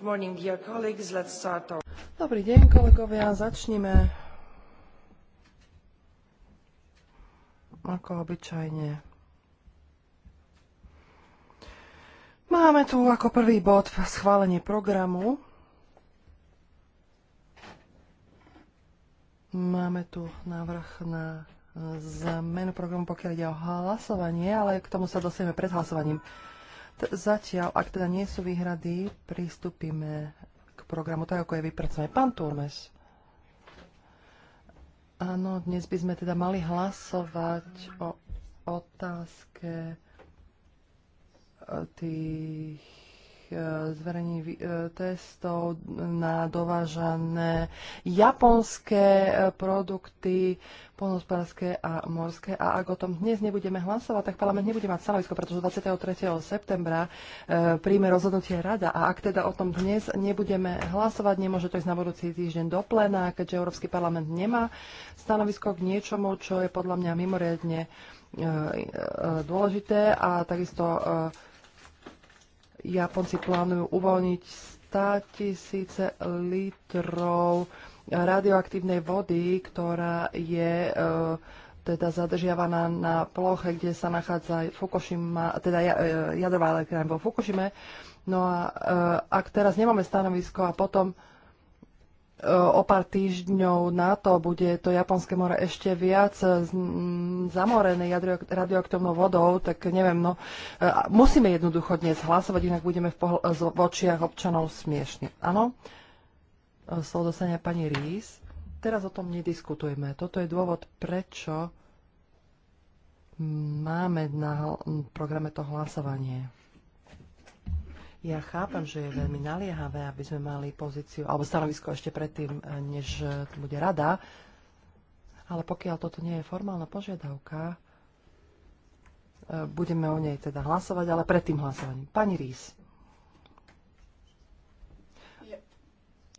Morning, Dobrý deň, kolegovia. Začnime ako obyčajne. Máme tu ako prvý bod schválenie programu. Máme tu návrh na zmenu programu, pokiaľ ide o hlasovanie, ale k tomu sa dostaneme pred hlasovaním. Zatiaľ, ak teda nie sú výhrady, pristúpime k programu tak, ako je vypracovaný. Pán Turmes. Áno, dnes by sme teda mali hlasovať o otázke e, tých E, zverejnení e, testov na dovážané japonské e, produkty, polnospodárske a morské. A ak o tom dnes nebudeme hlasovať, tak parlament nebude mať stanovisko, pretože 23. septembra príjme rozhodnutie rada. A ak teda o tom dnes nebudeme hlasovať, nemôže to ísť na budúci týždeň do plena, keďže Európsky parlament nemá stanovisko k niečomu, čo je podľa mňa mimoriadne dôležité a takisto Japonci plánujú uvoľniť 100 tisíce litrov radioaktívnej vody, ktorá je e, teda zadržiavaná na ploche, kde sa nachádza Fukushima, teda e, jadrová elektrárne vo Fukushime. No a e, ak teraz nemáme stanovisko a potom o pár týždňov na to bude to Japonské more ešte viac e, zamorené radioaktívnou vodou, tak neviem, no e, musíme jednoducho dnes hlasovať, inak budeme v, pohl- v očiach občanov smiešni. Áno? E, slovo dostane pani Rís. Teraz o tom nediskutujeme. Toto je dôvod, prečo máme na programe to hlasovanie. Ja chápem, že je veľmi naliehavé, aby sme mali pozíciu alebo stanovisko ešte predtým, eh, než eh, tu bude rada. Ale pokiaľ toto nie je formálna požiadavka, eh, budeme o nej teda hlasovať, ale pred tým hlasovaním. Pani Rís.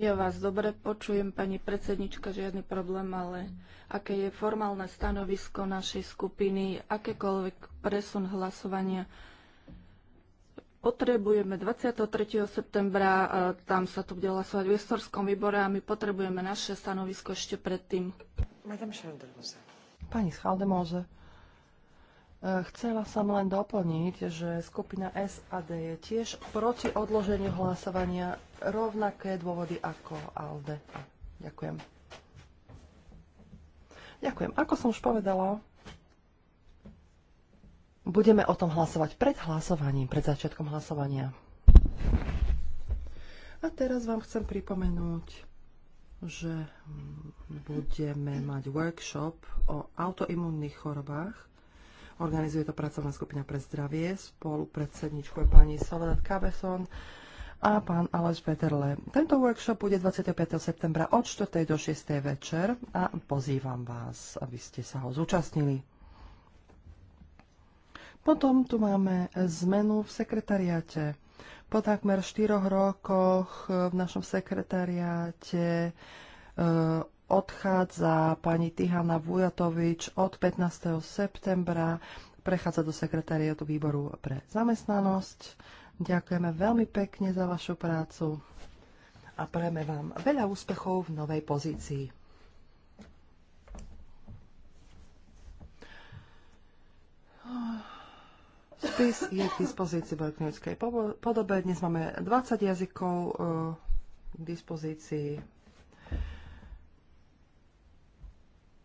Ja vás dobre počujem, pani predsednička, žiadny problém, ale aké je formálne stanovisko našej skupiny, akékoľvek presun hlasovania potrebujeme 23. septembra, e, tam sa to bude hlasovať v Vestorskom výbore a my potrebujeme naše stanovisko ešte predtým. Pani Schaldemose, e, chcela som len doplniť, že skupina SAD je tiež proti odloženiu hlasovania rovnaké dôvody ako ALDE. Ďakujem. Ďakujem. Ako som už povedala, Budeme o tom hlasovať pred hlasovaním, pred začiatkom hlasovania. A teraz vám chcem pripomenúť, že budeme mať workshop o autoimunných chorobách. Organizuje to pracovná skupina pre zdravie, spolu predsedničku je pani Soledad Kabeson a pán Aleš Peterle. Tento workshop bude 25. septembra od 4. do 6. večer a pozývam vás, aby ste sa ho zúčastnili. Potom tu máme zmenu v sekretariáte. Po takmer štyroch rokoch v našom sekretariáte eh, odchádza pani Tihana Vujatovič od 15. septembra, prechádza do sekretariátu výboru pre zamestnanosť. Ďakujeme veľmi pekne za vašu prácu a prejme vám veľa úspechov v novej pozícii. Spis je k dispozícii v elektronickej podobe. Dnes máme 20 jazykov eh, k dispozícii.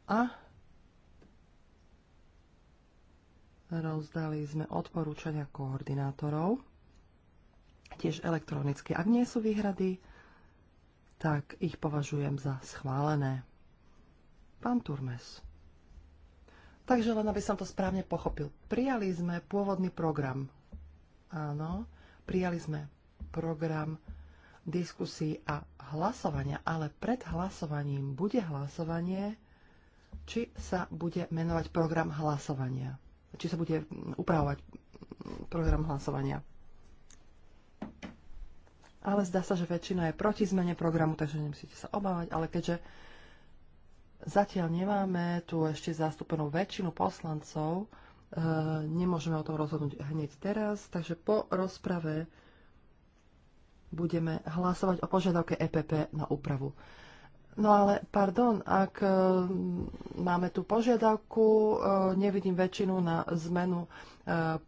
A rozdali sme odporúčania koordinátorov, tiež elektronicky. Ak nie sú výhrady, tak ich považujem za schválené. Pán Turmes. Takže len aby som to správne pochopil. Prijali sme pôvodný program. Áno, prijali sme program diskusí a hlasovania, ale pred hlasovaním bude hlasovanie, či sa bude menovať program hlasovania. Či sa bude upravovať program hlasovania. Ale zdá sa, že väčšina je proti zmene programu, takže nemusíte sa obávať, ale keďže Zatiaľ nemáme tu ešte zastúpenú väčšinu poslancov, e, nemôžeme o tom rozhodnúť hneď teraz, takže po rozprave budeme hlasovať o požiadavke EPP na úpravu. No ale, pardon, ak e, máme tu požiadavku, e, nevidím väčšinu na zmenu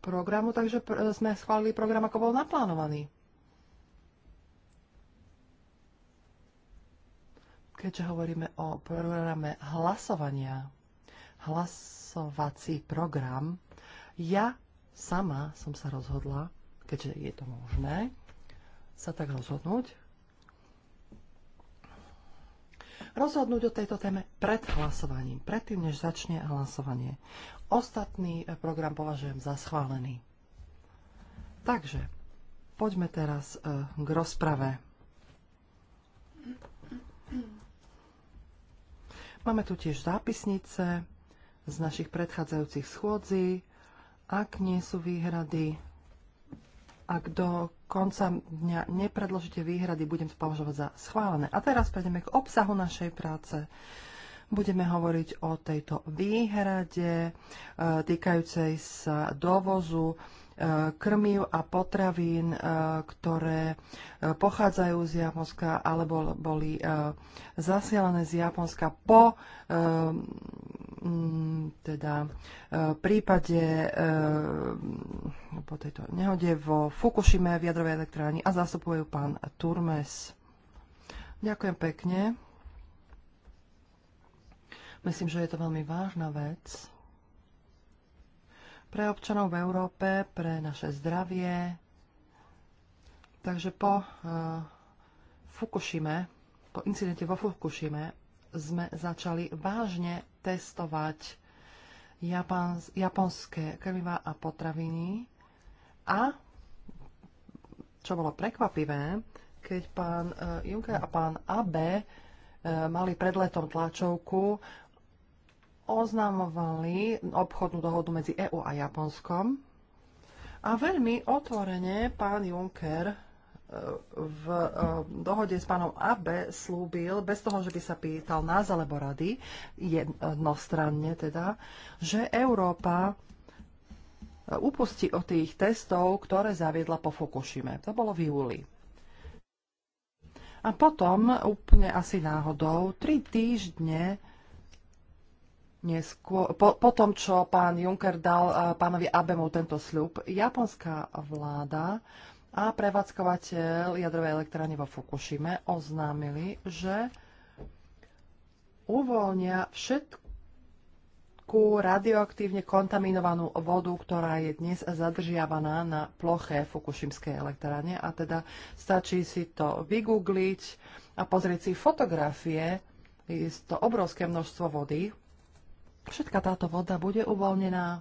programu, takže sme schválili program, ako bol naplánovaný. keďže hovoríme o programe hlasovania, hlasovací program, ja sama som sa rozhodla, keďže je to možné, sa tak rozhodnúť, rozhodnúť o tejto téme pred hlasovaním, predtým, než začne hlasovanie. Ostatný program považujem za schválený. Takže, poďme teraz eh, k rozprave. Máme tu tiež zápisnice z našich predchádzajúcich schôdzí. Ak nie sú výhrady, ak do konca dňa nepredložíte výhrady, budem to považovať za schválené. A teraz prejdeme k obsahu našej práce. Budeme hovoriť o tejto výhrade e, týkajúcej sa dovozu krmiv a potravín, eh, ktoré eh, pochádzajú z Japonska alebo boli eh, zasielané z Japonska po mm, teda prípade po tejto nehode vo Fukushime v jadrovej elektrárni a zastupujú pán Turmes. Ďakujem pekne. Myslím, že je to veľmi vážna vec pre občanov v Európe, pre naše zdravie. Takže po uh, Fukushime, po incidente vo Fukushime, sme začali vážne testovať Japans, japonské krvivá a potraviny. A čo bolo prekvapivé, keď pán uh, Juncker a pán Abe uh, mali pred letom tlačovku oznamovali obchodnú dohodu medzi EÚ a Japonskom. A veľmi otvorene pán Juncker e, v e, dohode s pánom Abe slúbil, bez toho, že by sa pýtal nás alebo rady, jednostranne teda, že Európa e, upustí od tých testov, ktoré zaviedla po Fukushime. To bolo v júli. A potom, úplne asi náhodou, tri týždne neskôr, po, po tom, čo pán Juncker dal eh, pánovi Abemu tento sľub, japonská vláda a prevádzkovateľ jadrovej elektrárne vo Fukushime oznámili, že uvoľnia všetku radioaktívne kontaminovanú vodu, ktorá je dnes zadržiavaná na ploche Fukushimskej elektrárne. A teda stačí si to vygoogliť a pozrieť si fotografie. Je to obrovské množstvo vody, Všetka táto voda bude uvoľnená.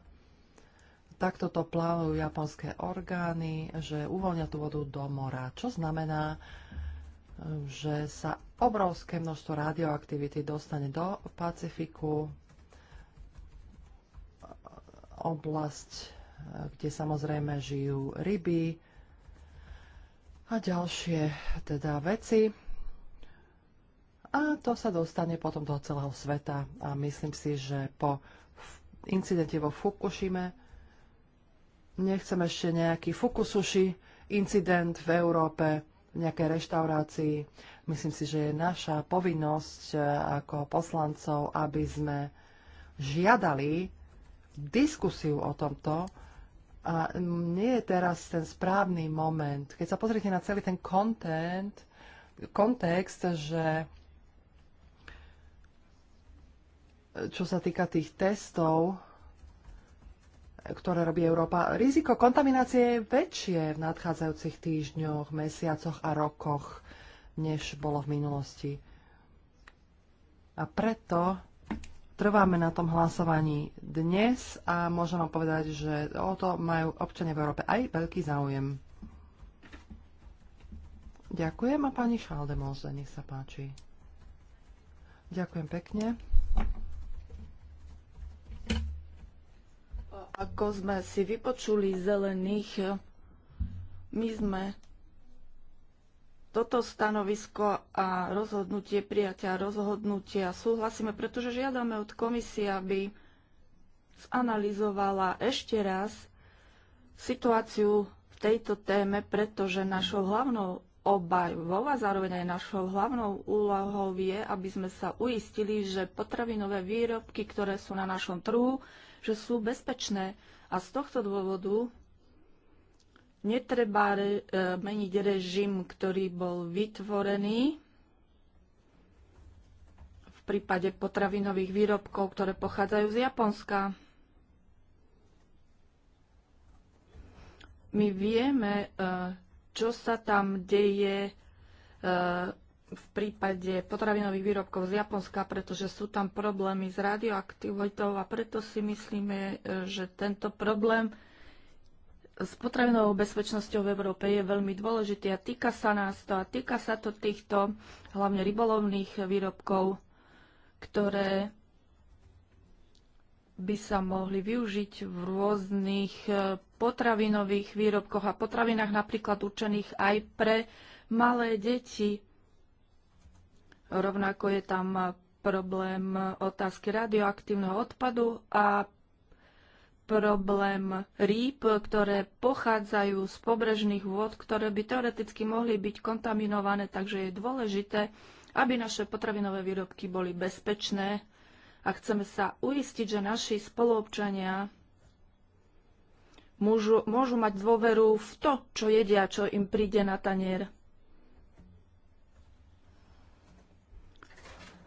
Takto to plávajú japonské orgány, že uvoľnia tú vodu do mora, čo znamená, že sa obrovské množstvo radioaktivity dostane do Pacifiku. Oblasť, kde samozrejme žijú ryby a ďalšie teda veci a to sa dostane potom do celého sveta. A myslím si, že po incidente vo Fukushime nechcem ešte nejaký Fukusushi incident v Európe, v nejakej reštaurácii. Myslím si, že je naša povinnosť e, ako poslancov, aby sme žiadali diskusiu o tomto, a nie je teraz ten správny moment. Keď sa pozriete na celý ten content, kontext, že čo sa týka tých testov, ktoré robí Európa, riziko kontaminácie je väčšie v nadchádzajúcich týždňoch, mesiacoch a rokoch, než bolo v minulosti. A preto trváme na tom hlasovaní dnes a môžem vám povedať, že o to majú občania v Európe aj veľký záujem. Ďakujem a pani Šaldemose, nech sa páči. Ďakujem pekne. Ako sme si vypočuli zelených, my sme toto stanovisko a rozhodnutie prijatia rozhodnutia súhlasíme, pretože žiadame od komisie, aby zanalizovala ešte raz situáciu v tejto téme, pretože našou hlavnou obajvou a zároveň aj našou hlavnou úlohou je, aby sme sa uistili, že potravinové výrobky, ktoré sú na našom trhu, že sú bezpečné. A z tohto dôvodu netreba re, e, meniť režim, ktorý bol vytvorený v prípade potravinových výrobkov, ktoré pochádzajú z Japonska. My vieme, e, čo sa tam deje e, v prípade potravinových výrobkov z Japonska, pretože sú tam problémy s radioaktivitou a preto si myslíme, e, že tento problém s potravinovou bezpečnosťou v Európe je veľmi dôležitý a týka sa nás to a týka sa to týchto hlavne rybolovných výrobkov, ktoré by sa mohli využiť v rôznych e, potravinových výrobkoch a potravinách napríklad určených aj pre malé deti Rovnako je tam problém otázky radioaktívneho odpadu a problém rýb, ktoré pochádzajú z pobrežných vôd, ktoré by teoreticky mohli byť kontaminované, takže je dôležité, aby naše potravinové výrobky boli bezpečné a chceme sa uistiť, že naši spoluobčania môžu, môžu mať dôveru v to, čo jedia, čo im príde na tanier.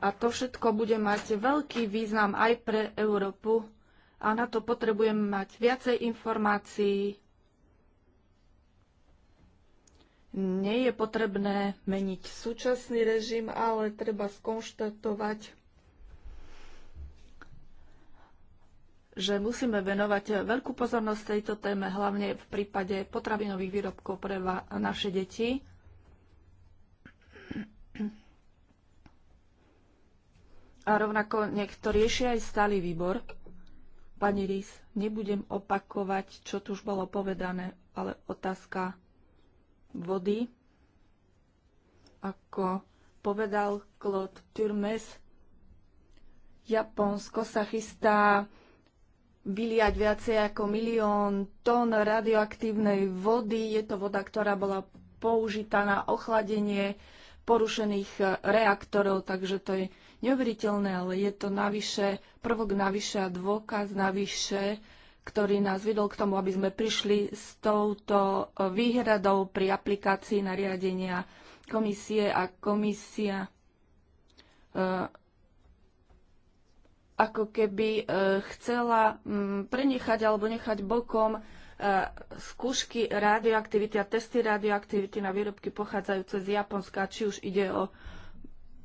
A to všetko bude mať veľký význam aj pre Európu a na to potrebujeme mať viacej informácií. Nie je potrebné meniť súčasný režim, ale treba skonštatovať, že musíme venovať veľkú pozornosť tejto téme, hlavne v prípade potravinových výrobkov pre naše deti A rovnako nech to rieši aj stály výbor. Pani Rís, nebudem opakovať, čo tu už bolo povedané, ale otázka vody. Ako povedal Claude Turmes, Japonsko sa chystá vyliať viacej ako milión tón radioaktívnej vody. Je to voda, ktorá bola použitá na ochladenie porušených reaktorov, takže to je neuveriteľné, ale je to navyše, prvok navyše a dôkaz navyše, ktorý nás vedol k tomu, aby sme prišli s touto e, výhradou pri aplikácii nariadenia komisie a komisia e, ako keby e, chcela mm, prenechať alebo nechať bokom skúšky radioaktivity a testy radioaktivity na výrobky pochádzajúce z Japonska, či už ide o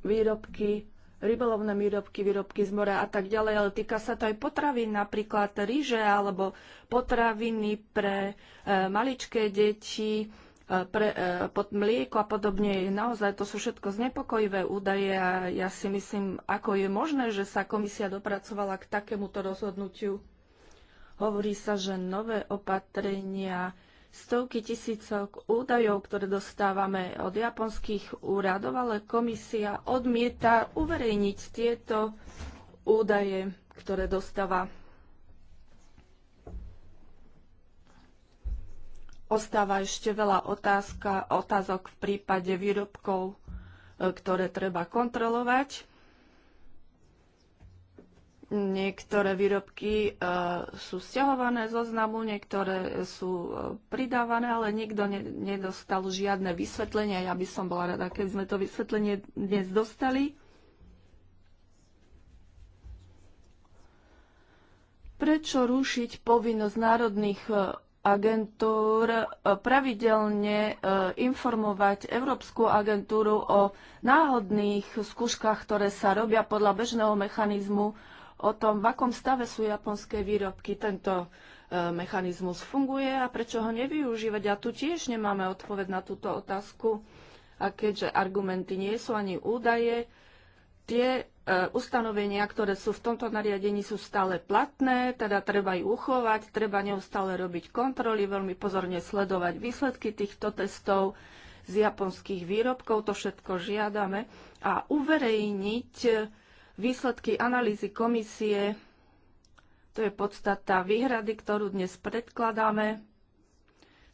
výrobky rybolovné výrobky, výrobky z mora a tak ďalej, ale týka sa to aj potravín, napríklad ryže alebo potraviny pre e, maličké deti, e, pre, e, pod mlieko a podobne. Naozaj to sú všetko znepokojivé údaje a ja si myslím, ako je možné, že sa komisia dopracovala k takémuto rozhodnutiu. Hovorí sa, že nové opatrenia stovky tisícok údajov, ktoré dostávame od japonských úradov, ale komisia odmieta uverejniť tieto údaje, ktoré dostáva. Ostáva ešte veľa otázka, otázok v prípade výrobkov, e, ktoré treba kontrolovať Niektoré výrobky e, sú stiahované zo znamu, niektoré sú e, pridávané, ale nikto nedostal žiadne vysvetlenie. Ja by som bola rada, keď sme to vysvetlenie dnes dostali. Prečo rušiť povinnosť národných e, agentúr pravidelne informovať Európsku agentúru o náhodných skúškach, ktoré sa robia podľa bežného mechanizmu o tom, v akom stave sú japonské výrobky. Tento e, mechanizmus funguje a prečo ho nevyužívať. A tu tiež nemáme odpoveď na túto otázku. A keďže argumenty nie sú ani údaje, tie e, ustanovenia, ktoré sú v tomto nariadení, sú stále platné, teda treba ich uchovať, treba neustále robiť kontroly, veľmi pozorne sledovať výsledky týchto testov z japonských výrobkov, to všetko žiadame a uverejniť Výsledky analýzy komisie, to je podstata výhrady, ktorú dnes predkladáme.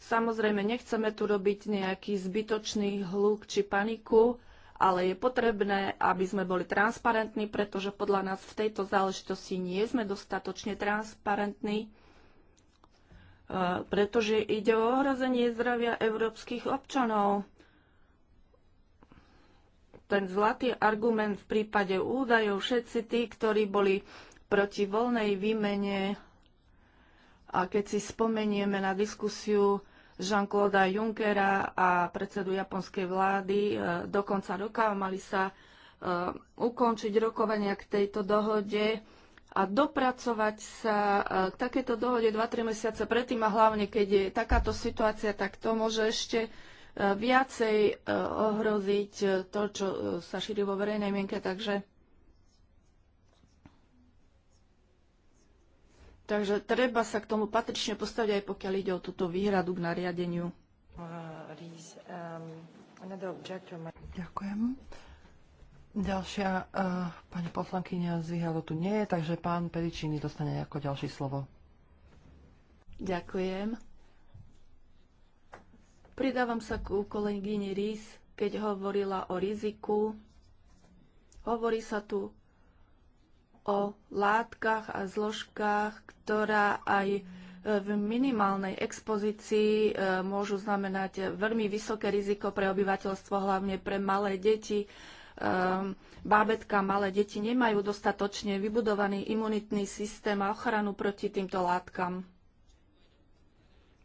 Samozrejme, nechceme tu robiť nejaký zbytočný hluk či paniku, ale je potrebné, aby sme boli transparentní, pretože podľa nás v tejto záležitosti nie sme dostatočne transparentní, e, pretože ide o ohrozenie zdravia európskych občanov ten zlatý argument v prípade údajov. Všetci tí, ktorí boli proti voľnej výmene a keď si spomenieme na diskusiu Jean-Claude Junckera a predsedu japonskej vlády e, do konca roka, mali sa e, ukončiť rokovania k tejto dohode a dopracovať sa e, k takéto dohode 2-3 mesiace predtým a hlavne, keď je takáto situácia, tak to môže ešte viacej eh, ohroziť eh, to, čo eh, sa šíri vo verejnej mienke, takže Takže treba sa k tomu patrične postaviť, aj pokiaľ ide o túto výhradu k nariadeniu. Ďakujem. Ďalšia uh, pani poslankyňa z Vyhalo tu nie je, takže pán Peričiny dostane ako ďalší slovo. Ďakujem. Pridávam sa k kolegyni Rís, keď hovorila o riziku. Hovorí sa tu o látkach a zložkách, ktorá aj v minimálnej expozícii e, môžu znamenať veľmi vysoké riziko pre obyvateľstvo, hlavne pre malé deti. Ehm, bábetka, malé deti nemajú dostatočne vybudovaný imunitný systém a ochranu proti týmto látkam.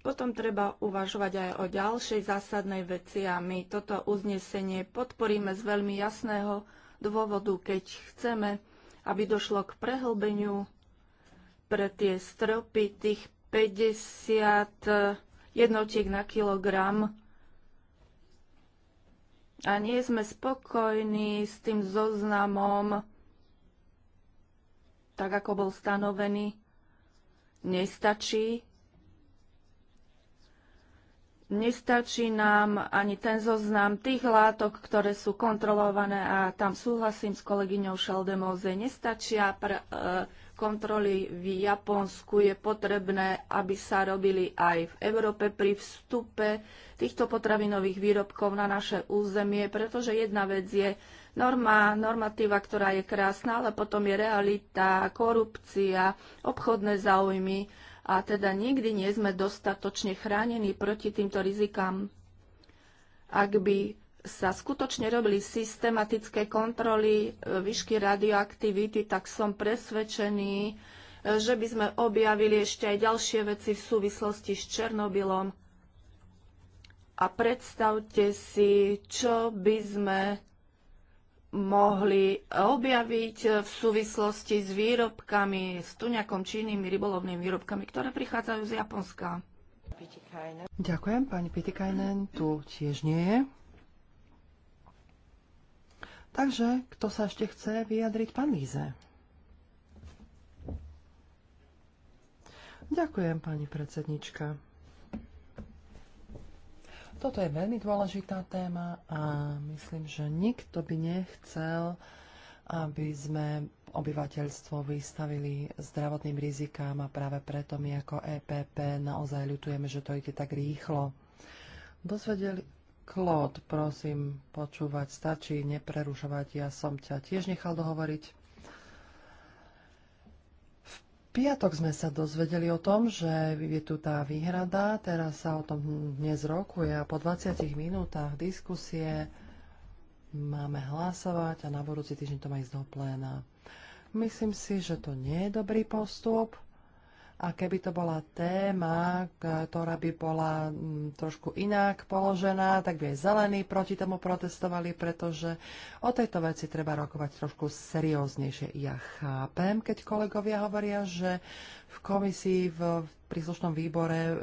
Potom treba uvažovať aj o ďalšej zásadnej veci a my toto uznesenie podporíme z veľmi jasného dôvodu, keď chceme, aby došlo k prehlbeniu pre tie stropy tých 50 jednotiek na kilogram. A nie sme spokojní s tým zoznamom, tak ako bol stanovený. Nestačí Nestačí nám ani ten zoznam tých látok, ktoré sú kontrolované a tam súhlasím s kolegyňou Šaldemoze, nestačia pre e, kontroly v Japonsku. Je potrebné, aby sa robili aj v Európe pri vstupe týchto potravinových výrobkov na naše územie, pretože jedna vec je norma, normatíva, ktorá je krásna, ale potom je realita, korupcia, obchodné záujmy a teda nikdy nie sme dostatočne chránení proti týmto rizikám. Ak by sa skutočne robili systematické kontroly e, výšky radioaktivity, tak som presvedčený, e, že by sme objavili ešte aj ďalšie veci v súvislosti s Černobylom. A predstavte si, čo by sme mohli objaviť v súvislosti s výrobkami, s tuňakom či inými rybolovnými výrobkami, ktoré prichádzajú z Japonska. Ďakujem, pani Pitikajnen tu tiež nie je. Takže, kto sa ešte chce vyjadriť? Pán Líze. Ďakujem, pani predsednička. Toto je veľmi dôležitá téma a myslím, že nikto by nechcel, aby sme obyvateľstvo vystavili zdravotným rizikám a práve preto my ako EPP naozaj ľutujeme, že to ide tak rýchlo. Dozvedeli, Klód, prosím, počúvať stačí, neprerušovať, ja som ťa tiež nechal dohovoriť piatok sme sa dozvedeli o tom, že je tu tá výhrada, teraz sa o tom dnes rokuje a po 20 minútach diskusie máme hlasovať a na budúci týždeň to má ísť do pléna. Myslím si, že to nie je dobrý postup. A keby to bola téma, ktorá by bola mm, trošku inak položená, tak by aj zelení proti tomu protestovali, pretože o tejto veci treba rokovať trošku serióznejšie. Ja chápem, keď kolegovia hovoria, že v komisii v príslušnom výbore e,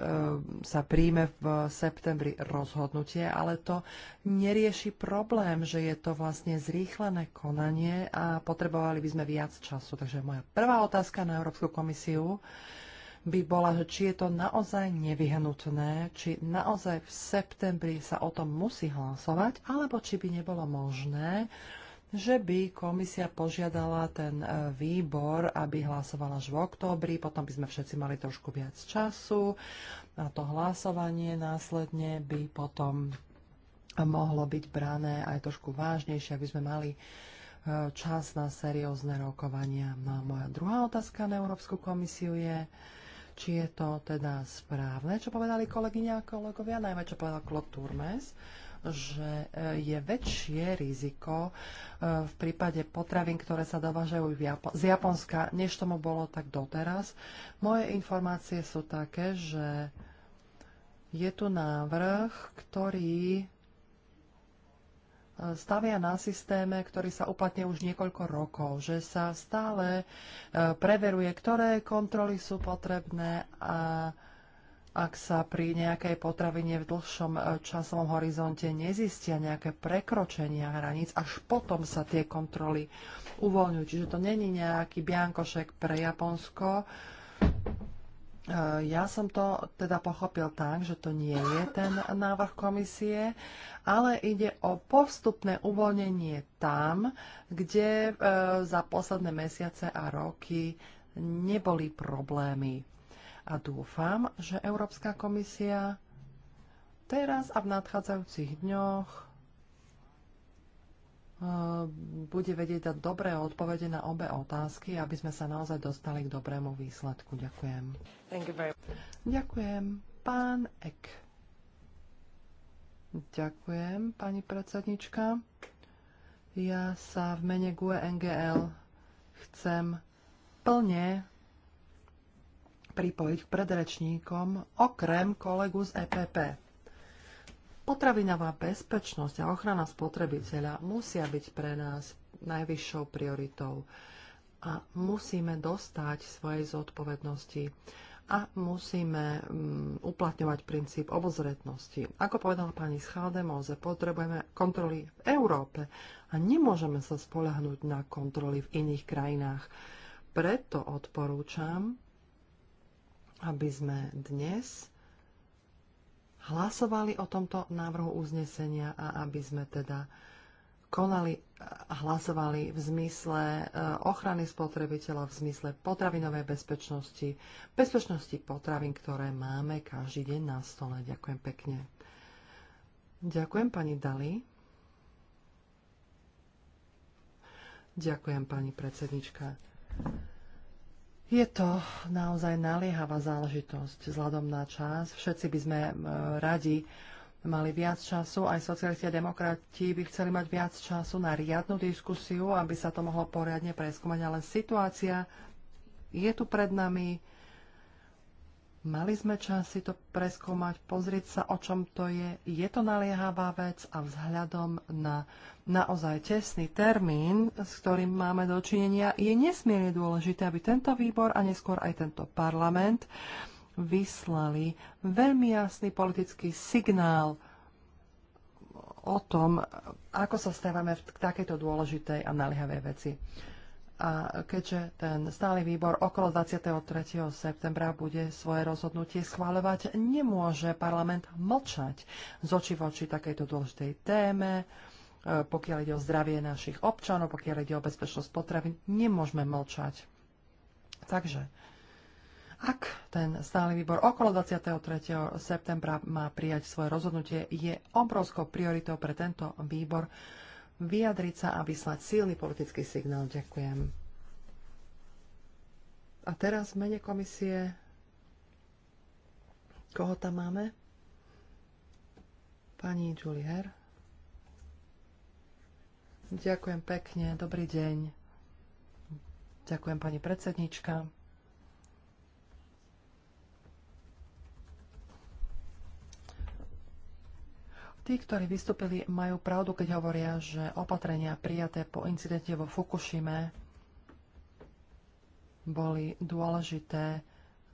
sa príjme v septembri rozhodnutie, ale to nerieši problém, že je to vlastne zrýchlené konanie a potrebovali by sme viac času. Takže moja prvá otázka na Európsku komisiu by bola, že či je to naozaj nevyhnutné, či naozaj v septembri sa o tom musí hlasovať, alebo či by nebolo možné, že by komisia požiadala ten e, výbor, aby hlasovala až v októbri, potom by sme všetci mali trošku viac času a to hlasovanie následne by potom mohlo byť brané aj trošku vážnejšie, aby sme mali e, čas na seriózne rokovania. No a moja druhá otázka na Európsku komisiu je, či je to teda správne, čo povedali kolegyňa a kolegovia, najmä čo povedal Claude Turmes, že e, je väčšie riziko e, v prípade potravín, ktoré sa dovážajú z Japonska, než tomu bolo tak doteraz. Moje informácie sú také, že je tu návrh, ktorý stavia na systéme, ktorý sa uplatne už niekoľko rokov, že sa stále e, preveruje, ktoré kontroly sú potrebné a ak sa pri nejakej potravine v dlhšom e, časovom horizonte nezistia nejaké prekročenia hraníc, až potom sa tie kontroly uvoľňujú. Čiže to není nejaký biankošek pre Japonsko, Eh, ja som to teda pochopil tak, že to nie je ten návrh komisie, ale ide o postupné uvoľnenie tam, kde eh, za posledné mesiace a roky neboli problémy. A dúfam, že Európska komisia teraz a v nadchádzajúcich dňoch Eh, bude vedieť dať dobré odpovede na obe otázky, aby sme sa naozaj dostali k dobrému výsledku. Ďakujem. Ďakujem. Pán Ek. Ďakujem, pani predsednička. Ja sa v mene GUE NGL chcem plne pripojiť k predrečníkom, okrem kolegu z EPP. Potravinová bezpečnosť a ochrana spotrebiteľa musia byť pre nás najvyššou prioritou a musíme dostať svojej zodpovednosti a musíme mm, uplatňovať princíp obozretnosti. Ako povedala pani Schaldemose, potrebujeme kontroly v Európe a nemôžeme sa spolahnúť na kontroly v iných krajinách. Preto odporúčam, aby sme dnes hlasovali o tomto návrhu uznesenia a aby sme teda konali a hlasovali v zmysle eh, ochrany spotrebiteľa, v zmysle potravinovej bezpečnosti, bezpečnosti potravín, ktoré máme každý deň na stole. Ďakujem pekne. Ďakujem pani Dali. Ďakujem pani predsednička. Je to naozaj naliehavá záležitosť vzhľadom na čas. Všetci by sme e, radi mali viac času, aj socialisti a demokrati by chceli mať viac času na riadnu diskusiu, aby sa to mohlo poriadne preskúmať, ale situácia je tu pred nami Mali sme čas si to preskúmať, pozrieť sa, o čom to je. Je to naliehavá vec a vzhľadom na naozaj tesný termín, s ktorým máme dočinenia, je nesmierne dôležité, aby tento výbor a neskôr aj tento parlament vyslali veľmi jasný politický signál o tom, ako sa stávame k takejto dôležitej a naliehavej veci. A keďže ten stály výbor okolo 23. septembra bude svoje rozhodnutie schváľovať, nemôže parlament mlčať z oči voči takejto dôležitej téme, e, pokiaľ ide o zdravie našich občanov, pokiaľ ide o bezpečnosť potravín, nemôžeme mlčať. Takže, ak ten stály výbor okolo 23. septembra má prijať svoje rozhodnutie, je obrovskou prioritou pre tento výbor vyjadriť sa a vyslať silný politický signál. Ďakujem. A teraz v mene komisie. Koho tam máme? Pani Julier. Ďakujem pekne. Dobrý deň. Ďakujem pani predsednička. Tí, ktorí vystúpili, majú pravdu, keď hovoria, že opatrenia prijaté po incidente vo Fukushime boli dôležité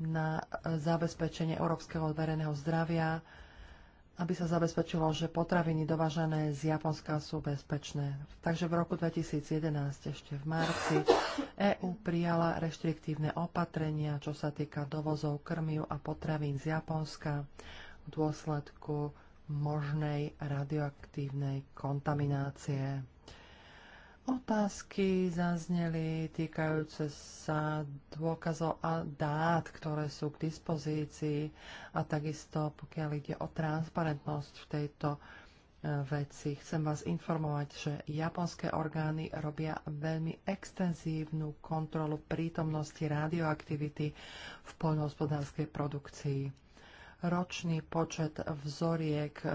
na zabezpečenie európskeho verejného zdravia, aby sa zabezpečilo, že potraviny dovážané z Japonska sú bezpečné. Takže v roku 2011, ešte v marci, EÚ prijala reštriktívne opatrenia, čo sa týka dovozov krmiu a potravín z Japonska v dôsledku možnej radioaktívnej kontaminácie. Otázky zazneli týkajúce sa dôkazov a dát, ktoré sú k dispozícii a takisto pokiaľ ide o transparentnosť v tejto e, veci. Chcem vás informovať, že japonské orgány robia veľmi extenzívnu kontrolu prítomnosti radioaktivity v poľnohospodárskej produkcii. Ročný počet vzoriek e,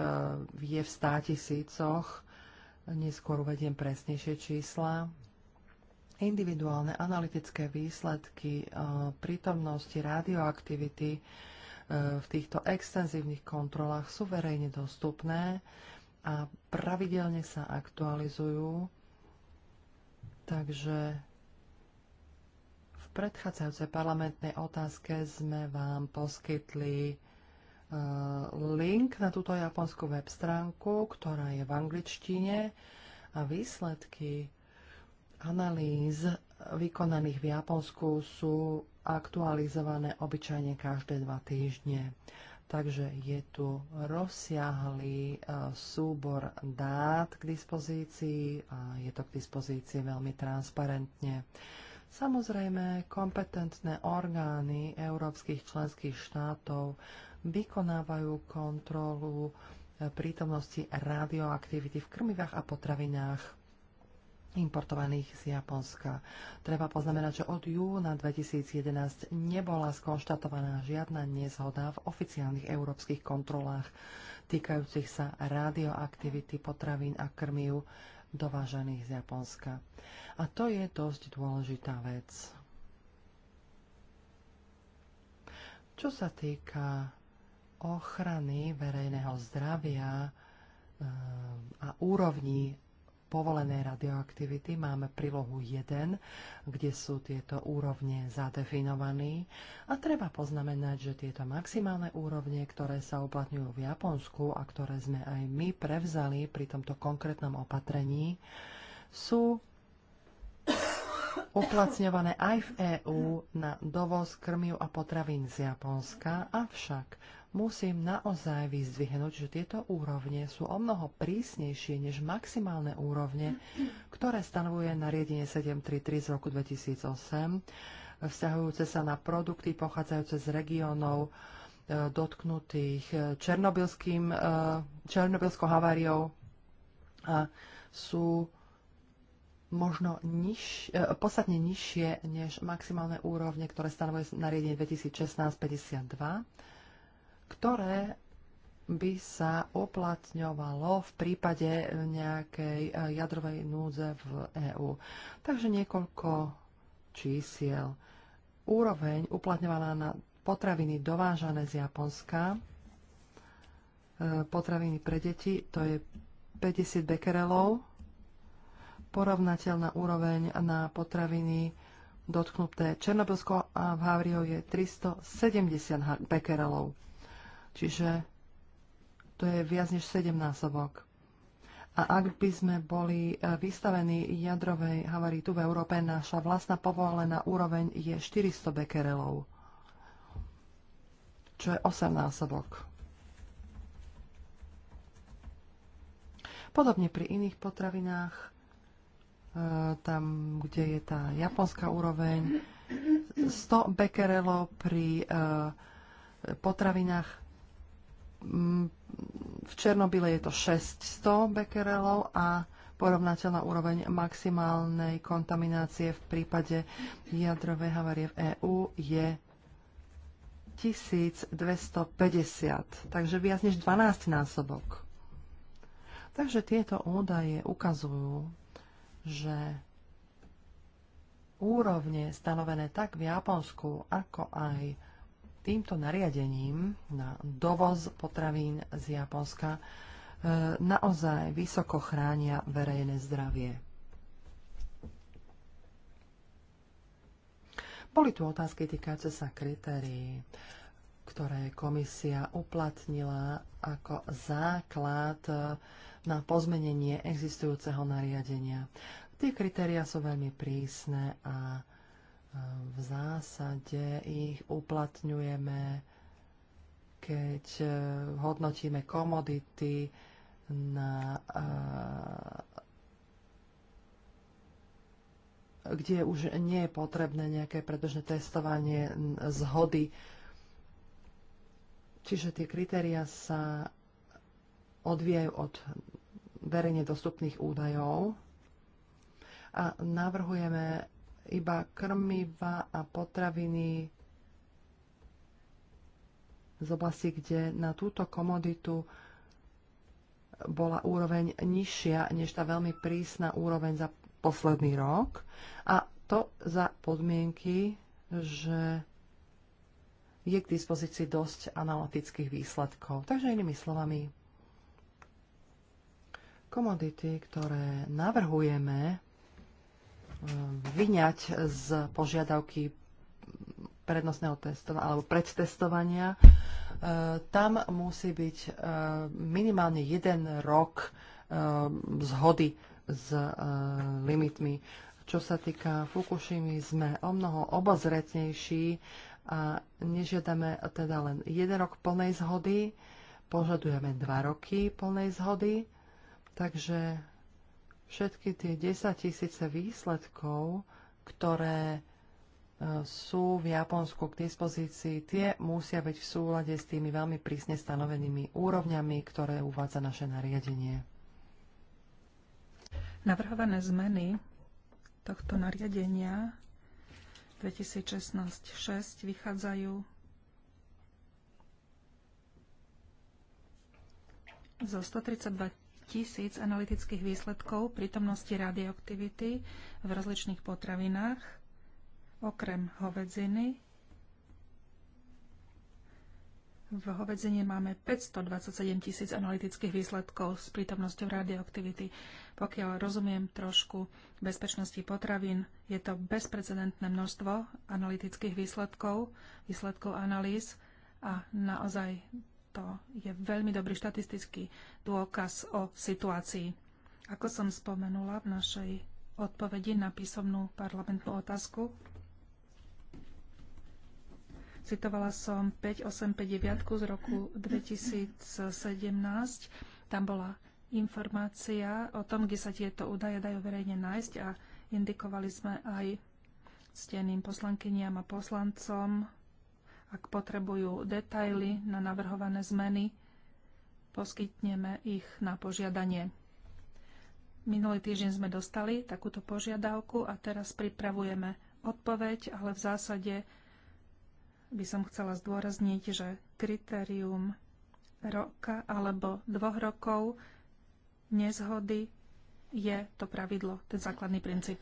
je v 100 tisícoch. Neskôr uvediem presnejšie čísla. Individuálne analytické výsledky e, prítomnosti radioaktivity e, v týchto extenzívnych kontrolách sú verejne dostupné a pravidelne sa aktualizujú. Takže v predchádzajúcej parlamentnej otázke sme vám poskytli link na túto japonskú web stránku, ktorá je v angličtine a výsledky analýz vykonaných v Japonsku sú aktualizované obyčajne každé dva týždne. Takže je tu rozsiahlý e, súbor dát k dispozícii a je to k dispozícii veľmi transparentne. Samozrejme, kompetentné orgány európskych členských štátov vykonávajú kontrolu e, prítomnosti radioaktivity v krmivách a potravinách importovaných z Japonska. Treba poznamenať, že od júna 2011 nebola skonštatovaná žiadna nezhoda v oficiálnych európskych kontrolách týkajúcich sa radioaktivity potravín a krmiv dovážených z Japonska. A to je dosť dôležitá vec. Čo sa týka ochrany verejného zdravia eh, a úrovni povolenej radioaktivity máme prílohu 1, kde sú tieto úrovne zadefinované. A treba poznamenať, že tieto maximálne úrovne, ktoré sa uplatňujú v Japonsku a ktoré sme aj my prevzali pri tomto konkrétnom opatrení, sú uplatňované aj v EÚ na dovoz krmiu a potravín z Japonska, avšak musím naozaj vyzdvihnúť, že tieto úrovne sú o mnoho prísnejšie než maximálne úrovne, ktoré stanovuje nariadenie 733 z roku 2008, vzťahujúce sa na produkty pochádzajúce z regiónov e, dotknutých e, černobylským, e, černobylskou haváriou a sú možno niž, eh, podstatne nižšie než maximálne úrovne, ktoré stanovuje nariadenie 2016-52 ktoré by sa oplatňovalo v prípade nejakej eh, jadrovej núdze v EÚ. Takže niekoľko čísiel. Úroveň uplatňovaná na potraviny dovážané z Japonska, eh, potraviny pre deti, to je 50 bekerelov, porovnateľná úroveň na potraviny dotknuté Černobylsko a v Havriho je 370 bekerelov. Čiže to je viac než 7 násobok. A ak by sme boli e, vystavení jadrovej havarii tu v Európe, naša vlastná povolená úroveň je 400 bekerelov, čo je 8 násobok. Podobne pri iných potravinách, e, tam, kde je tá japonská úroveň, 100 bekerelov pri e, potravinách Mm, v Černobyle je to 600 bekerelov a porovnateľná úroveň maximálnej kontaminácie v prípade jadrovej havarie v EÚ je 1250, takže viac než 12 násobok. Takže tieto údaje ukazujú, že úrovne stanovené tak v Japonsku, ako aj týmto nariadením na dovoz potravín z Japonska e, naozaj vysoko chránia verejné zdravie. Boli tu otázky týkajúce sa kritérií, ktoré komisia uplatnila ako základ e, na pozmenenie existujúceho nariadenia. Tie kritéria sú veľmi prísne a v zásade ich uplatňujeme, keď eh, hodnotíme komodity na eh, kde už nie je potrebné nejaké predbežné testovanie zhody. Čiže tie kritéria sa odvíjajú od verejne dostupných údajov a navrhujeme iba krmiva a potraviny z oblasti, kde na túto komoditu bola úroveň nižšia než tá veľmi prísna úroveň za posledný rok. A to za podmienky, že je k dispozícii dosť analytických výsledkov. Takže inými slovami, komodity, ktoré navrhujeme vyňať z požiadavky prednostného testova alebo predtestovania. E, tam musí byť e, minimálne jeden rok e, zhody s limitmi. Čo sa týka Fukushimi, sme o mnoho obozretnejší a nežiadame teda len jeden rok plnej zhody, požadujeme dva roky plnej zhody, takže všetky tie 10 tisíce výsledkov, ktoré e, sú v Japonsku k dispozícii, tie musia byť v súlade s tými veľmi prísne stanovenými úrovňami, ktoré uvádza naše nariadenie. Navrhované zmeny tohto nariadenia 2016-6 vychádzajú zo 132 tisíc analytických výsledkov prítomnosti radioaktivity v rozličných potravinách, okrem hovedziny. V hovedzine máme 527 tisíc analytických výsledkov s prítomnosťou radioaktivity. Pokiaľ rozumiem trošku bezpečnosti potravín, je to bezprecedentné množstvo analytických výsledkov, výsledkov analýz a naozaj to je veľmi dobrý štatistický dôkaz o situácii. Ako som spomenula v našej odpovedi na písomnú parlamentnú otázku, citovala som 5859 z roku 2017. Tam bola informácia o tom, kde sa tieto údaje dajú verejne nájsť a indikovali sme aj steným poslankyniam a poslancom ak potrebujú detaily na navrhované zmeny, poskytneme ich na požiadanie. Minulý týždeň sme dostali takúto požiadavku a teraz pripravujeme odpoveď, ale v zásade by som chcela zdôrazniť, že kritérium roka alebo dvoch rokov nezhody je to pravidlo, ten základný princíp.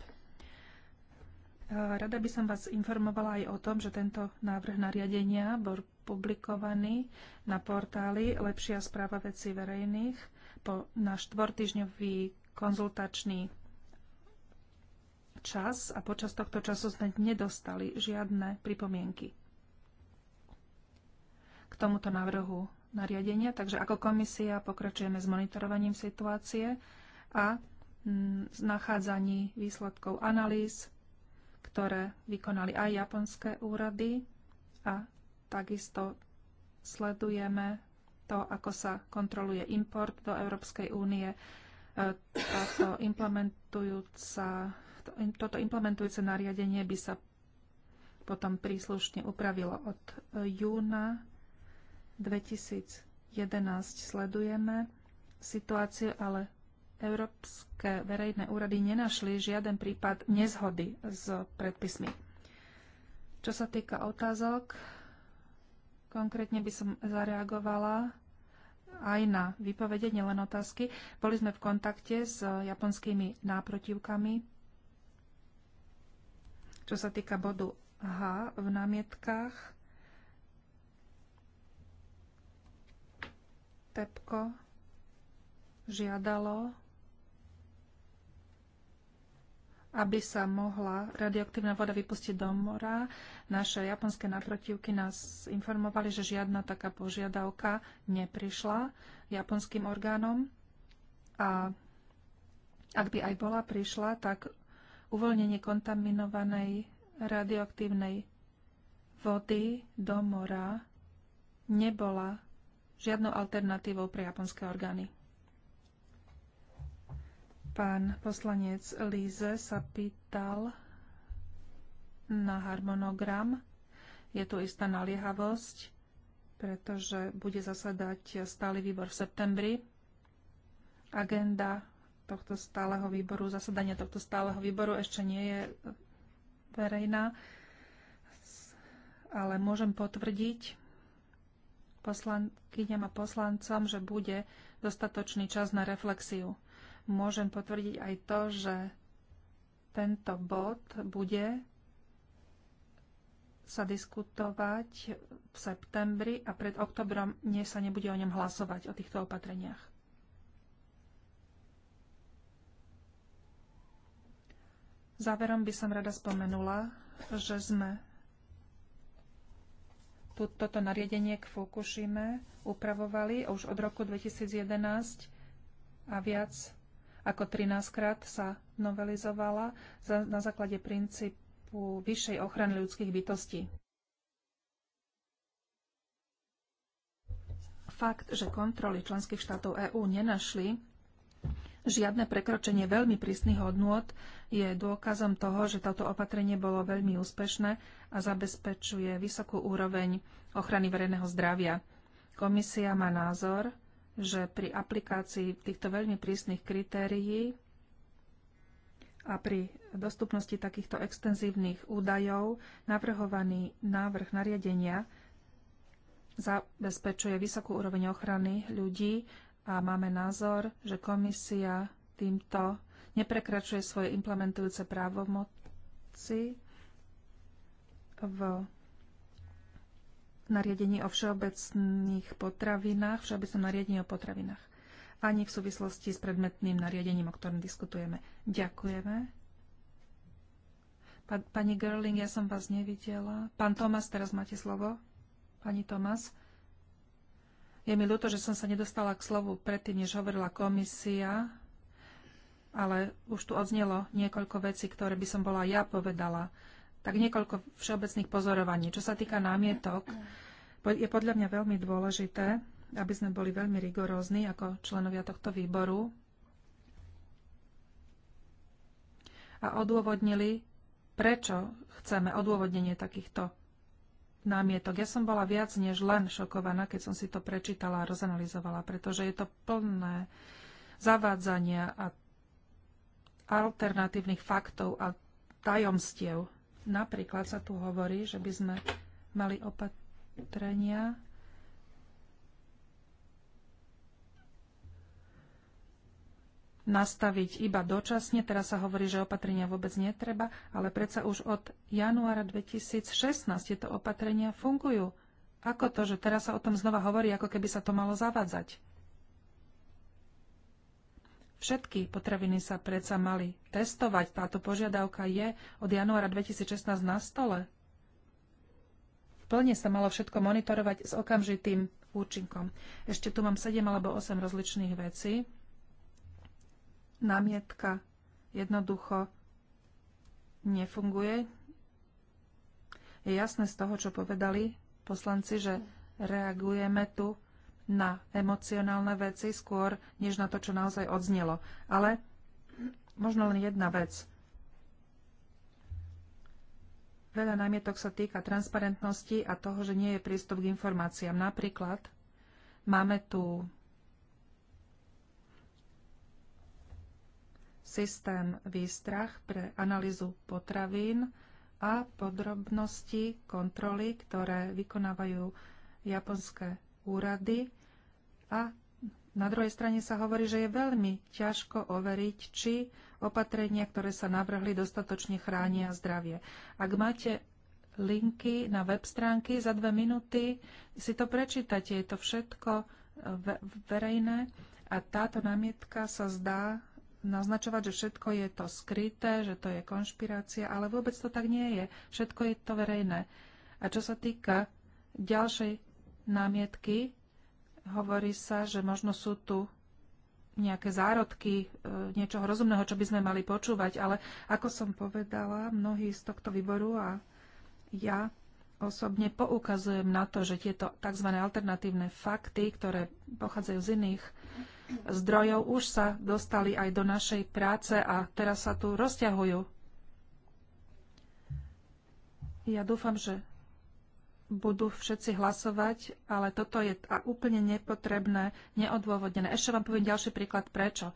Rada by som vás informovala aj o tom, že tento návrh nariadenia bol publikovaný na portáli Lepšia správa veci verejných po, na štvortýžňový konzultačný čas a počas tohto času sme nedostali žiadne pripomienky k tomuto návrhu nariadenia. Takže ako komisia pokračujeme s monitorovaním situácie a mm, nachádzaní výsledkov analýz ktoré vykonali aj japonské úrady a takisto sledujeme to, ako sa kontroluje import do Európskej únie. E, táto implementujúca, toto implementujúce nariadenie by sa potom príslušne upravilo od júna 2011. Sledujeme situáciu, ale európske verejné úrady nenašli žiaden prípad nezhody s predpismi. Čo sa týka otázok, konkrétne by som zareagovala aj na vypovede, nielen otázky. Boli sme v kontakte s japonskými náprotivkami. Čo sa týka bodu H v námietkách, TEPKO žiadalo aby sa mohla radioaktívna voda vypustiť do mora. Naše japonské naprotivky nás informovali, že žiadna taká požiadavka neprišla japonským orgánom. A ak by aj bola prišla, tak uvoľnenie kontaminovanej radioaktívnej vody do mora nebola žiadnou alternatívou pre japonské orgány. Pán poslanec Líze sa pýtal na harmonogram. Je tu istá naliehavosť, pretože bude zasadať stály výbor v septembri. Agenda tohto stáleho výboru, zasadania tohto stáleho výboru ešte nie je verejná, ale môžem potvrdiť poslankyňam a poslancom, že bude dostatočný čas na reflexiu môžem potvrdiť aj to, že tento bod bude sa diskutovať v septembri a pred oktobrom nie sa nebude o ňom hlasovať, o týchto opatreniach. Záverom by som rada spomenula, že sme tú, toto nariadenie k Fukushime upravovali už od roku 2011 a viac ako 13-krát sa novelizovala na základe princípu vyššej ochrany ľudských bytostí. Fakt, že kontroly členských štátov EÚ nenašli žiadne prekročenie veľmi prísnych hodnôt je dôkazom toho, že toto opatrenie bolo veľmi úspešné a zabezpečuje vysokú úroveň ochrany verejného zdravia. Komisia má názor, že pri aplikácii týchto veľmi prísnych kritérií a pri dostupnosti takýchto extenzívnych údajov navrhovaný návrh nariadenia zabezpečuje vysokú úroveň ochrany ľudí a máme názor, že komisia týmto neprekračuje svoje implementujúce právomoci v nariadení o všeobecných potravinách, všeobecnom nariadení o potravinách, ani v súvislosti s predmetným nariadením, o ktorom diskutujeme. Ďakujeme. Pa, pani Gerling, ja som vás nevidela. Pán Tomas, teraz máte slovo. Pani Tomas. Je mi ľúto, že som sa nedostala k slovu predtým, než hovorila komisia, ale už tu odznelo niekoľko vecí, ktoré by som bola ja povedala tak niekoľko všeobecných pozorovaní. Čo sa týka námietok, je podľa mňa veľmi dôležité, aby sme boli veľmi rigorózni ako členovia tohto výboru a odôvodnili, prečo chceme odôvodnenie takýchto námietok. Ja som bola viac než len šokovaná, keď som si to prečítala a rozanalizovala, pretože je to plné zavádzania a alternatívnych faktov a tajomstiev Napríklad sa tu hovorí, že by sme mali opatrenia nastaviť iba dočasne. Teraz sa hovorí, že opatrenia vôbec netreba, ale predsa už od januára 2016 tieto opatrenia fungujú. Ako to, že teraz sa o tom znova hovorí, ako keby sa to malo zavádzať? Všetky potraviny sa predsa mali testovať. Táto požiadavka je od januára 2016 na stole. Plne sa malo všetko monitorovať s okamžitým účinkom. Ešte tu mám 7 alebo 8 rozličných vecí. Namietka jednoducho nefunguje. Je jasné z toho, čo povedali poslanci, že reagujeme tu na emocionálne veci skôr, než na to, čo naozaj odznelo. Ale možno len jedna vec. Veľa námietok sa týka transparentnosti a toho, že nie je prístup k informáciám. Napríklad máme tu systém výstrach pre analýzu potravín a podrobnosti kontroly, ktoré vykonávajú japonské úrady a na druhej strane sa hovorí, že je veľmi ťažko overiť, či opatrenia, ktoré sa navrhli, dostatočne chránia zdravie. Ak máte linky na web stránky, za dve minúty si to prečítate. Je to všetko e, verejné a táto námietka sa zdá naznačovať, že všetko je to skryté, že to je konšpirácia, ale vôbec to tak nie je. Všetko je to verejné. A čo sa týka ďalšej námietky. Hovorí sa, že možno sú tu nejaké zárodky e, niečoho rozumného, čo by sme mali počúvať, ale ako som povedala, mnohí z tohto výboru a ja osobne poukazujem na to, že tieto tzv. alternatívne fakty, ktoré pochádzajú z iných zdrojov, už sa dostali aj do našej práce a teraz sa tu rozťahujú. Ja dúfam, že budú všetci hlasovať, ale toto je úplne nepotrebné, neodôvodnené. Ešte vám poviem ďalší príklad prečo.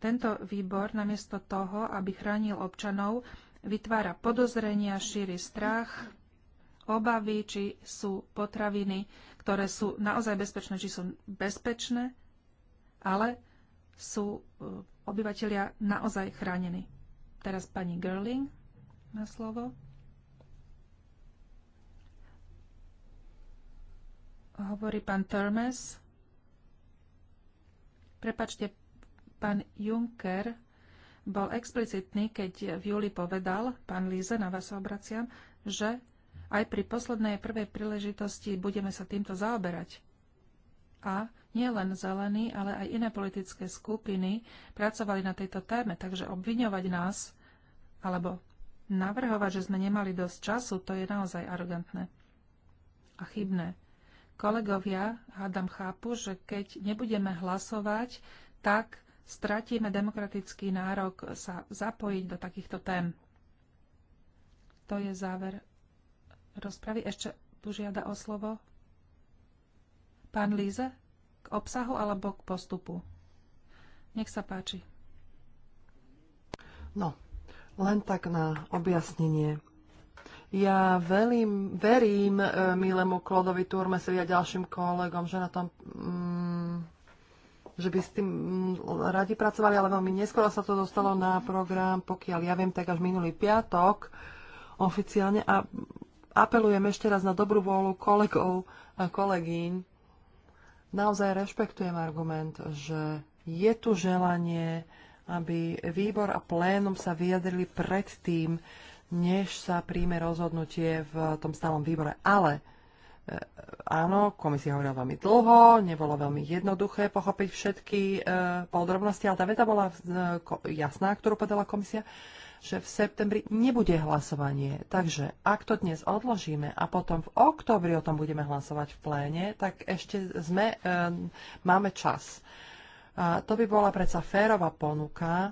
Tento výbor namiesto toho, aby chránil občanov, vytvára podozrenia, šíri strach, obavy, či sú potraviny, ktoré sú naozaj bezpečné, či sú bezpečné, ale sú e, obyvateľia naozaj chránení. Teraz pani Gerling má slovo. hovorí pán Termes. Prepačte, pán Juncker bol explicitný, keď v júli povedal, pán Líze, na vás obraciam, že aj pri poslednej prvej príležitosti budeme sa týmto zaoberať. A nie len zelení, ale aj iné politické skupiny pracovali na tejto téme, takže obviňovať nás alebo navrhovať, že sme nemali dosť času, to je naozaj arogantné a chybné. Kolegovia, hádam, chápu, že keď nebudeme hlasovať, tak stratíme demokratický nárok sa zapojiť do takýchto tém. To je záver rozpravy. Ešte žiada o slovo pán Líze k obsahu alebo k postupu. Nech sa páči. No, len tak na objasnenie. Ja velím, verím e, milému Klodovi Turmesovi a ďalším kolegom, že na tom mm, že by s tým mm, radi pracovali, ale veľmi neskoro sa to dostalo na program, pokiaľ ja viem, tak až minulý piatok oficiálne a apelujem ešte raz na dobrú vôľu kolegov a kolegyň. Naozaj rešpektujem argument, že je tu želanie, aby výbor a plénum sa vyjadrili predtým, než sa príjme rozhodnutie v tom stálom výbore. Ale e, áno, komisia hovorila veľmi dlho, nebolo veľmi jednoduché pochopiť všetky e, podrobnosti, ale tá veta bola e, jasná, ktorú povedala komisia, že v septembri nebude hlasovanie. Takže ak to dnes odložíme a potom v oktobri o tom budeme hlasovať v pléne, tak ešte sme, e, máme čas. A to by bola predsa férová ponuka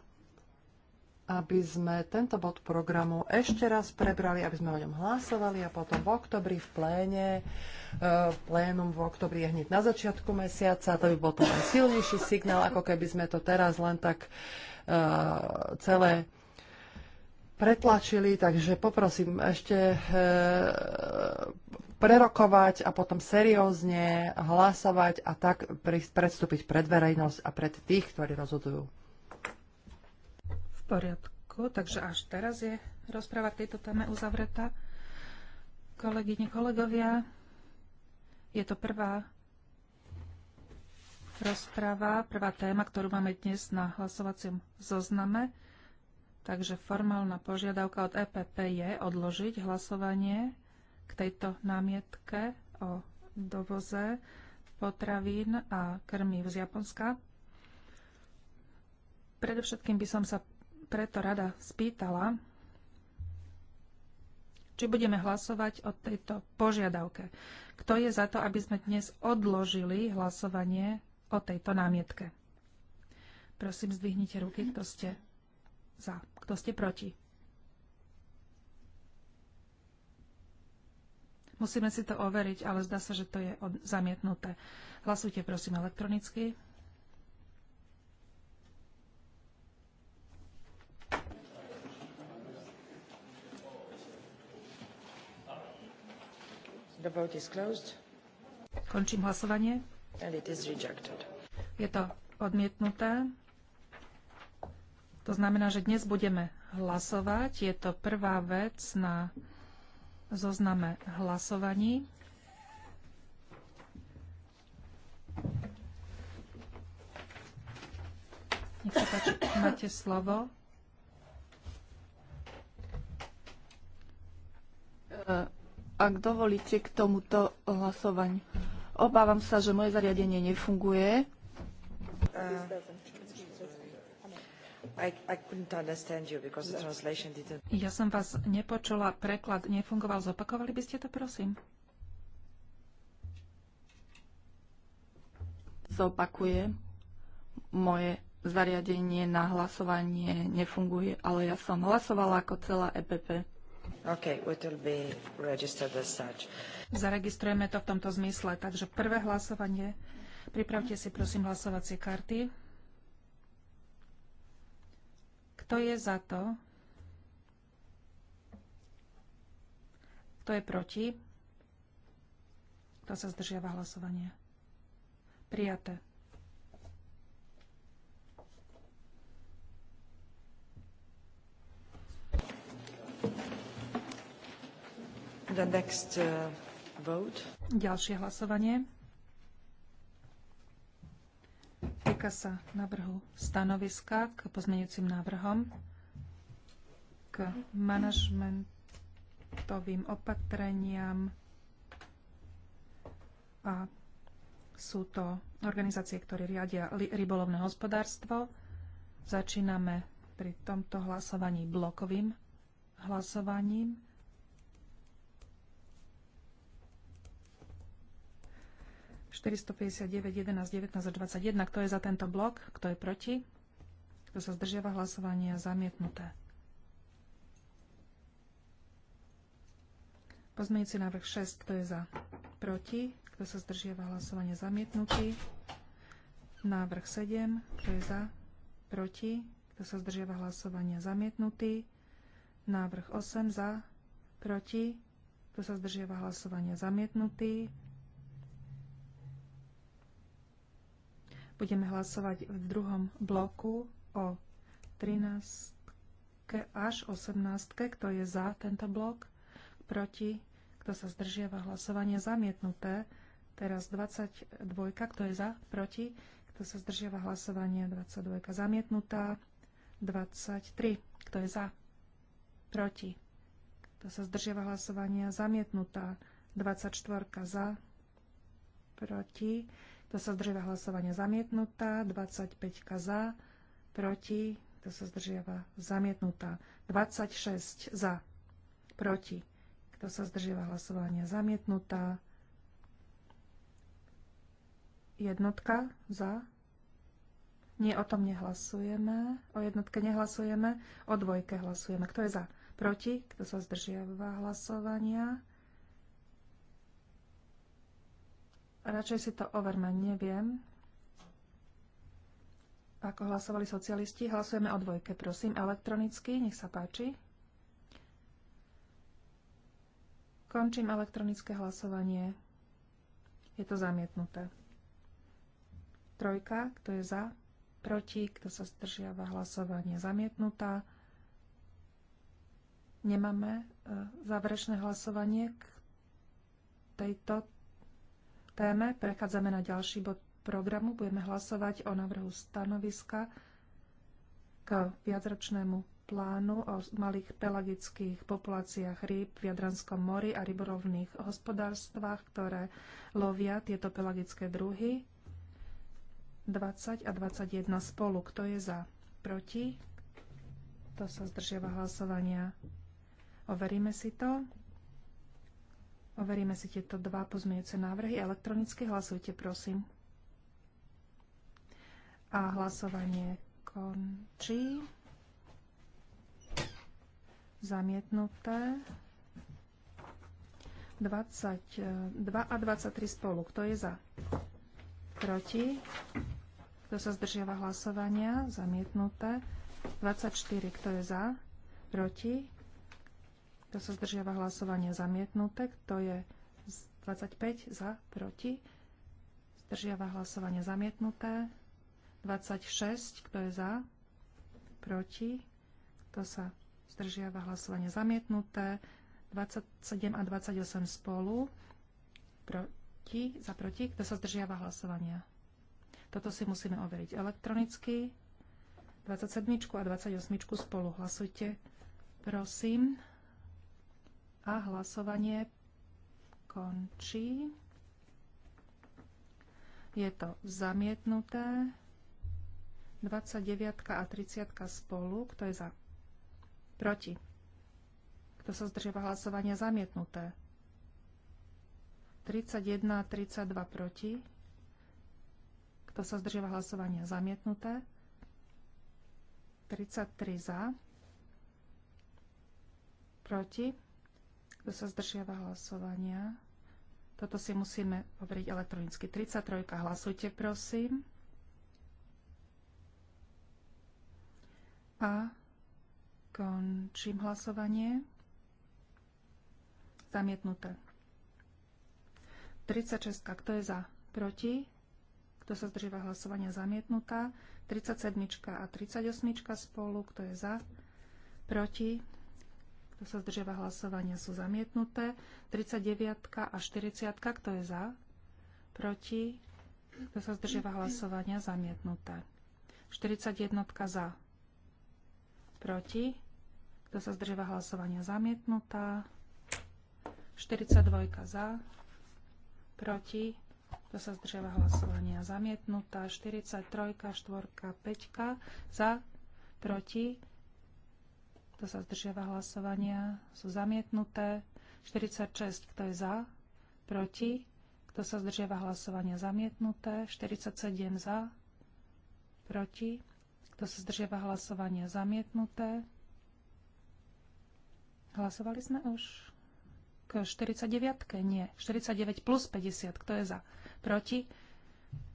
aby sme tento bod programu ešte raz prebrali, aby sme o ňom hlasovali a potom v oktobri v pléne, eh, plénum v oktobri je hneď na začiatku mesiaca, to by bol ten silnejší signál, ako keby sme to teraz len tak eh, celé pretlačili, takže poprosím ešte eh, prerokovať a potom seriózne hlasovať a tak predstúpiť pred verejnosť a pred tých, ktorí rozhodujú poriadku, takže až teraz je rozpráva k tejto téme uzavretá. Kolegyne, kolegovia, je to prvá rozpráva, prvá téma, ktorú máme dnes na hlasovacom zozname. Takže formálna požiadavka od EPP je odložiť hlasovanie k tejto námietke o dovoze potravín a krmív z Japonska. Predovšetkým by som sa preto rada spýtala, či budeme hlasovať o tejto požiadavke. Kto je za to, aby sme dnes odložili hlasovanie o tejto námietke? Prosím, zdvihnite ruky, kto ste za, kto ste proti. Musíme si to overiť, ale zdá sa, že to je zamietnuté. Hlasujte prosím elektronicky. The vote is closed. Končím hlasovanie. And it is rejected. Je to odmietnuté. To znamená, že dnes budeme hlasovať. Je to prvá vec na zozname hlasovaní. Nech sa páči, máte slovo. Uh, ak dovolíte k tomuto hlasovaniu. Obávam sa, že moje zariadenie nefunguje. Uh, ja som vás nepočula, preklad nefungoval. Zopakovali by ste to, prosím? Zopakuje. Moje zariadenie na hlasovanie nefunguje, ale ja som hlasovala ako celá EPP. Zaregistrujeme to v tomto zmysle. Takže prvé hlasovanie. Pripravte si prosím hlasovacie karty. Kto je za to? Kto je proti? Kto sa zdržiava hlasovanie? Prijaté. the next uh, vote. Ďalšie hlasovanie. Týka sa návrhu stanoviska k pozmeňujúcim návrhom k manažmentovým opatreniam a sú to organizácie, ktoré riadia rybolovné hospodárstvo. Začíname pri tomto hlasovaní blokovým hlasovaním 459, 11, 19 a 21. Kto je za tento blok? Kto je proti? Kto sa zdržiava hlasovania? Zamietnuté. Pozmeňujúci návrh 6. Kto je za? Proti? Kto sa zdržiava hlasovania? Zamietnutý. Návrh 7. Kto je za? Proti? Kto sa zdržiava hlasovania? Zamietnutý. Návrh 8. Za? Proti? Kto sa zdržiava hlasovania? Zamietnutý. Budeme hlasovať v druhom bloku o 13 až 18. Kto je za tento blok? Proti? Kto sa zdržiava hlasovania? Zamietnuté. Teraz 22. Kto je za? Proti? Kto sa zdržiava hlasovania? 22. Zamietnutá. 23. Kto je za? Proti. Kto sa zdržiava hlasovania? Zamietnutá. 24. Za. Proti to sa zdržiava hlasovania zamietnutá, 25 za, proti, to sa zdržiava zamietnutá, 26 za, proti, kto sa zdržiava hlasovania zamietnutá, jednotka za, nie o tom nehlasujeme, o jednotke nehlasujeme, o dvojke hlasujeme, kto je za, proti, kto sa zdržiava hlasovania, Radšej si to overme, neviem. Ako hlasovali socialisti, hlasujeme o dvojke, prosím, elektronicky, nech sa páči. Končím elektronické hlasovanie. Je to zamietnuté. Trojka, kto je za, proti, kto sa zdržiava hlasovanie, zamietnutá. Nemáme e, záverečné hlasovanie k tejto téme. Prechádzame na ďalší bod programu. Budeme hlasovať o návrhu stanoviska k viacročnému plánu o malých pelagických populáciách rýb v Jadranskom mori a rybolovných hospodárstvách, ktoré lovia tieto pelagické druhy 20 a 21 spolu. Kto je za? Proti? To sa zdržiava hlasovania. Overíme si to. Overíme si tieto dva pozmeňujúce návrhy. Elektronicky hlasujte, prosím. A hlasovanie končí. Zamietnuté. 22 e, a 23 spolu. Kto je za? Proti? Kto sa zdržiava hlasovania? Zamietnuté. 24. Kto je za? Proti? Kto sa zdržiava hlasovania zamietnuté? Kto je 25 za, proti? Zdržiava hlasovania zamietnuté. 26, kto je za? Proti? Kto sa zdržiava hlasovania zamietnuté? 27 a 28 spolu. Proti? Za proti? Kto sa zdržiava hlasovania? Toto si musíme overiť elektronicky. 27 a 28 spolu hlasujte. Prosím. A hlasovanie končí. Je to zamietnuté. 29 a 30 spolu. Kto je za? Proti. Kto sa zdržiava hlasovania? Zamietnuté. 31 a 32 proti. Kto sa zdržiava hlasovania? Zamietnuté. 33 za. Proti. Kto sa zdržiava hlasovania? Toto si musíme overiť elektronicky. 33. Hlasujte, prosím. A končím hlasovanie. Zamietnuté. 36. Kto je za? Proti? Kto sa zdržíva hlasovania? Zamietnutá. 37. a 38. spolu. Kto je za? Proti? Kto sa zdržiava hlasovania, sú zamietnuté. 39 a 40, kto je za? Proti? Kto sa zdržiava hlasovania, zamietnuté. 41 za. Proti? Kto sa zdržiava hlasovania, zamietnutá. 42 za. Proti? Kto sa zdržiava hlasovania, zamietnutá. 43, 4, 5 za. Proti? Kto sa zdržiava hlasovania? Sú zamietnuté. 46. Kto je za? Proti? Kto sa zdržiava hlasovania? Zamietnuté. 47 za? Proti? Kto sa zdržiava hlasovania? Zamietnuté. Hlasovali sme už k 49? Nie. 49 plus 50. Kto je za? Proti?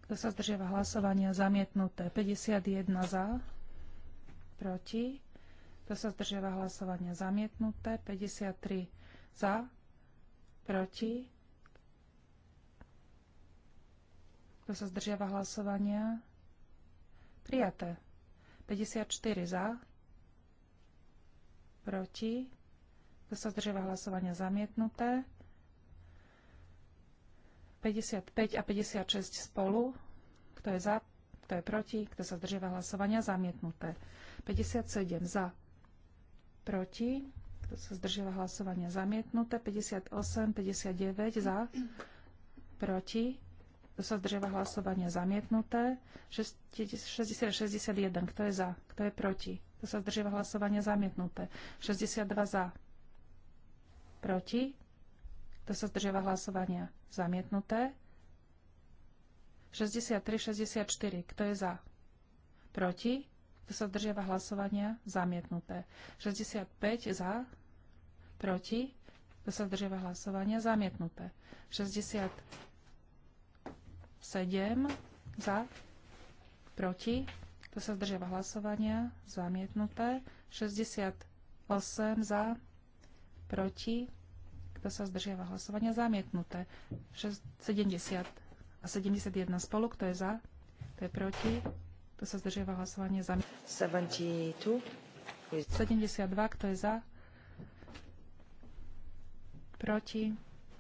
Kto sa zdržiava hlasovania? Zamietnuté. 51 za? Proti? Kto sa zdržiava hlasovania? Zamietnuté. 53 za. Proti. Kto sa zdržiava hlasovania? Prijaté. 54 za. Proti. Kto sa zdržiava hlasovania? Zamietnuté. 55 a 56 spolu. Kto je za? Kto je proti? Kto sa zdržiava hlasovania? Zamietnuté. 57 za proti, kto sa zdržiava hlasovania zamietnuté, 58, 59 za, proti, kto sa zdržiava hlasovania zamietnuté, 60, 61, kto je za, kto je proti, kto sa zdržiava hlasovania zamietnuté, 62 za, proti, kto sa zdržiava hlasovania zamietnuté, 63, 64, kto je za, proti, kto sa zdržiava hlasovania? Zamietnuté. 65 za, proti. Kto sa zdržiava hlasovania? Zamietnuté. 67 za, proti. Kto sa zdržiava hlasovania? Zamietnuté. 68 za, proti. Kto sa zdržiava hlasovania? Zamietnuté. 70 a 71 spolu. Kto je za? Kto je proti? Kto sa zdržiava hlasovania za? 72. 72. Kto je za? Proti?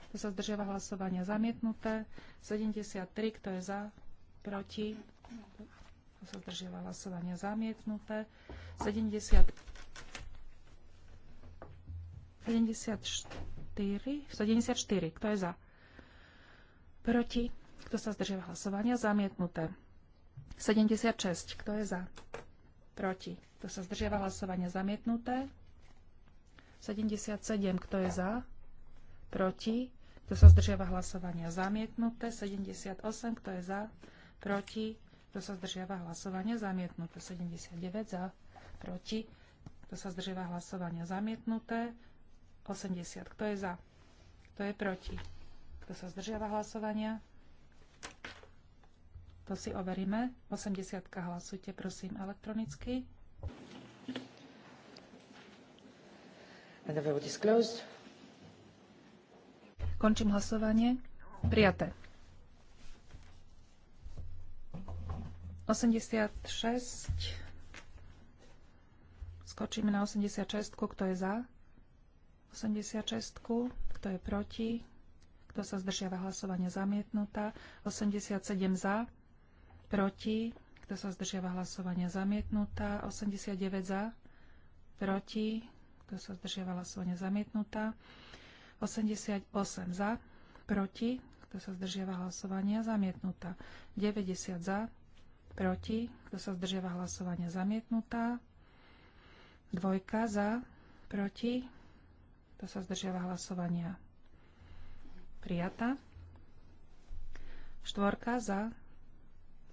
Kto sa zdržiava hlasovania? Zamietnuté. 73. Kto je za? Proti? Kto sa zdržiava hlasovania? Zamietnuté. 70. 74. 74. Kto je za? Proti? Kto sa zdržiava hlasovania? Zamietnuté. 76. Kto je za? Proti. Kto sa zdržiava hlasovania? Zamietnuté. 77. Kto je za? Proti. Kto sa zdržiava hlasovania? Zamietnuté. 78. Kto je za? Proti. Kto sa zdržiava hlasovania? Zamietnuté. 79. Za? Proti. Kto sa zdržiava hlasovania? Zamietnuté. 80. Kto je za? Kto je proti? Kto sa zdržiava hlasovania? To si overíme. 80 hlasujte, prosím, elektronicky. And the vote is closed. Končím hlasovanie. Prijaté. 86. Skočíme na 86. Kto je za? 86. Kto je proti? Kto sa zdržiava hlasovania zamietnutá? 87 za proti, kto sa zdržiava hlasovania zamietnutá, 89 za, proti, kto sa zdržiava hlasovania zamietnutá, 88 za, proti, kto sa zdržiava hlasovania zamietnutá, 90 za, proti, kto sa zdržiava hlasovania zamietnutá, dvojka za, proti, kto sa zdržiava hlasovania prijatá, štvorka za,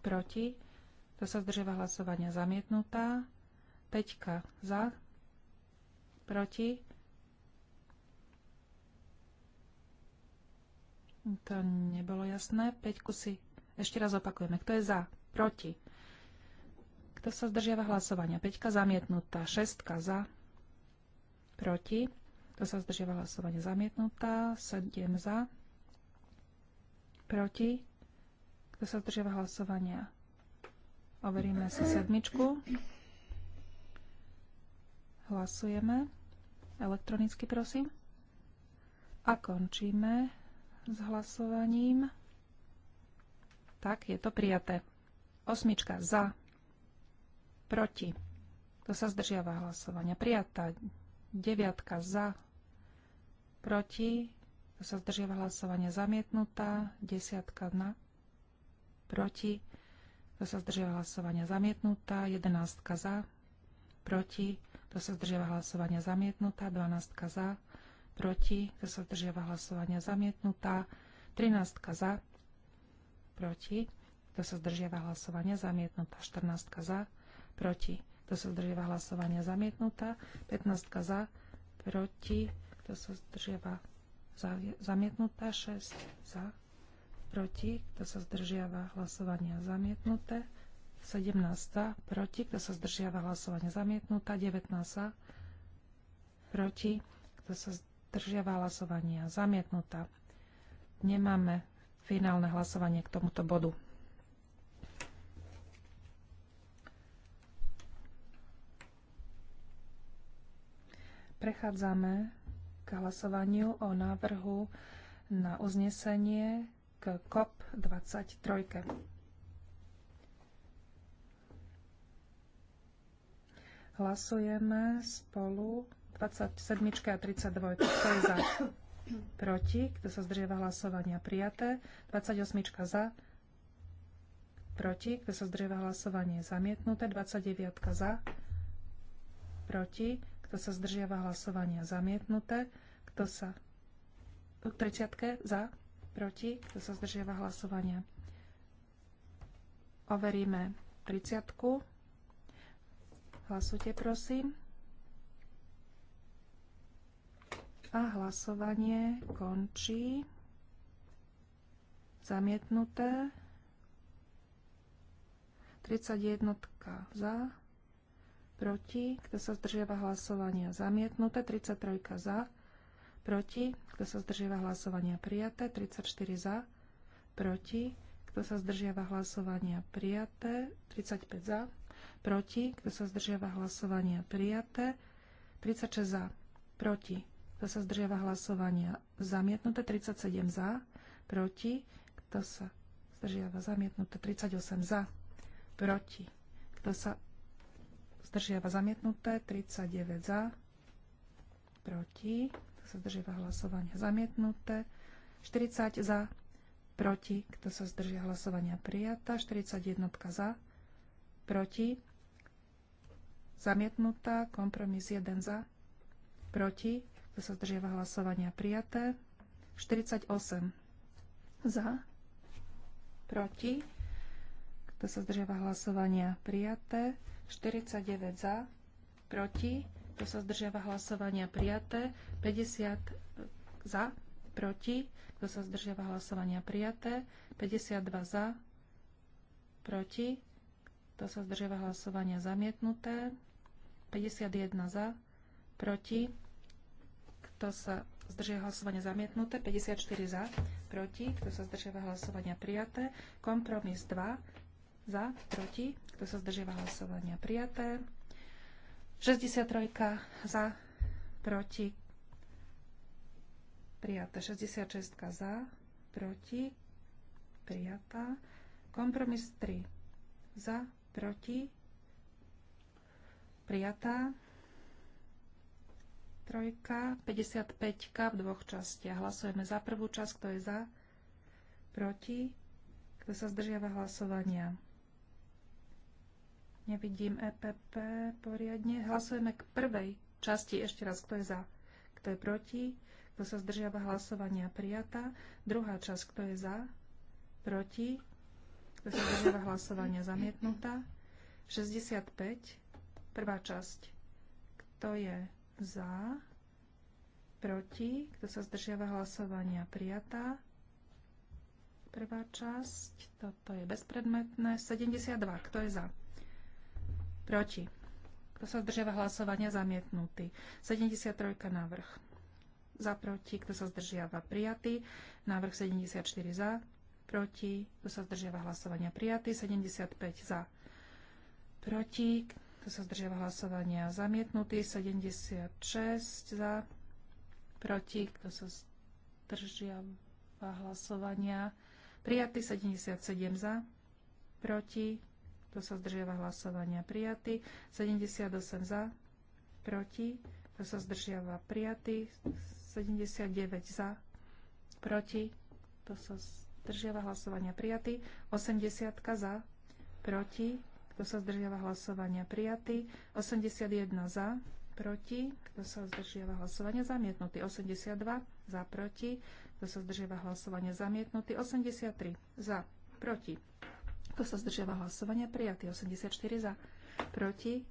proti, kto sa zdržiava hlasovania zamietnutá, Peťka za, proti, to nebolo jasné, 5 si ešte raz opakujeme, kto je za, proti, kto sa zdržiava hlasovania, 5 zamietnutá, 6 za, proti, kto sa zdržiava hlasovania zamietnutá, 7 za, proti, kto sa zdržiava hlasovania? Overíme si sedmičku. Hlasujeme. Elektronicky prosím. A končíme s hlasovaním. Tak, je to prijaté. Osmička za. Proti. To sa zdržiava hlasovania. Prijatá. Deviatka za. Proti. To sa zdržiava hlasovania. Zamietnutá. Desiatka na proti, kto sa zdržiava hlasovania zamietnutá, 11 za, proti, kto sa zdržiava hlasovania zamietnutá, 12 za, proti, kto sa zdržiava hlasovania zamietnutá, 13 za, proti, kto sa zdržiava hlasovania zamietnutá, 14 za, proti, kto sa zdržiava hlasovania zamietnutá, 15 za, proti, kto sa zdržiava zamietnutá, 6 za, proti, kto sa zdržiava hlasovania zamietnuté. 17 proti, kto sa zdržiava hlasovania zamietnutá. 19 proti, kto sa zdržiava hlasovania zamietnutá. Nemáme finálne hlasovanie k tomuto bodu. Prechádzame k hlasovaniu o návrhu na uznesenie k COP23. Hlasujeme spolu 27 a 32. Kto je za? Proti. Kto sa zdržiava hlasovania? Prijaté. 28 za. Proti. Kto sa zdržiava hlasovanie? Zamietnuté. 29 za. Proti. Kto sa zdržiava hlasovania? Zamietnuté. Kto sa... 30 za. Proti? Kto sa zdržiava hlasovania? Overíme 30. Hlasujte, prosím. A hlasovanie končí. Zamietnuté. 31 za. Proti. Kto sa zdržiava hlasovania? Zamietnuté. 33 za proti, kto sa zdržiava hlasovania prijaté, 34 za, proti, kto sa zdržiava hlasovania prijaté, 35 za, proti, kto sa zdržiava hlasovania prijaté, 36 za, proti, kto sa zdržiava hlasovania zamietnuté, 37 za, proti, kto sa zdržiava zamietnuté, 38 za, proti, kto sa zdržiava zamietnuté, 39 za, proti, sa zdržiava hlasovania zamietnuté, 40 za, proti, kto sa zdržia hlasovania prijatá, 41 za, proti, zamietnutá, kompromis 1 za, proti, kto sa zdržiava hlasovania prijaté, 48 za, proti, kto sa zdržiava hlasovania prijaté, 49 za, proti, kto sa zdržiava hlasovania? Prijaté. 50 za, proti. Kto sa zdržiava hlasovania? Prijaté. 52 za, proti. Kto sa zdržiava hlasovania? Zamietnuté. 51 za, proti. Kto sa zdržia hlasovania? Zamietnuté. 54 za, proti. Kto sa zdržia hlasovania? Prijaté. Kompromis 2 za, proti. Kto sa zdržia hlasovania? Prijaté. 63 za, proti, prijatá. 66 za, proti, prijatá. Kompromis 3 za, proti, prijatá. Trojka, 55 v dvoch častiach. Hlasujeme za prvú časť, kto je za, proti, kto sa zdržiava hlasovania. Nevidím EPP poriadne. Hlasujeme k prvej časti ešte raz, kto je za, kto je proti, kto sa zdržiava hlasovania prijatá. Druhá časť, kto je za, proti, kto sa zdržiava hlasovania zamietnutá. 65, prvá časť, kto je za, proti, kto sa zdržiava hlasovania prijatá. Prvá časť, toto je bezpredmetné. 72, kto je za? Proti. Kto sa zdržiava hlasovania? Zamietnutý. 73. Návrh. Za proti. Kto sa zdržiava? Prijatý. Návrh 74 za. Proti. Kto sa zdržiava hlasovania? Prijatý. 75 za. Proti. Kto sa zdržiava hlasovania? Zamietnutý. 76 za. Proti. Kto sa zdržiava hlasovania? Prijatý. 77 za. Proti kto sa zdržiava hlasovania? Prijatý. 78 za. Proti. Kto sa zdržiava? Prijatý. 79 za. Proti. Kto sa zdržiava hlasovania? Prijatý. 80 za. Proti. Kto sa zdržiava hlasovania? Prijatý. 81 za. Proti. Kto sa zdržiava hlasovania? Zamietnutý. 82 za. Proti. Kto sa zdržiava hlasovania? Zamietnutý. 83 za. Proti. Kto sa zdržiava hlasovania? Prijatý. 84 za. Proti.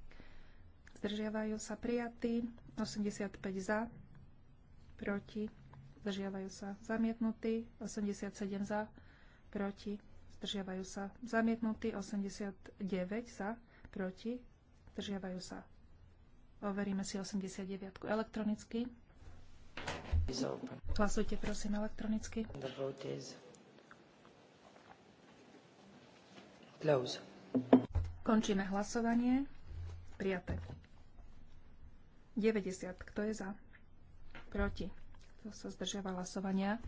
Zdržiavajú sa prijatí. 85 za. Proti. Zdržiavajú sa zamietnutí. 87 za. Proti. Zdržiavajú sa zamietnutí. 89 za. Proti. Zdržiavajú sa. Overíme si 89 elektronicky. Hlasujte prosím elektronicky. The vote is... Close. Končíme hlasovanie. Prijaté. 90. Kto je za? Proti. Kto sa zdržiava hlasovania?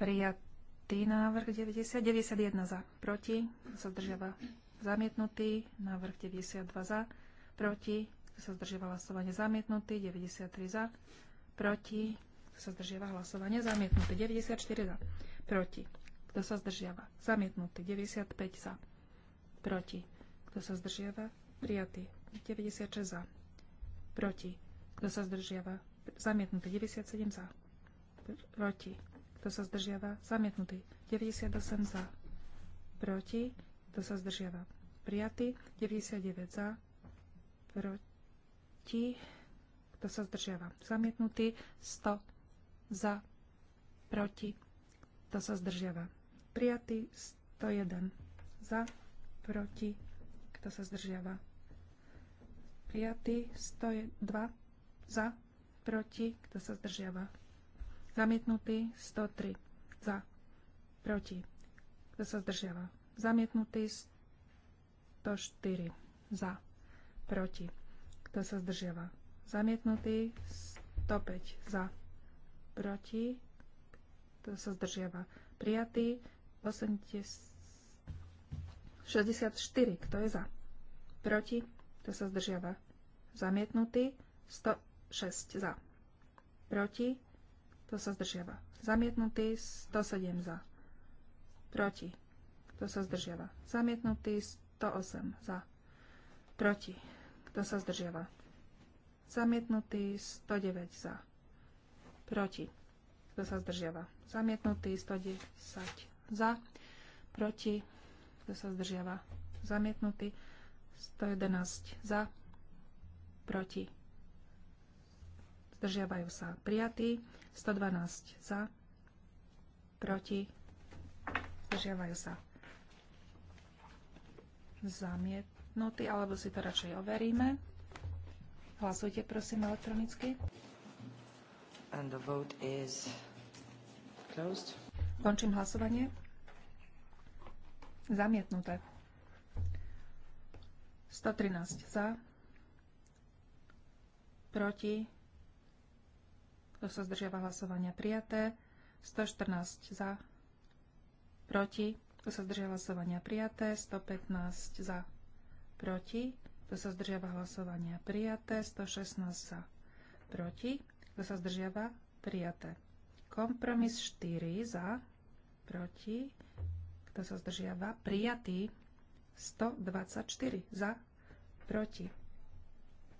Prijatý návrh 90. 91 za. Proti. Kto sa zdržiava? Zamietnutý. Návrh 92 za. Proti. Kto sa zdržiava hlasovanie? Zamietnutý. 93 za. Proti. Kto sa zdržiava hlasovanie? Zamietnutý. 94 za. Proti kto sa zdržiava? Zamietnutý. 95 za. Proti. Kto sa zdržiava? Prijatý. 96 za. Proti. Kto sa zdržiava? Zamietnutý. 97 za. Proti. Kto sa zdržiava? Zamietnutý. 98 za. Proti. Kto sa zdržiava? Prijatý. 99 za. Proti. Kto sa zdržiava? Zamietnutý. 100 za. Proti. Kto sa zdržiava? Prijatý 101. Za, proti, kto sa zdržiava. Prijatý 102. Za, proti, kto sa zdržiava. Zamietnutý 103. Za, proti, kto sa zdržiava. Zamietnutý 104. Za, proti, kto sa zdržiava. Zamietnutý 105. Za, proti, kto sa zdržiava. Prijatý 64. Kto je za? Proti? Kto sa zdržiava? Zamietnutý. 106 za. Proti? Kto sa zdržiava? Zamietnutý. 107 za. Proti? Kto sa zdržiava? Zamietnutý. 108 za. Proti? Kto sa zdržiava? Zamietnutý. 109 za. Proti? Kto sa zdržiava? Zamietnutý. 110 za, proti, kto sa zdržiava, zamietnutý, 111 za, proti, zdržiavajú sa, prijatí. 112 za, proti, zdržiavajú sa, zamietnutý, alebo si to radšej overíme. Hlasujte prosím elektronicky. And the vote is closed. Končím hlasovanie. Zamietnuté. 113 za. Proti. Kto sa zdržiava hlasovania? Prijaté. 114 za. Proti. Kto sa zdržiava hlasovania? Prijaté. 115 za. Proti. Kto sa zdržiava hlasovania? Prijaté. 116 za. Proti. Kto sa zdržiava? Prijaté. Kompromis 4 za, proti, kto sa zdržiava, prijatý 124 za, proti,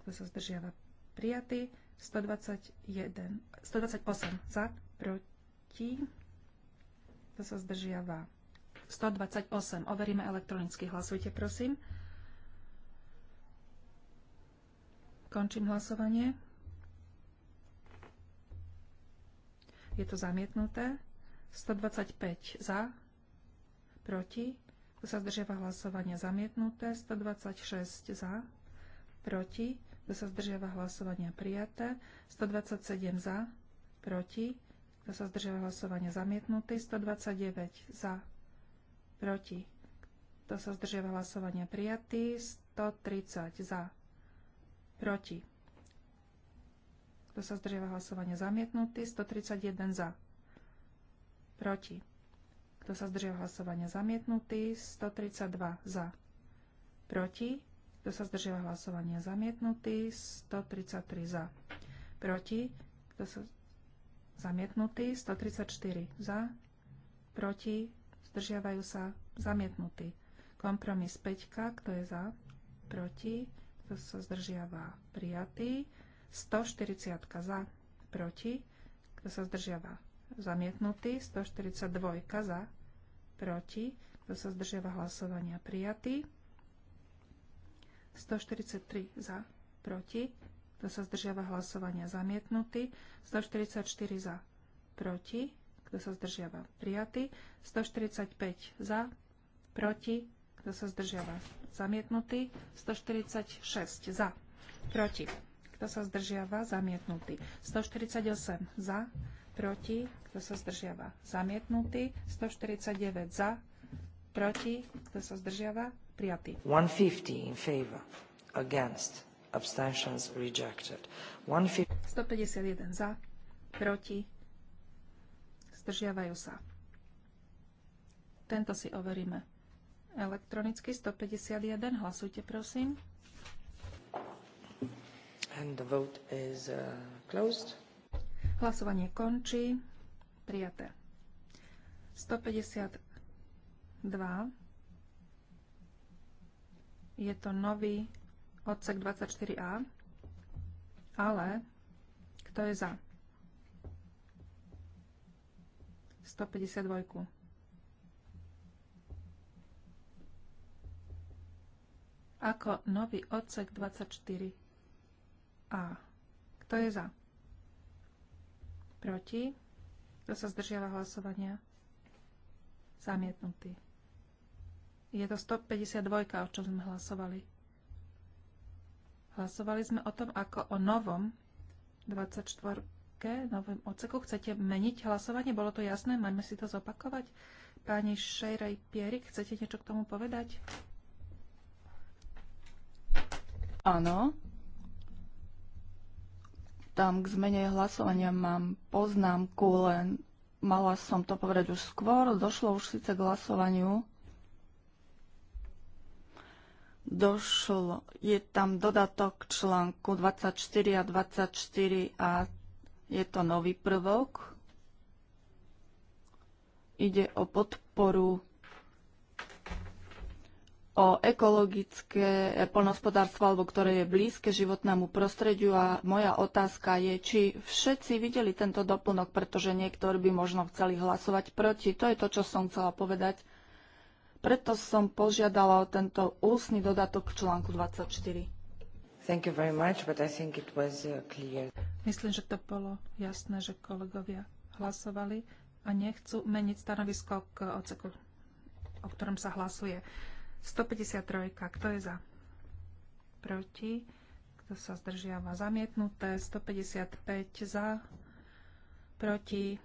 kto sa zdržiava, prijatý 121, 128 za, proti, kto sa zdržiava, 128. Overíme elektronicky. Hlasujte, prosím. Končím hlasovanie. Je to zamietnuté. 125 za, proti. tu sa zdržiava hlasovania zamietnuté. 126 za, proti. Kto sa zdržiava hlasovania prijaté. 127 za, proti. Kto sa zdržiava hlasovania zamietnutý. 129 za, proti. Kto sa zdržiava hlasovania prijatý. 130 za, proti. Kto sa zdržiava hlasovania? Zamietnutý. 131 za. Proti. Kto sa zdržiava hlasovania? Zamietnutý. 132 za. Proti. Kto sa zdržiava hlasovania? Zamietnutý. 133 za. Proti. Kto sa... Zamietnutý. 134 za. Proti. Zdržiavajú sa. Zamietnutý. Kompromis 5. Kto je za? Proti. Kto sa zdržiava? Prijatý. 140 za, proti, kto sa zdržiava zamietnutý, 142 za, proti, kto sa zdržiava hlasovania prijatý, 143 za, proti, kto sa zdržiava hlasovania zamietnutý, 144 za, proti, kto sa zdržiava prijatý, 145 za, proti, kto sa zdržiava zamietnutý, 146 za, proti. Kto sa zdržiava? Zamietnutý. 148 za, proti. Kto sa zdržiava? Zamietnutý. 149 za, proti. Kto sa zdržiava? Prijatý. 150 in favor. Against. Abstentions rejected. 151 za, proti. Zdržiavajú sa. Tento si overíme. Elektronicky 151. Hlasujte, prosím. And the vote is uh, closed. Hlasovanie končí. Prijaté. 152. Je to nový odsek 24a. Ale kto je za? 152. Ako nový odsek 24 a. Kto je za? Proti? Kto sa zdržiava hlasovania? Zamietnutý. Je to 152, o čom sme hlasovali. Hlasovali sme o tom, ako o novom 24 novom oceku chcete meniť hlasovanie. Bolo to jasné? Máme si to zopakovať? Pani Šejrej Pierik, chcete niečo k tomu povedať? Áno, tam k zmene hlasovania mám poznámku, len mala som to povedať už skôr, došlo už síce k hlasovaniu. Došlo, je tam dodatok článku 24 a 24 a je to nový prvok. Ide o podporu o ekologické e, polnospodárstvo alebo ktoré je blízke životnému prostrediu a moja otázka je, či všetci videli tento doplnok, pretože niektorí by možno chceli hlasovať proti. To je to, čo som chcela povedať. Preto som požiadala o tento ústny dodatok k článku 24. Thank you very much, but I think it was uh, clear. Myslím, že to bolo jasné, že kolegovia hlasovali a nechcú meniť stanovisko k oceku, o ktorom sa hlasuje. 153. Kto je za? Proti. Kto sa zdržiava? Zamietnuté. 155 za. Proti.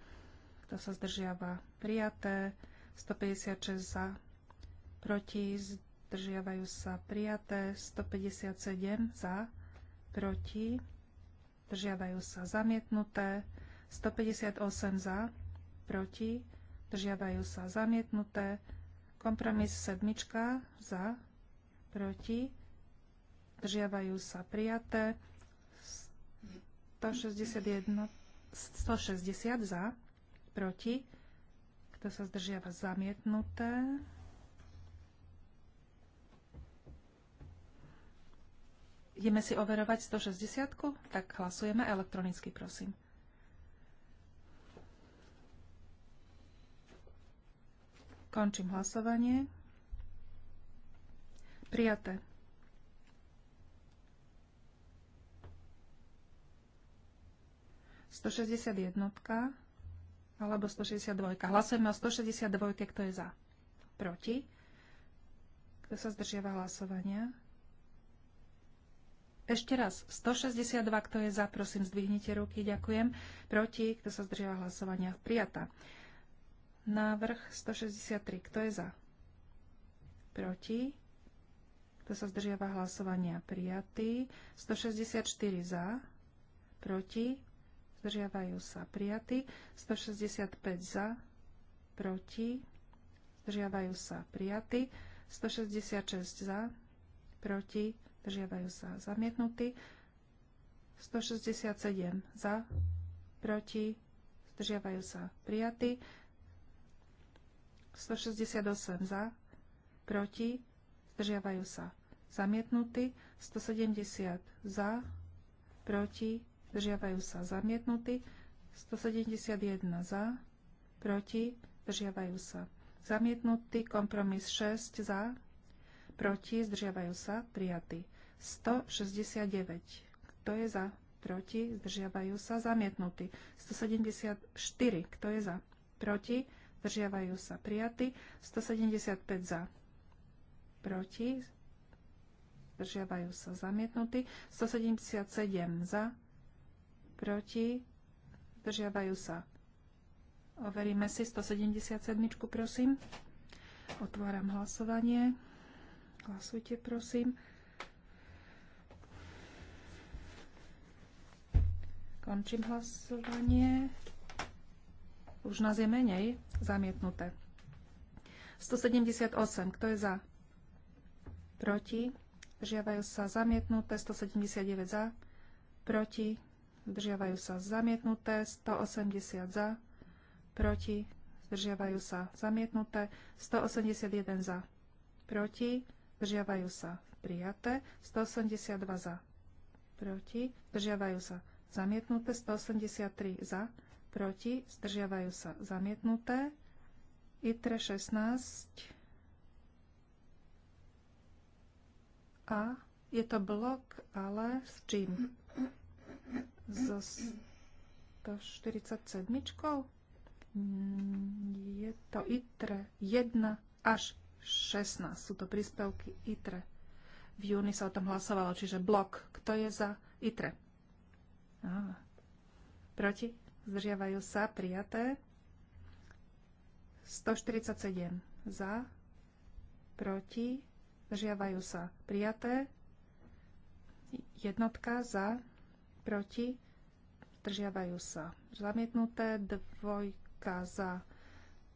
Kto sa zdržiava? Prijaté. 156 za. Proti. Zdržiavajú sa prijaté. 157 za. Proti. Zdržiavajú sa zamietnuté. 158 za. Proti. Zdržiavajú sa zamietnuté. Kompromis sedmička za, proti, držiavajú sa prijaté. 161, 160 za, proti, kto sa zdržiava zamietnuté. Ideme si overovať 160? Tak hlasujeme elektronicky, prosím. Končím hlasovanie. Prijaté. jednotka alebo 162. Hlasujeme o 162, kto je za. Proti. Kto sa zdržiava hlasovania? Ešte raz. 162, kto je za, prosím, zdvihnite ruky. Ďakujem. Proti. Kto sa zdržiava hlasovania? Prijatá. Návrh 163. Kto je za? Proti. Kto sa zdržiava hlasovania? Prijatý. 164 za. Proti. Zdržiavajú sa. Prijatý. 165 za. Proti. Zdržiavajú sa. Prijatý. 166 za. Proti. Zdržiavajú sa. Zamietnutý. 167 za. Proti. Zdržiavajú sa. Prijatý. 168 za, proti, zdržiavajú sa. Zamietnutý 170 za, proti, zdržiavajú sa. Zamietnutý 171 za, proti, zdržiavajú sa. Zamietnutý kompromis 6 za, proti, zdržiavajú sa, prijatý. 169. Kto je za? Proti, zdržiavajú sa, zamietnutý. 174. Kto je za? Proti, zdržiavajú sa prijatí, 175 za, proti, zdržiavajú sa zamietnutí, 177 za, proti, zdržiavajú sa. Overíme si 177, prosím. Otváram hlasovanie. Hlasujte, prosím. Končím hlasovanie. Už nás je menej zamietnuté. 178. Kto je za? Proti. Držiavajú sa zamietnuté. 179 za. Proti. držiavajú sa zamietnuté. 180 za. Proti. Držiavajú sa zamietnuté. 181 za. Proti. Držiavajú sa prijaté. 182 za. Proti. Držiavajú sa zamietnuté. 183 za proti, zdržiavajú sa zamietnuté. ITRE 16 a je to blok, ale s čím? So 147? Je to ITRE 1 až 16. Sú to príspevky ITRE. V júni sa o tom hlasovalo, čiže blok. Kto je za ITRE? Á, proti? zdržiavajú sa, prijaté. 147 za, proti, zdržiavajú sa, prijaté. Jednotka za, proti, zdržiavajú sa, zamietnuté. Dvojka za,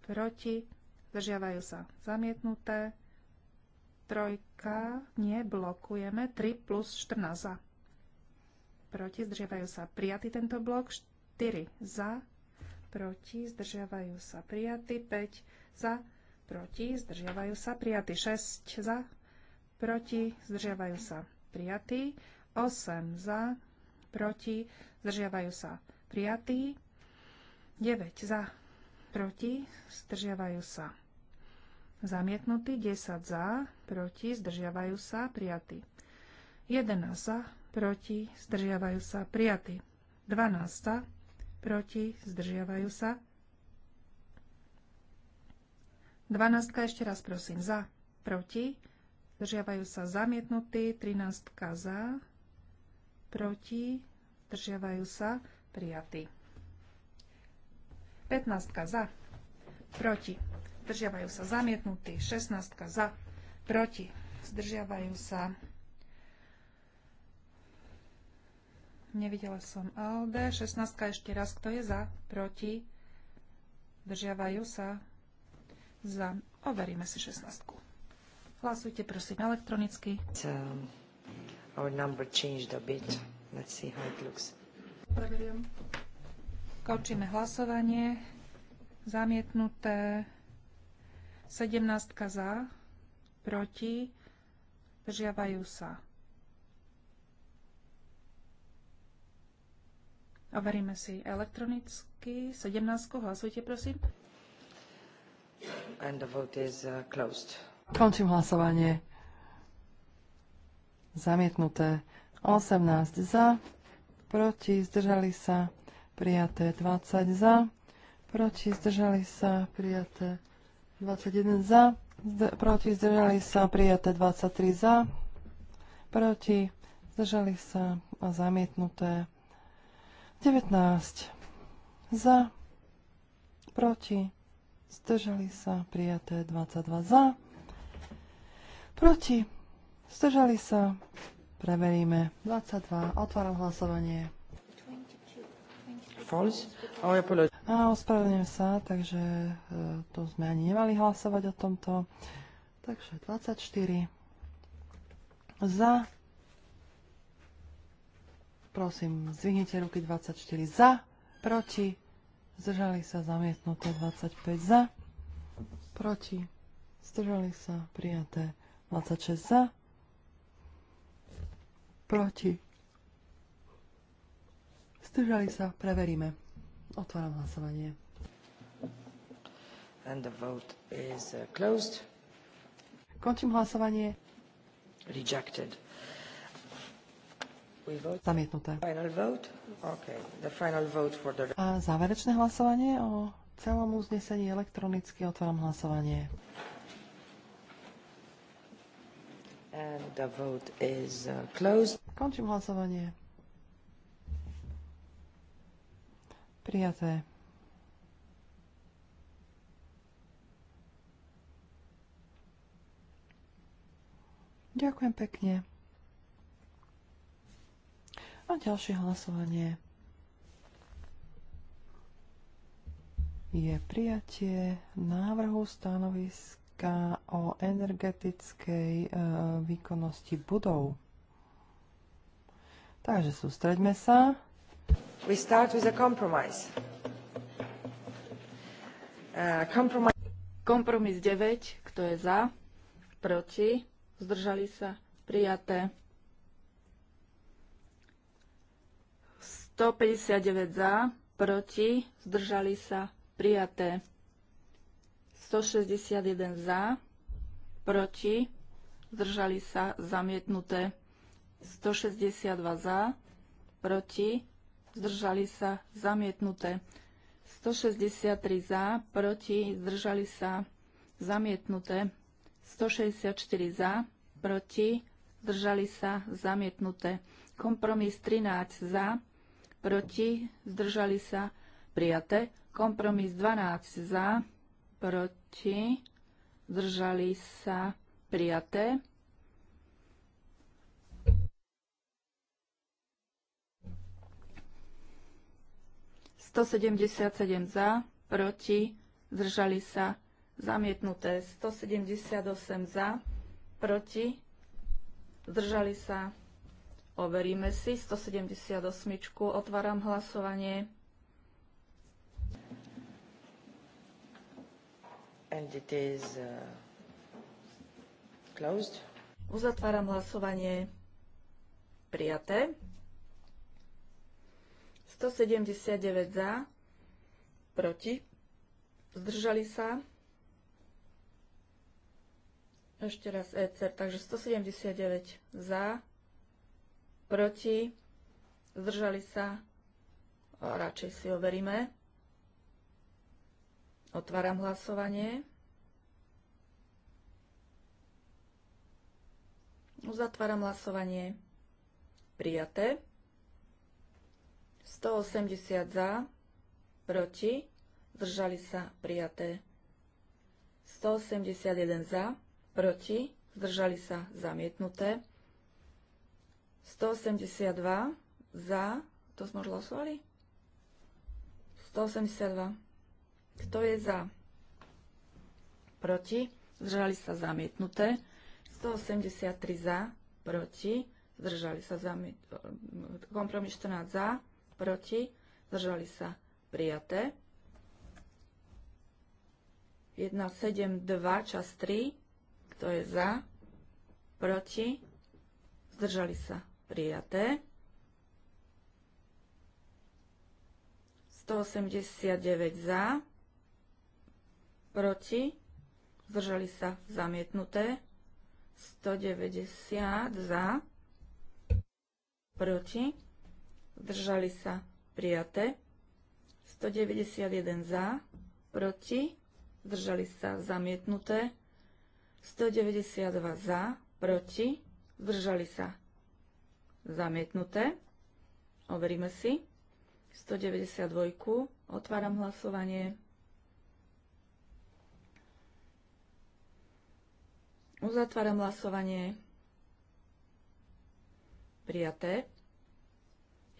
proti, zdržiavajú sa, zamietnuté. Trojka, nie, blokujeme. 3 plus 14 za. Proti, zdržiavajú sa, prijatý tento blok. 4 za, proti, zdržiavajú sa prijatí, 5 za, proti, zdržiavajú sa prijatí, 6 za, proti, zdržiavajú sa prijatí, 8 za, proti, zdržiavajú sa prijatí, 9 za, proti, zdržiavajú sa zamietnutí, 10 za, proti, zdržiavajú sa prijaty, 11 za, proti, zdržiavajú sa prijaty, 12 za, proti, zdržiavajú sa. Dvanáctka ešte raz prosím, za, proti, zdržiavajú sa zamietnutí, 13 za, proti, zdržiavajú sa, prijatí. 15 za, proti, zdržiavajú sa zamietnutí, 16 za, proti, zdržiavajú sa Nevidela som ALD. 16 ešte raz. Kto je za? Proti? Držiavajú sa? Za. Overíme si 16. Hlasujte prosím elektronicky. Um, our number changed a bit. Let's see how it looks. Končíme hlasovanie. Zamietnuté. 17 za. Proti. Držiavajú sa Overíme si elektronicky. 17. Hlasujte, prosím. And the vote is uh, closed. Končím hlasovanie. Zamietnuté. 18 za, proti, zdržali sa, prijaté 20 za, proti, zdržali sa, prijaté 21 za, zd- proti, zdržali sa, prijaté 23 za, proti, zdržali sa, a zamietnuté 19. Za. Proti. Zdržali sa. Prijaté 22 za. Proti. Zdržali sa. Preveríme. 22. Otváram hlasovanie. Oh, A ospravedlňujem sa, takže e, to sme ani nemali hlasovať o tomto. Takže 24. Za. Prosím, zvihnite ruky 24 za, proti, zdržali sa zamietnuté 25 za, proti, zdržali sa prijaté 26 za, proti, zdržali sa, preveríme. Otváram hlasovanie. And the vote is uh, closed. Končím hlasovanie. Rejected. Zamietnuté. A záverečné hlasovanie o celom uznesení elektronicky otváram hlasovanie. Uh, Končím hlasovanie. Prijaté. Ďakujem pekne. A ďalšie hlasovanie je prijatie návrhu stanoviska o energetickej e, výkonnosti budov. Takže sústreďme sa. We start with a compromise. Uh, compromise. Kompromis 9, kto je za, proti, zdržali sa, prijaté. 159 za, proti, zdržali sa, prijaté. 161 za, proti, zdržali sa, zamietnuté. 162 za, proti, zdržali sa, zamietnuté. 163 za, proti, zdržali sa, zamietnuté. 164 za, proti, zdržali sa, zamietnuté. Kompromis 13 za, proti, zdržali sa, prijaté. Kompromis 12 za, proti, zdržali sa, prijaté. Sto sedemdesiat sedem za, proti, zdržali sa, zamietnuté. Sto sedemdesiat osem za, proti, zdržali sa, Overíme si 178. Otváram hlasovanie. And it is, uh, closed. Uzatváram hlasovanie. Prijaté. 179 za. Proti. Zdržali sa. Ešte raz ECR, takže 179 za proti, zdržali sa, radšej si overíme. Otváram hlasovanie. Uzatváram hlasovanie. Prijaté. 180 za, proti, zdržali sa, prijaté. 181 za, proti, zdržali sa, zamietnuté. 182 za. To sme už hlasovali? 182. Kto je za? Proti. Zdržali sa zamietnuté. 183 za. Proti. Zdržali sa zamietnuté. Kompromis 14 za. Proti. Zdržali sa prijaté. 172 čas 3. Kto je za? Proti. Zdržali sa prijaté. 189 za, proti, zdržali sa zamietnuté, 190 za, proti, zdržali sa prijaté, 191 za, proti, zdržali sa zamietnuté, 192 za, proti, zdržali sa Zamietnuté. Overíme si. 192. Otváram hlasovanie. Uzatváram hlasovanie. Prijaté.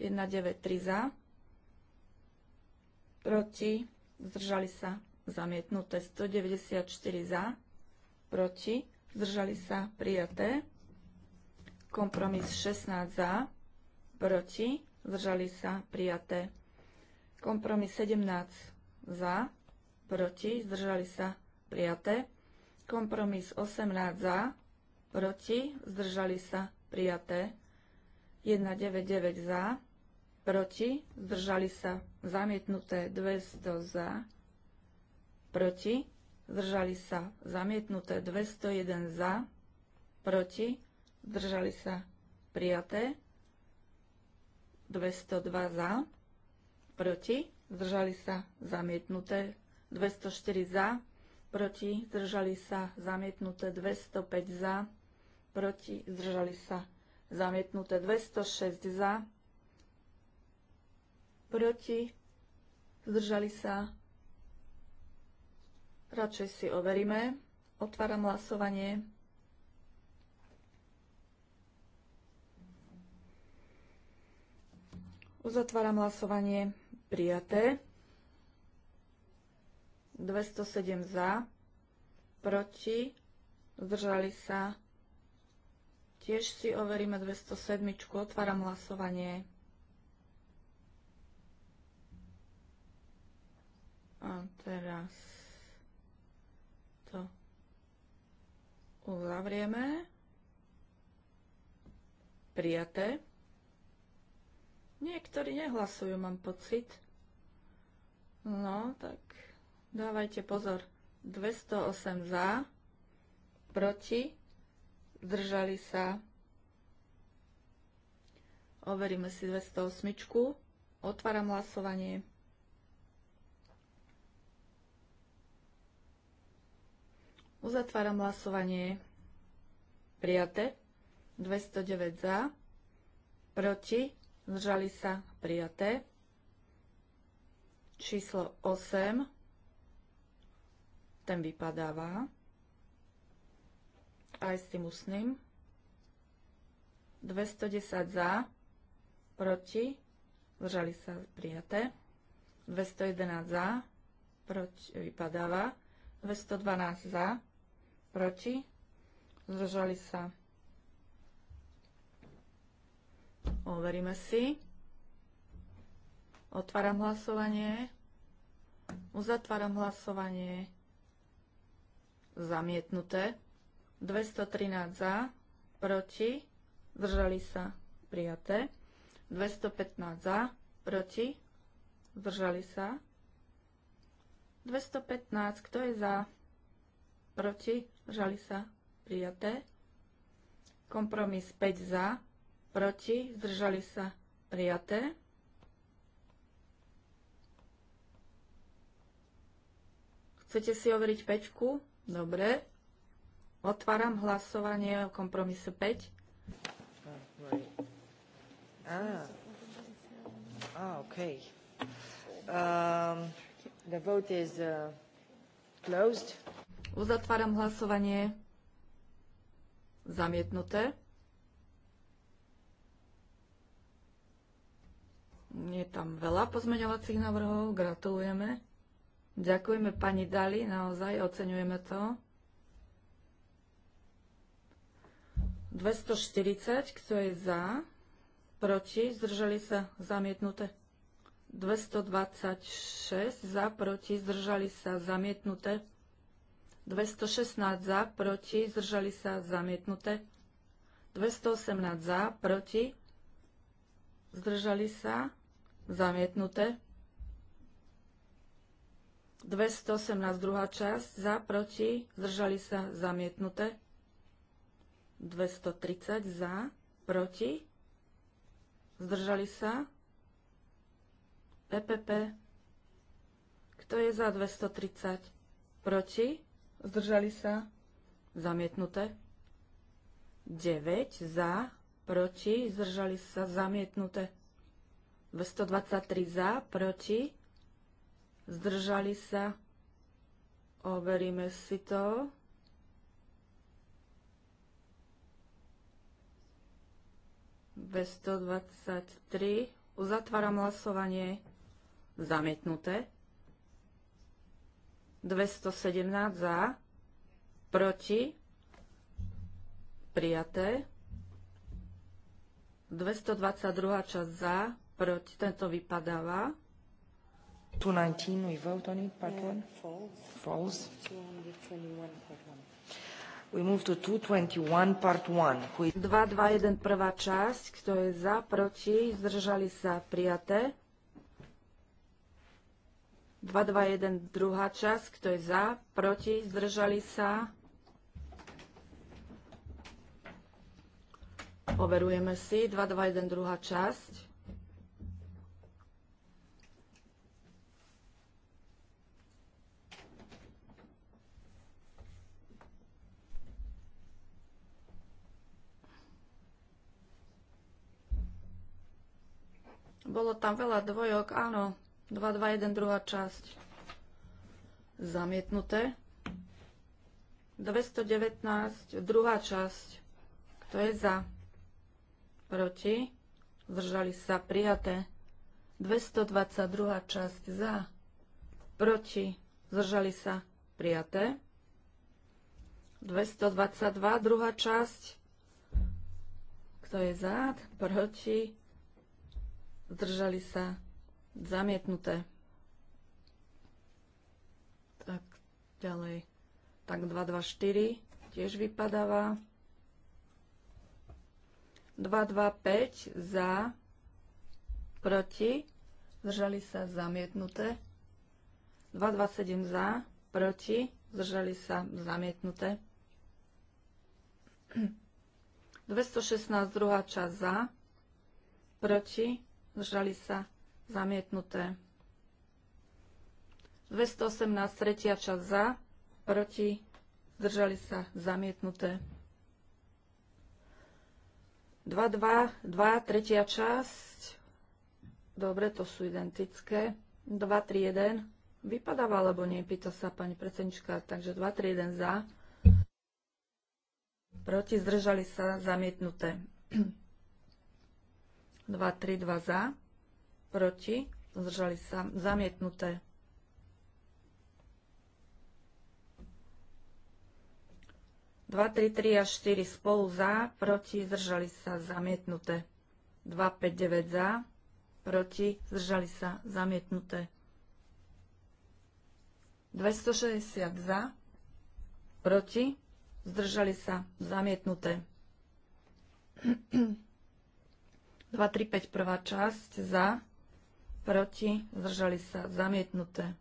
193 za. Proti. Zdržali sa. Zamietnuté. 194 za. Proti. Zdržali sa. Prijaté. Kompromis 16 za, proti, zdržali sa, prijaté. Kompromis 17 za, proti, zdržali sa, prijaté. Kompromis 18 za, proti, zdržali sa, prijaté. 199 za, proti, zdržali sa, zamietnuté 200 za, proti, zdržali sa, zamietnuté 201 za, proti, zdržali sa prijaté, 202 za, proti, zdržali sa zamietnuté, 204 za, proti, zdržali sa zamietnuté, 205 za, proti, zdržali sa zamietnuté, 206 za, proti, zdržali sa, radšej si overíme, otváram hlasovanie, Uzatváram hlasovanie. Prijaté. 207 za. Proti. Zdržali sa. Tiež si overíme 207. Otváram hlasovanie. A teraz to uzavrieme. Prijaté. Niektorí nehlasujú, mám pocit. No, tak dávajte pozor. 208 za, proti, zdržali sa. Overíme si 208. Otváram hlasovanie. Uzatváram hlasovanie. Prijaté. 209 za, proti, zdržali sa prijaté. Číslo 8, ten vypadáva aj s tým usným. 210 za, proti, zdržali sa prijaté. 211 za, proti, vypadáva. 212 za, proti, zdržali sa Overíme si. Otváram hlasovanie. Uzatváram hlasovanie. Zamietnuté. 213 za, proti, zdržali sa, prijaté. 215 za, proti, zdržali sa. 215, kto je za, proti, zdržali sa, prijaté. Kompromis 5 za, proti, zdržali sa prijaté. Chcete si overiť pečku? Dobre. Otváram hlasovanie o kompromise 5. Ah, ah. Ah, okay. Um, the vote is uh, closed. Uzatváram hlasovanie. Zamietnuté. Je tam veľa pozmeňovacích návrhov, gratulujeme. Ďakujeme pani Dali, naozaj oceňujeme to. 240, kto je za, proti, zdržali sa, zamietnuté. 226 za, proti, zdržali sa, zamietnuté. 216 za, proti, zdržali sa, zamietnuté. 218 za, proti, zdržali sa, zamietnuté. 218 druhá časť za, proti, zdržali sa, zamietnuté. 230 za, proti, zdržali sa. PPP. Kto je za 230? Proti, zdržali sa, zamietnuté. 9 za, proti, zdržali sa, zamietnuté. 223 za, proti, zdržali sa, overíme si to. B123. Uzatváram hlasovanie. Zamietnuté. 217 za. Proti. Prijaté. 222 časť za proti, tento vypadáva. 219, we vote on it, part yeah, one? False. False. We move to 221, part one. Who... 221, prvá časť, kto je za, proti, zdržali sa, prijaté. 221, druhá časť, kto je za, proti, zdržali sa. Overujeme si, 221, druhá časť. Bolo tam veľa dvojok, áno. 2, 2, 1, druhá časť. Zamietnuté. 219, druhá časť. Kto je za? Proti? Zdržali sa prijaté. 222. časť za. Proti? Zdržali sa prijaté. 222. druhá časť. Kto je za? Proti? zdržali sa, zamietnuté. Tak ďalej. Tak 224 tiež vypadáva. 225 za, proti, zdržali sa, zamietnuté. 227 za, proti, zdržali sa, zamietnuté. 216 druhá časť za, proti, zdržali sa, zamietnuté. 218, tretia časť za, proti, zdržali sa, zamietnuté. 2, 2, tretia časť. Dobre, to sú identické. 2, Vypadáva alebo nie, pýta sa pani predsednička. Takže 231 za. Proti zdržali sa zamietnuté. 2, 2 za, proti, zdržali sa zamietnuté. Dva, tri, tri a štyri spolu za, proti, zdržali sa zamietnuté. 2, 5, 9 za, proti, zdržali sa zamietnuté. 260 za, proti, zdržali sa zamietnuté. 235 prvá časť za, proti, zdržali sa, zamietnuté.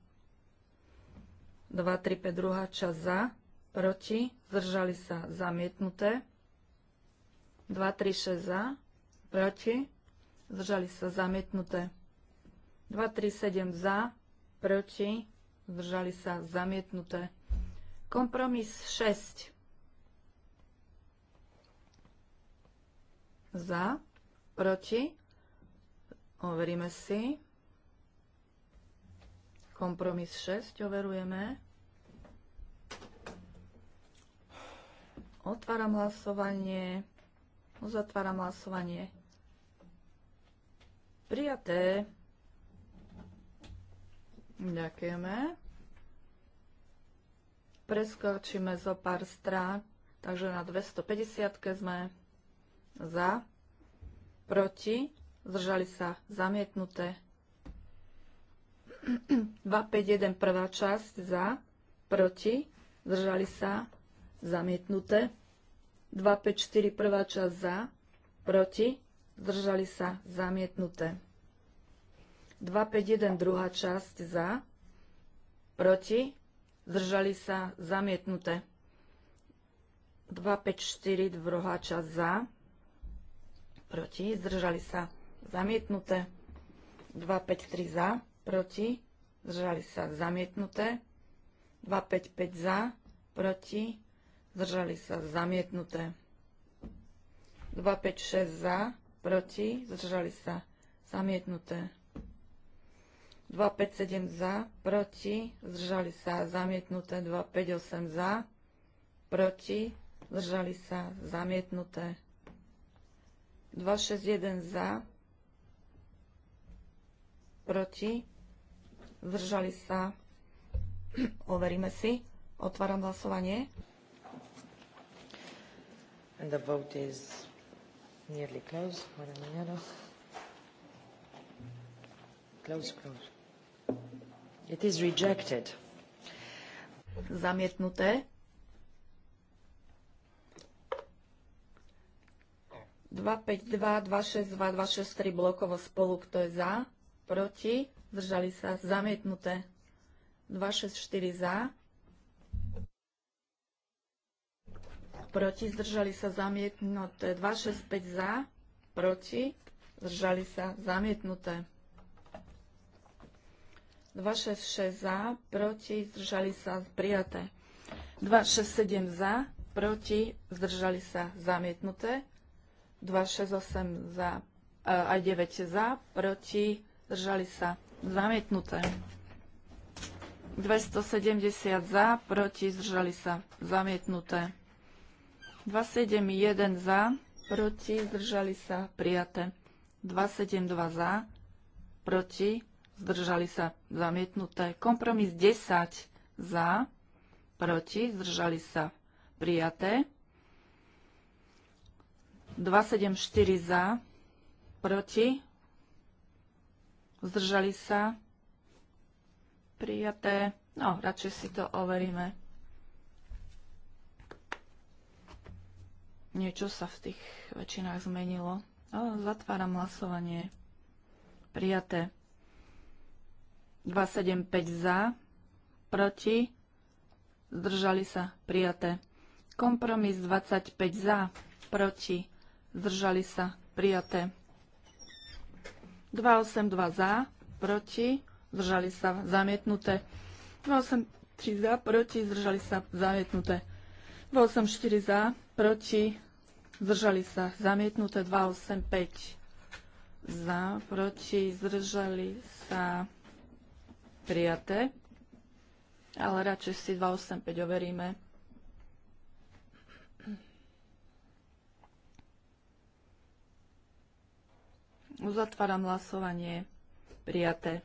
5, druhá časť za, proti, zdržali sa, zamietnuté. 236 za, proti, zdržali sa, zamietnuté. 237 za, proti, zdržali sa, zamietnuté. Kompromis 6 za, Proti? Overíme si. Kompromis 6 overujeme. Otváram hlasovanie. Uzatváram hlasovanie. Prijaté. Ďakujeme. Preskočíme zo pár strán, takže na 250 sme za proti, zdržali sa zamietnuté. 251 prvá časť za, proti, zdržali sa zamietnuté. 4, prvá časť za, proti, zdržali sa zamietnuté. 251 druhá časť za, proti, zdržali sa zamietnuté. 4, druhá časť za, proti, zdržali sa zamietnuté. 2 3 za, proti, zdržali sa zamietnuté. 2 5 za, proti, zdržali sa zamietnuté. 6 za, proti, zdržali sa zamietnuté. 7 za, proti, zdržali sa zamietnuté. 8 za, proti, zdržali sa zamietnuté. 261 za, proti, zdržali sa, overíme si, otváram hlasovanie. And the vote is nearly closed, Madam Close, close. It is rejected. Zamietnuté. 252, 262, 263 blokovo spolu, kto je za, proti, zdržali sa, zamietnuté. 264 za, proti, zdržali sa, zamietnuté. 265 za, proti, zdržali sa, zamietnuté. 266 za, proti, zdržali sa, prijaté. 267 za, proti, zdržali sa, zamietnuté. 268 za, e, aj 9 za, proti, zdržali sa zamietnuté. 270 za, proti, zdržali sa zamietnuté. 271 za, proti, zdržali sa prijaté. 272 za, proti, zdržali sa zamietnuté. Kompromis 10 za, proti, zdržali sa prijaté. 274 za, proti, zdržali sa, prijaté. No, radšej si to overíme. Niečo sa v tých väčšinách zmenilo. No, zatváram hlasovanie. Prijaté. 275 za, proti, zdržali sa, prijaté. Kompromis 25 za, proti, zdržali sa prijaté. 282 za, proti, zdržali sa zamietnuté. 283 za, proti, zdržali sa zamietnuté. 284 za, proti, zdržali sa zamietnuté. 285 za, proti, zdržali sa prijaté. Ale radšej si 285 overíme. Uzatváram hlasovanie. Prijaté.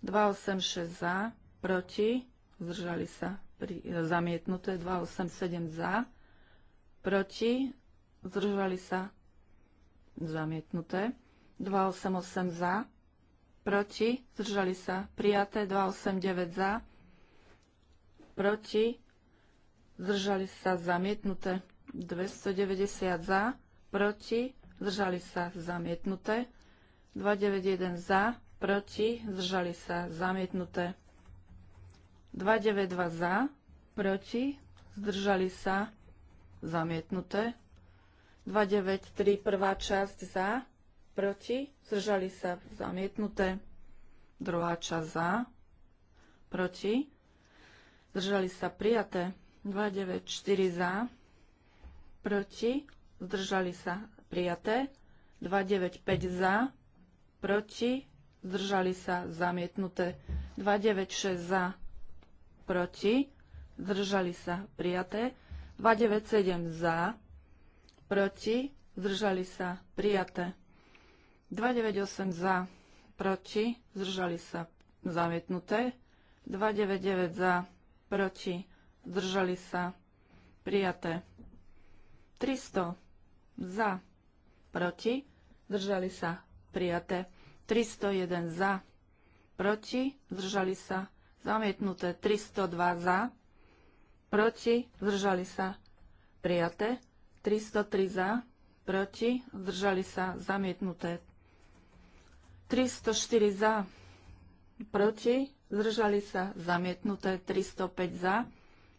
286 za, proti, zdržali sa pri, e, zamietnuté, 287 za, proti, zdržali sa zamietnuté, 288 za, proti, zdržali sa prijaté, 289 za, proti, zdržali sa zamietnuté, 290 za, proti, zdržali sa zamietnuté. 291 za, proti, zdržali sa zamietnuté. 292 za, proti, zdržali sa zamietnuté. 293 prvá časť za, proti, zdržali sa zamietnuté. Druhá časť za, proti, zdržali sa prijaté. 294 za, proti, zdržali sa prijaté. 295 za, proti, zdržali sa, zamietnuté. 296 za, proti, zdržali sa, prijaté. 297 za, proti, zdržali sa, prijaté. 298 za, proti, zdržali sa, zamietnuté. 299 za, proti, zdržali sa, prijaté. 300 za, proti, proti, zdržali sa prijaté. 301 za, proti, zdržali sa zamietnuté. 302 za, proti, zdržali sa prijaté. 303 za, proti, zdržali sa zamietnuté. 304 za, proti, zdržali sa zamietnuté. 305 za,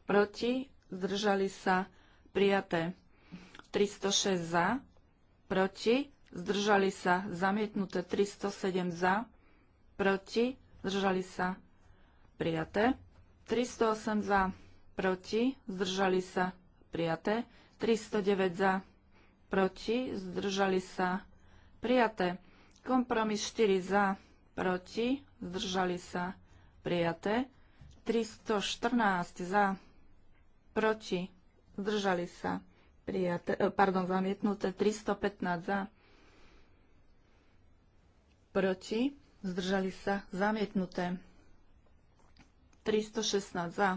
proti, zdržali sa prijaté. 306 za, proti, zdržali sa zamietnuté 307 za, proti, zdržali sa prijaté, 308 za, proti, zdržali sa prijaté, 309 za, proti, zdržali sa prijaté, kompromis 4 za, proti, zdržali sa prijaté, 314 za, proti, zdržali sa prijaté, prijaté, e, pardon, zamietnuté 315 za, proti, zdržali sa, zamietnuté 316 za,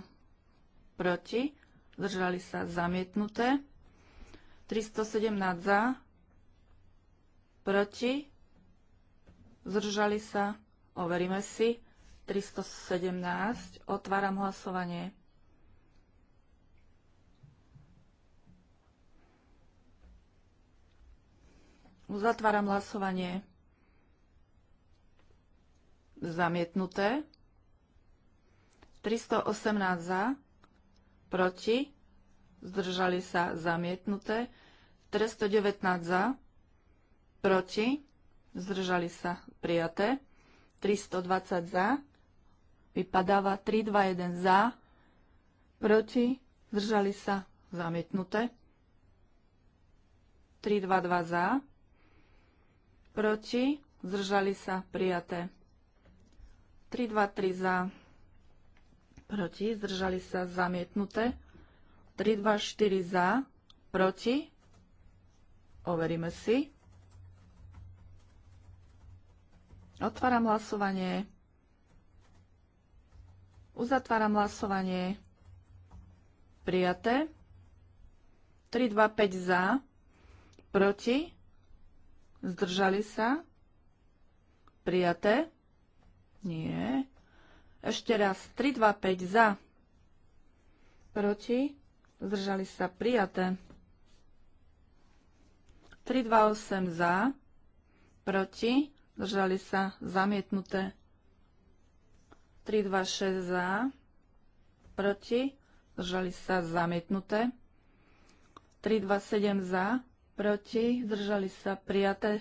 proti, zdržali sa, zamietnuté 317 za, proti, zdržali sa, overíme si, 317, otváram hlasovanie. Uzatváram hlasovanie. Zamietnuté. 318 za, proti, zdržali sa zamietnuté. 319 za, proti, zdržali sa prijaté. 320 za, vypadáva 321 za, proti, zdržali sa zamietnuté. 322 za, proti, zdržali sa, prijaté. 3, 2, 3 za, proti, zdržali sa, zamietnuté. 3, 2, 4 za, proti, overíme si. Otváram hlasovanie. Uzatváram hlasovanie. Prijaté. 3, 2, 5 za, proti, Zdržali sa? Prijaté? Nie. Ešte raz. 3, 2, 5 za. Proti? Zdržali sa? Prijaté. 3, 2, 8 za. Proti? Zdržali sa? Zamietnuté. 3, 2, 6 za. Proti? Zdržali sa? Zamietnuté. 3, 2, 7 za Proti? proti, zdržali sa prijaté.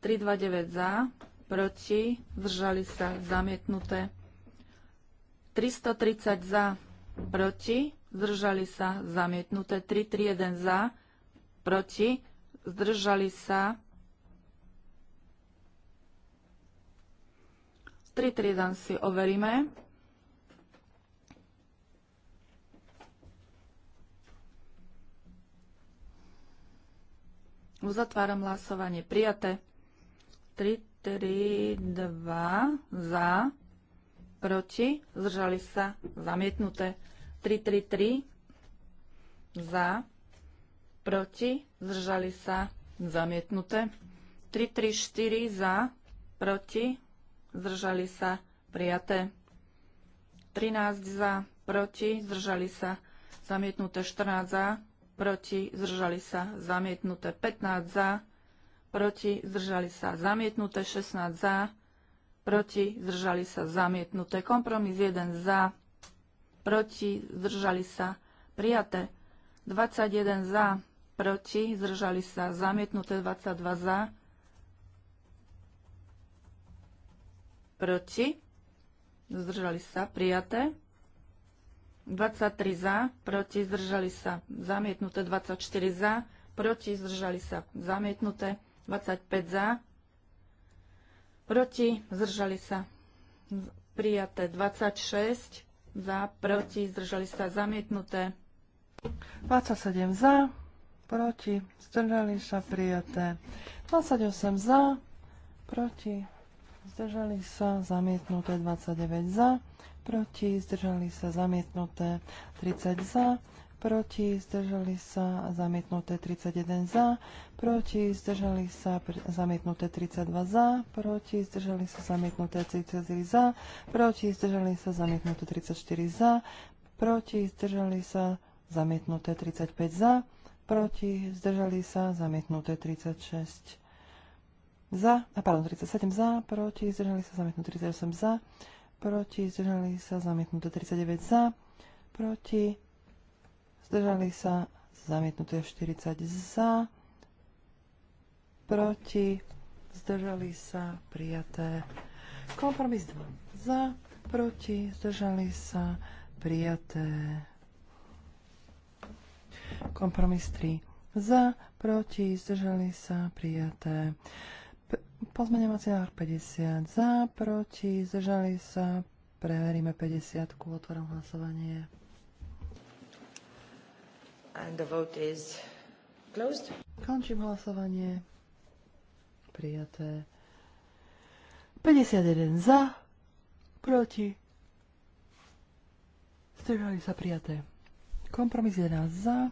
329 za, proti, zdržali sa zamietnuté. 330 za, proti, zdržali sa zamietnuté. 331 za, proti, zdržali sa 331 si overíme. Uzatváram hlasovanie. Prijaté. 3, 3, 2 za, proti, zdržali sa, zamietnuté. 3, 3, 3 za, proti, zdržali sa, zamietnuté. 3, 3, 4 za, proti, zdržali sa, prijaté. 13 za, proti, zdržali sa, zamietnuté. 14 za, proti, zdržali sa, zamietnuté 15 za, proti, zdržali sa, zamietnuté 16 za, proti, zdržali sa, zamietnuté kompromis 1 za, proti, zdržali sa, prijaté 21 za, proti, zdržali sa, zamietnuté 22 za, proti, zdržali sa, prijaté 23 za, proti zdržali sa zamietnuté, 24 za, proti zdržali sa zamietnuté, 25 za, proti zdržali sa prijaté, 26 za, proti zdržali sa zamietnuté, 27 za, proti zdržali sa prijaté, 28 za, proti zdržali sa zamietnuté, 29 za, proti, zdržali sa zamietnuté 30 za, proti, zdržali sa zamietnuté 31 za, proti, zdržali sa zamietnuté 32 za, proti, zdržali sa zamietnuté 33 za, proti, zdržali sa zamietnuté 34 za, proti, zdržali sa zamietnuté 35 za, proti, zdržali sa zamietnuté 36 za, a pardon, 37 za, proti, zdržali sa zamietnuté 38 za, proti, zdržali sa, zamietnuté 39 za, proti, zdržali sa, zamietnuté 40 za, proti, zdržali sa, prijaté. Kompromis 2 za, proti, zdržali sa, prijaté. Kompromis 3 za, proti, zdržali sa, prijaté. Pozmeňovací návrh 50 za, proti, zdržali sa. Preveríme 50. Otvorom hlasovanie. And the vote is closed. Končím hlasovanie. Prijaté. 51 za, proti. Zdržali sa prijaté. Kompromis 11 za,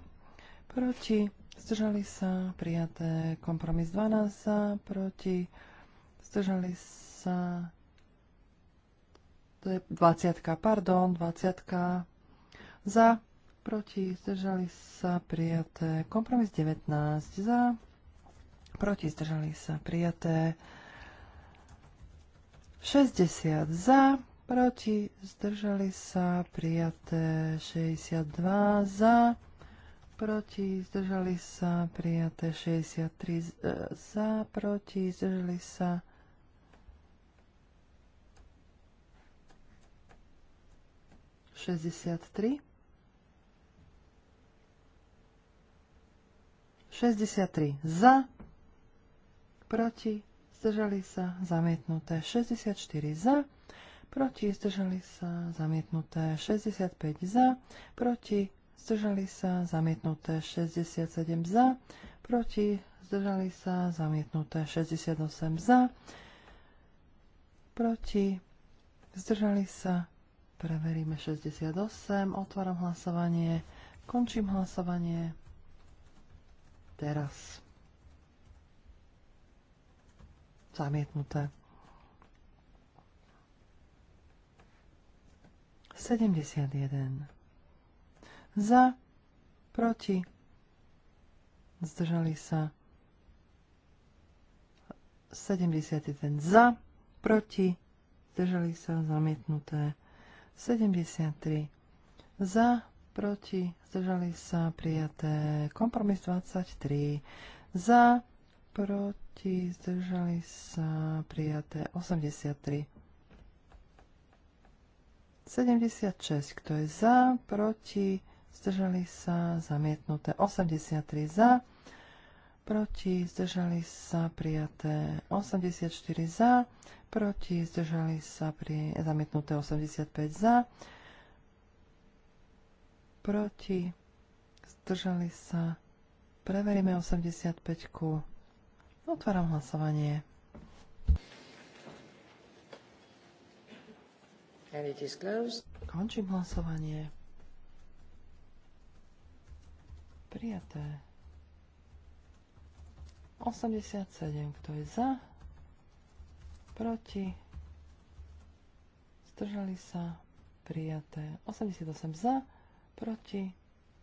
proti Zdržali sa prijaté kompromis 12 za, proti. Zdržali sa. To je 20, pardon, 20 za, proti. Zdržali sa prijaté kompromis 19 za, proti. Zdržali sa prijaté 60 za, proti. Zdržali sa prijaté 62 za proti, zdržali sa, prijaté 63 e, za, proti, zdržali sa. Šesťdesiat tri. Šesťdesiat tri za, proti, zdržali sa, zamietnuté. Šesťdesiat štyri za, proti, zdržali sa, zamietnuté. Šesťdesiat päť za, proti, zdržali sa, zamietnuté 67 za, proti, zdržali sa, zamietnuté 68 za, proti, zdržali sa, preveríme 68, otváram hlasovanie, končím hlasovanie, teraz. Zamietnuté. 71 za, proti, zdržali sa 71 za, proti, zdržali sa zamietnuté 73 za, proti, zdržali sa prijaté kompromis 23 za, proti, zdržali sa prijaté 83 76, kto je za, proti, zdržali sa, zamietnuté 83 za, proti, zdržali sa, prijaté 84 za, proti, zdržali sa, pri, zamietnuté 85 za, proti, zdržali sa, preveríme 85 ku, otváram hlasovanie. Končím hlasovanie. prijaté. 87, kto je za, proti, zdržali sa, prijaté. 88 za, proti,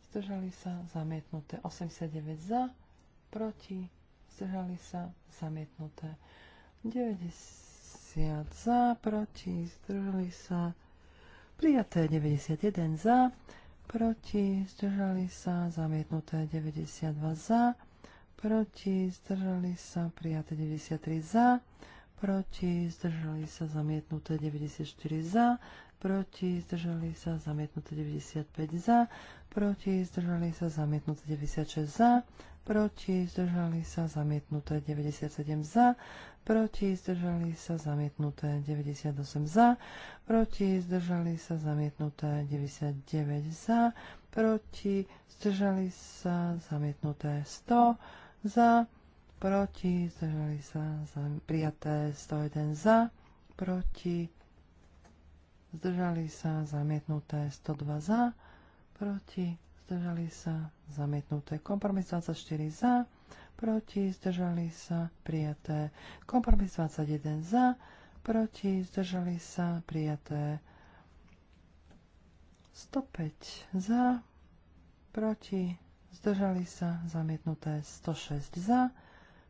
zdržali sa, zamietnuté. 89 za, proti, zdržali sa, zamietnuté. 90 za, proti, zdržali sa, prijaté. 91 za, proti, zdržali sa, zamietnuté 92 za, proti, zdržali sa, prijaté 93 za, proti, zdržali sa, zamietnuté 94 za, proti, zdržali sa zamietnuté 95 za, proti, zdržali sa zamietnuté 96 za, proti, zdržali sa zamietnuté 97 za, proti, zdržali sa zamietnuté 98 za, proti, zdržali sa zamietnuté 99 za, proti, zdržali sa zamietnuté 100 za, proti, zdržali sa prijaté 101 za, proti, zdržali sa, zamietnuté 102 za, proti, zdržali sa, zamietnuté kompromis 24 za, proti, zdržali sa, prijaté kompromis 21 za, proti, zdržali sa, prijaté 105 za, proti, zdržali sa, zamietnuté 106 za,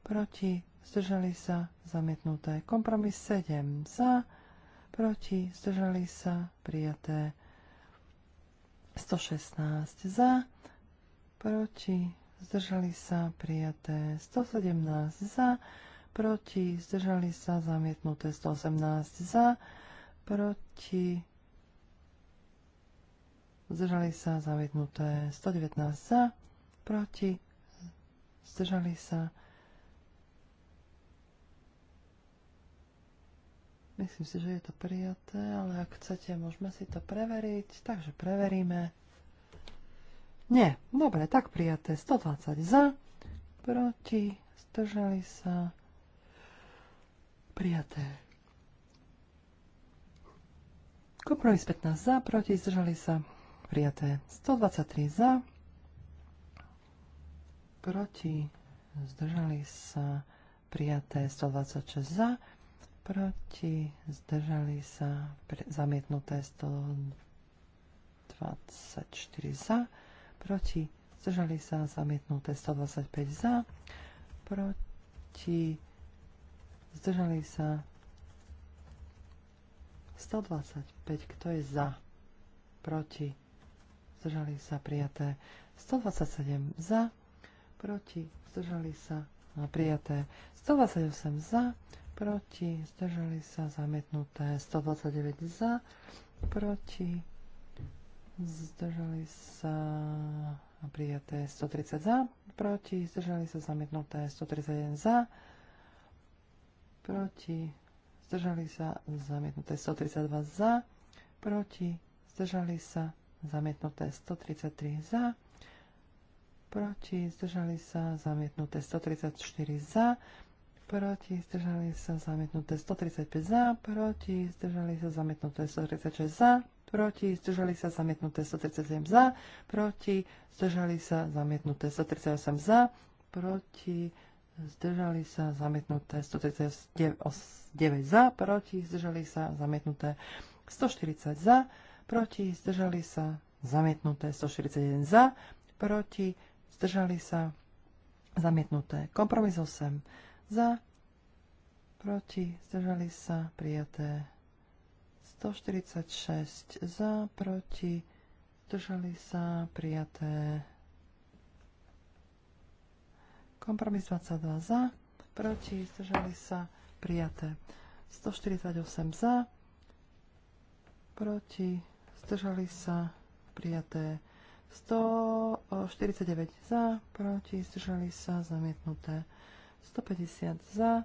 proti, zdržali sa, zamietnuté kompromis 7 za, proti, zdržali sa, prijaté. 116 za, proti, zdržali sa, prijaté. 117 za, proti, zdržali sa, zamietnuté. 118 za, proti, zdržali sa, zamietnuté. 119 za, proti, zdržali sa, Myslím si, že je to prijaté, ale ak chcete, môžeme si to preveriť. Takže preveríme. Nie, dobre, tak prijaté. 120 za, proti, zdržali sa. Prijaté. Kompromis 15 za, proti, zdržali sa. Prijaté. 123 za, proti, zdržali sa. Prijaté. 126 za, proti, zdržali sa, pre, zamietnuté 124 za, proti, zdržali sa, zamietnuté 125 za, proti, zdržali sa 125, kto je za, proti, zdržali sa, prijaté 127 za, proti, zdržali sa, prijaté 128 za, proti, zdržali sa zamietnuté 129 za, proti, zdržali sa prijaté 130 za, proti, zdržali sa zamietnuté 131 za, proti, zdržali sa zamietnuté 132 za, proti, zdržali sa zamietnuté 133 za, proti, zdržali sa zamietnuté 134 za, proti, zdržali sa zamietnuté 135 za, proti, zdržali sa zamietnuté 136 za, proti, zdržali sa zamietnuté 137 za, proti, zdržali sa zamietnuté 138 za, proti, zdržali sa zamietnuté 139 za, proti, zdržali sa zamietnuté 140 za, proti, zdržali sa zamietnuté 141 za, proti, zdržali sa zamietnuté kompromis 8 za, proti, zdržali sa, prijaté. 146 za, proti, zdržali sa, prijaté. Kompromis 22 za, proti, zdržali sa, prijaté. 148 za, proti, zdržali sa, prijaté. 149 za, proti, zdržali sa, zamietnuté. 150 za,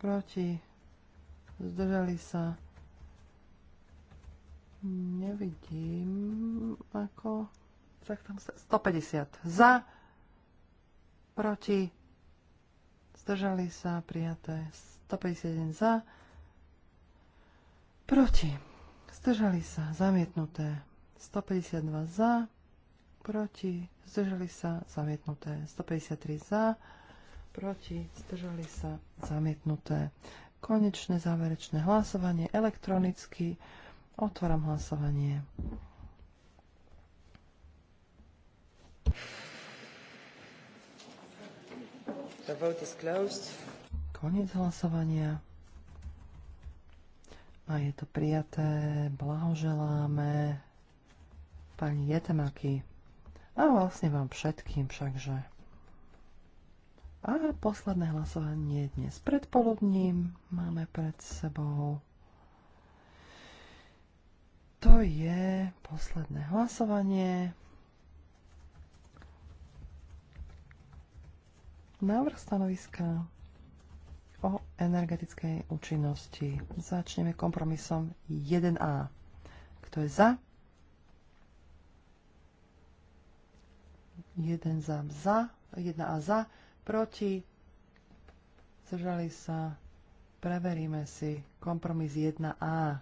proti, zdržali sa. Nevidím, ako... Tak tam sa... 150 za, proti, zdržali sa, prijaté. 151 za, proti, zdržali sa, zamietnuté. 152 za, proti, zdržali sa, zamietnuté. 153 za, proti, zdržali sa, zamietnuté. Konečné záverečné hlasovanie elektronicky. Otváram hlasovanie. The vote is closed. Koniec hlasovania. A je to prijaté. Blahoželáme pani Jetemaky. A vlastne vám všetkým všakže. A posledné hlasovanie dnes predpoludním máme pred sebou. To je posledné hlasovanie. Návrh stanoviska o energetickej účinnosti. Začneme kompromisom 1A. Kto je za? 1 za, za, a za, proti, zdržali sa, preveríme si kompromis 1A.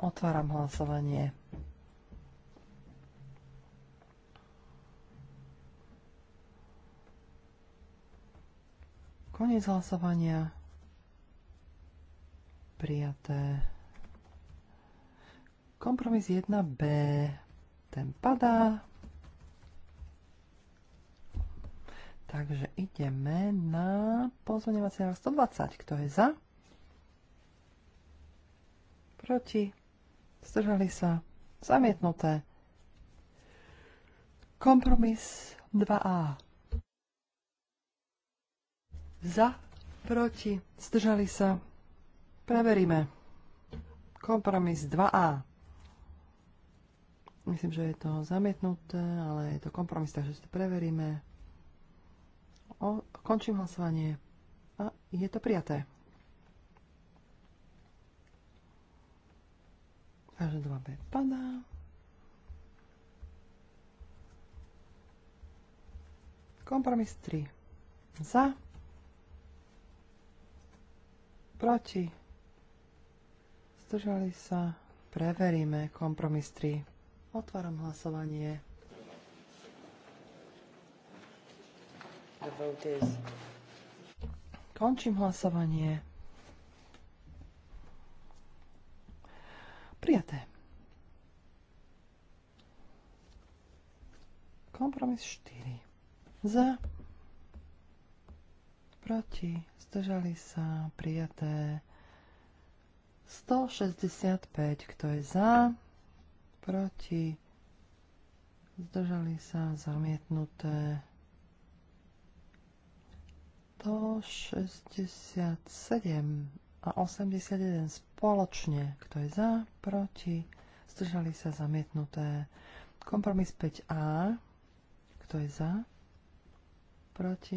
Otváram hlasovanie. Koniec hlasovania. Prijaté. Kompromis 1B. Ten padá. Takže ideme na pozvanovací návrh 120. Kto je za? Proti? Zdržali sa? Zamietnuté. Kompromis 2a. Za? Proti? Zdržali sa? Preveríme. Kompromis 2a. Myslím, že je to zamietnuté, ale je to kompromis, takže si to preveríme. O, končím hlasovanie. A je to prijaté. Takže 2B padá. Kompromis 3. Za. Proti. Zdržali sa. Preveríme kompromis 3. Otváram hlasovanie. The vote is... Končím hlasovanie. Prijaté. Kompromis 4. Za. Proti. Zdržali sa. Prijaté. 165. Kto je za? Proti. Zdržali sa. Zamietnuté. 167 a 81 spoločne. Kto je za, proti, zdržali sa zamietnuté. Kompromis 5a. Kto je za, proti,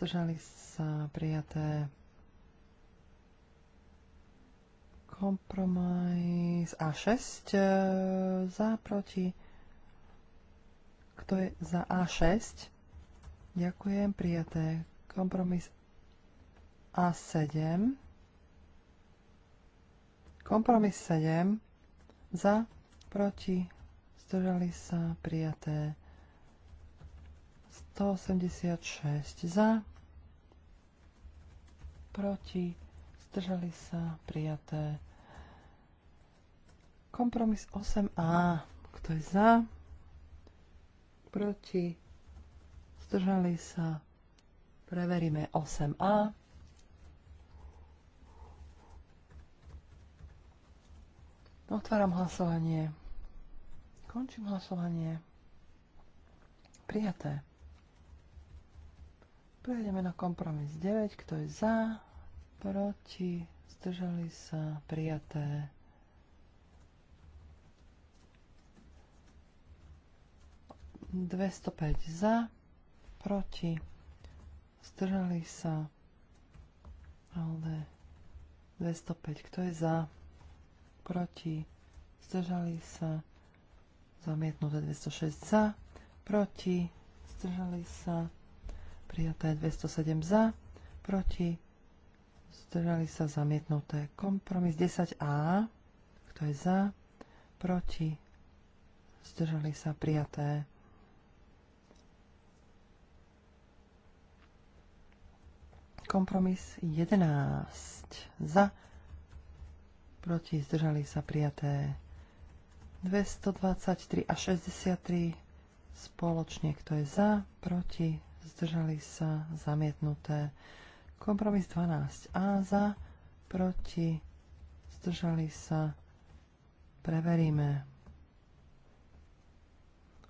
zdržali sa prijaté. Kompromis A6 za, proti. Kto je za A6? Ďakujem, prijaté. Kompromis A7. Kompromis 7. Za, proti, zdržali sa, prijaté. 186 za, proti, zdržali sa, prijaté. Kompromis 8a. Kto je za? Proti zdržali sa. Preveríme 8a. Otváram hlasovanie. Končím hlasovanie. Prijaté. Prejdeme na kompromis 9. Kto je za? Proti? Zdržali sa? Prijaté. Dvestopäť za, proti, zdržali sa, ale 205, kto je za, proti, zdržali sa, zamietnuté 206 za, proti, zdržali sa, prijaté 207 za, proti, zdržali sa, zamietnuté kompromis 10a, kto je za, proti, zdržali sa, prijaté Kompromis 11 za, proti zdržali sa prijaté 223 a 63 spoločne, kto je za, proti zdržali sa zamietnuté. Kompromis 12 a za, proti zdržali sa preveríme.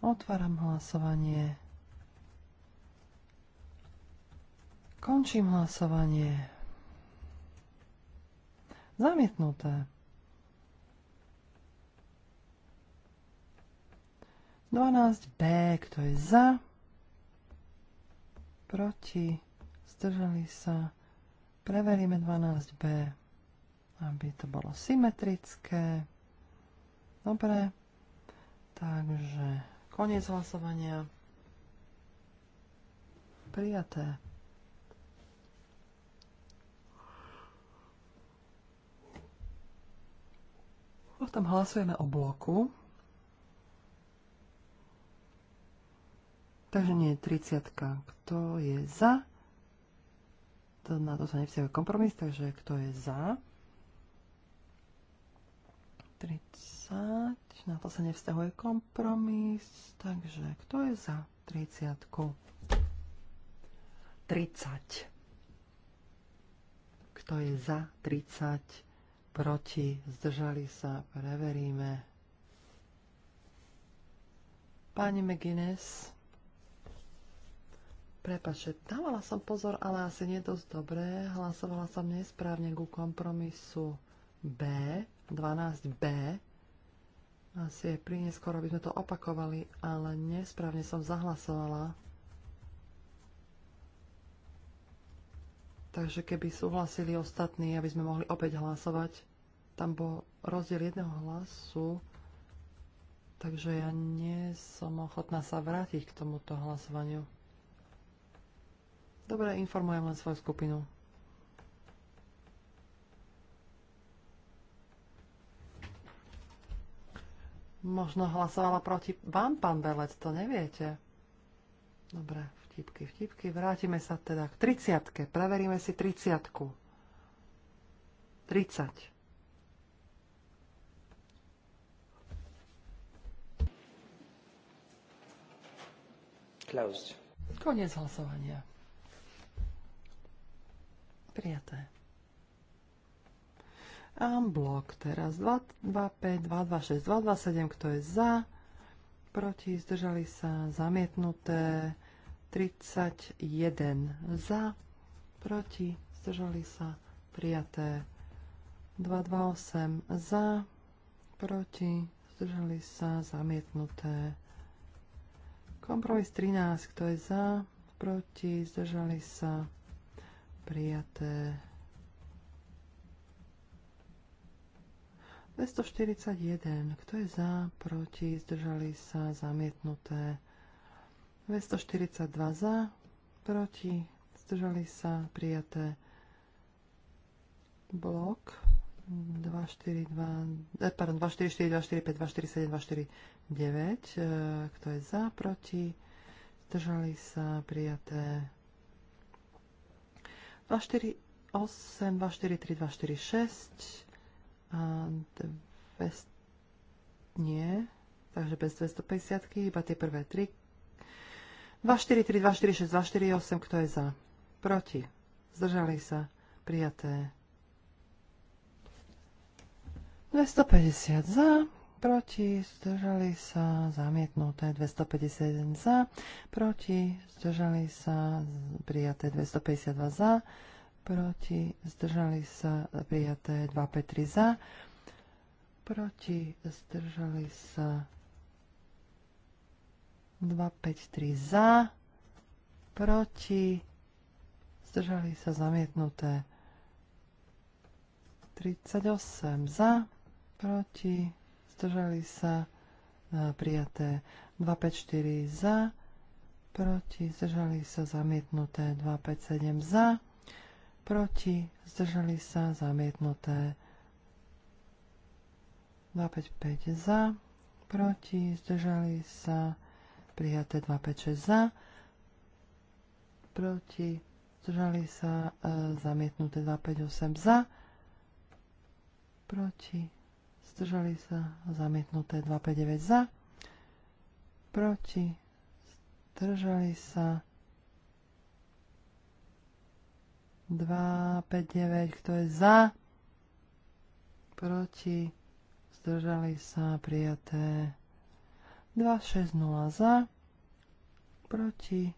Otváram hlasovanie. Končím hlasovanie. Zamietnuté. 12b, kto je za, proti, zdržali sa. Preveríme 12b, aby to bolo symetrické. Dobre, takže koniec hlasovania. Prijaté. Potom hlasujeme o bloku. Takže nie je 30. Kto je za? To na to sa nevzťahuje kompromis, takže kto je za? 30. Na to sa nevzťahuje kompromis, takže kto je za 30? 30. Kto je za 30? proti, zdržali sa, preveríme. Pani McGuinness, prepače, dávala som pozor, ale asi nie dosť dobré. Hlasovala som nesprávne ku kompromisu B, 12B. Asi je príne skoro by sme to opakovali, ale nesprávne som zahlasovala. Takže keby súhlasili ostatní, aby sme mohli opäť hlasovať, tam bol rozdiel jedného hlasu, takže ja nie som ochotná sa vrátiť k tomuto hlasovaniu. Dobre, informujem len svoju skupinu. Možno hlasovala proti vám, pán Belec, to neviete. Dobre vtipky, vtipky. Vrátime sa teda k 30. Preveríme si 30. 30. Closed. Konec hlasovania. Prijaté. A blok teraz 2, 2, 227, kto je za, proti, zdržali sa, zamietnuté, 31 za, proti, zdržali sa, prijaté. 228 za, proti, zdržali sa, zamietnuté. Kompromis 13, kto je za, proti, zdržali sa, prijaté. 241, kto je za, proti, zdržali sa, zamietnuté. 242 za, proti, zdržali sa, prijaté blok 242, eh, pardon, 244, 245, 247, 249, kto je za, proti, zdržali sa, prijaté 248, 243, 246 a 200, nie, takže bez 250, iba tie prvé 3, 243, 246, 248, kto je za? Proti. Zdržali sa. Prijaté. 250 za, proti, zdržali sa, zamietnuté 251 za, proti, zdržali sa, prijaté 252 za, proti, zdržali sa, prijaté 253 za, proti, zdržali sa, 2, 5 3 za, proti, zdržali sa zamietnuté. 38 za, proti, zdržali sa e, prijaté. 4 za, proti, zdržali sa zamietnuté. 7 za, proti, zdržali sa zamietnuté. 5 za, proti, zdržali sa zamietnuté prijaté 2, 6 e, za, proti, zdržali sa, zamietnuté 8 za, proti, zdržali sa, zamietnuté 9 za, proti, zdržali sa, 2, 5, 9, kto je za, proti, zdržali sa, prijaté 260 za, proti,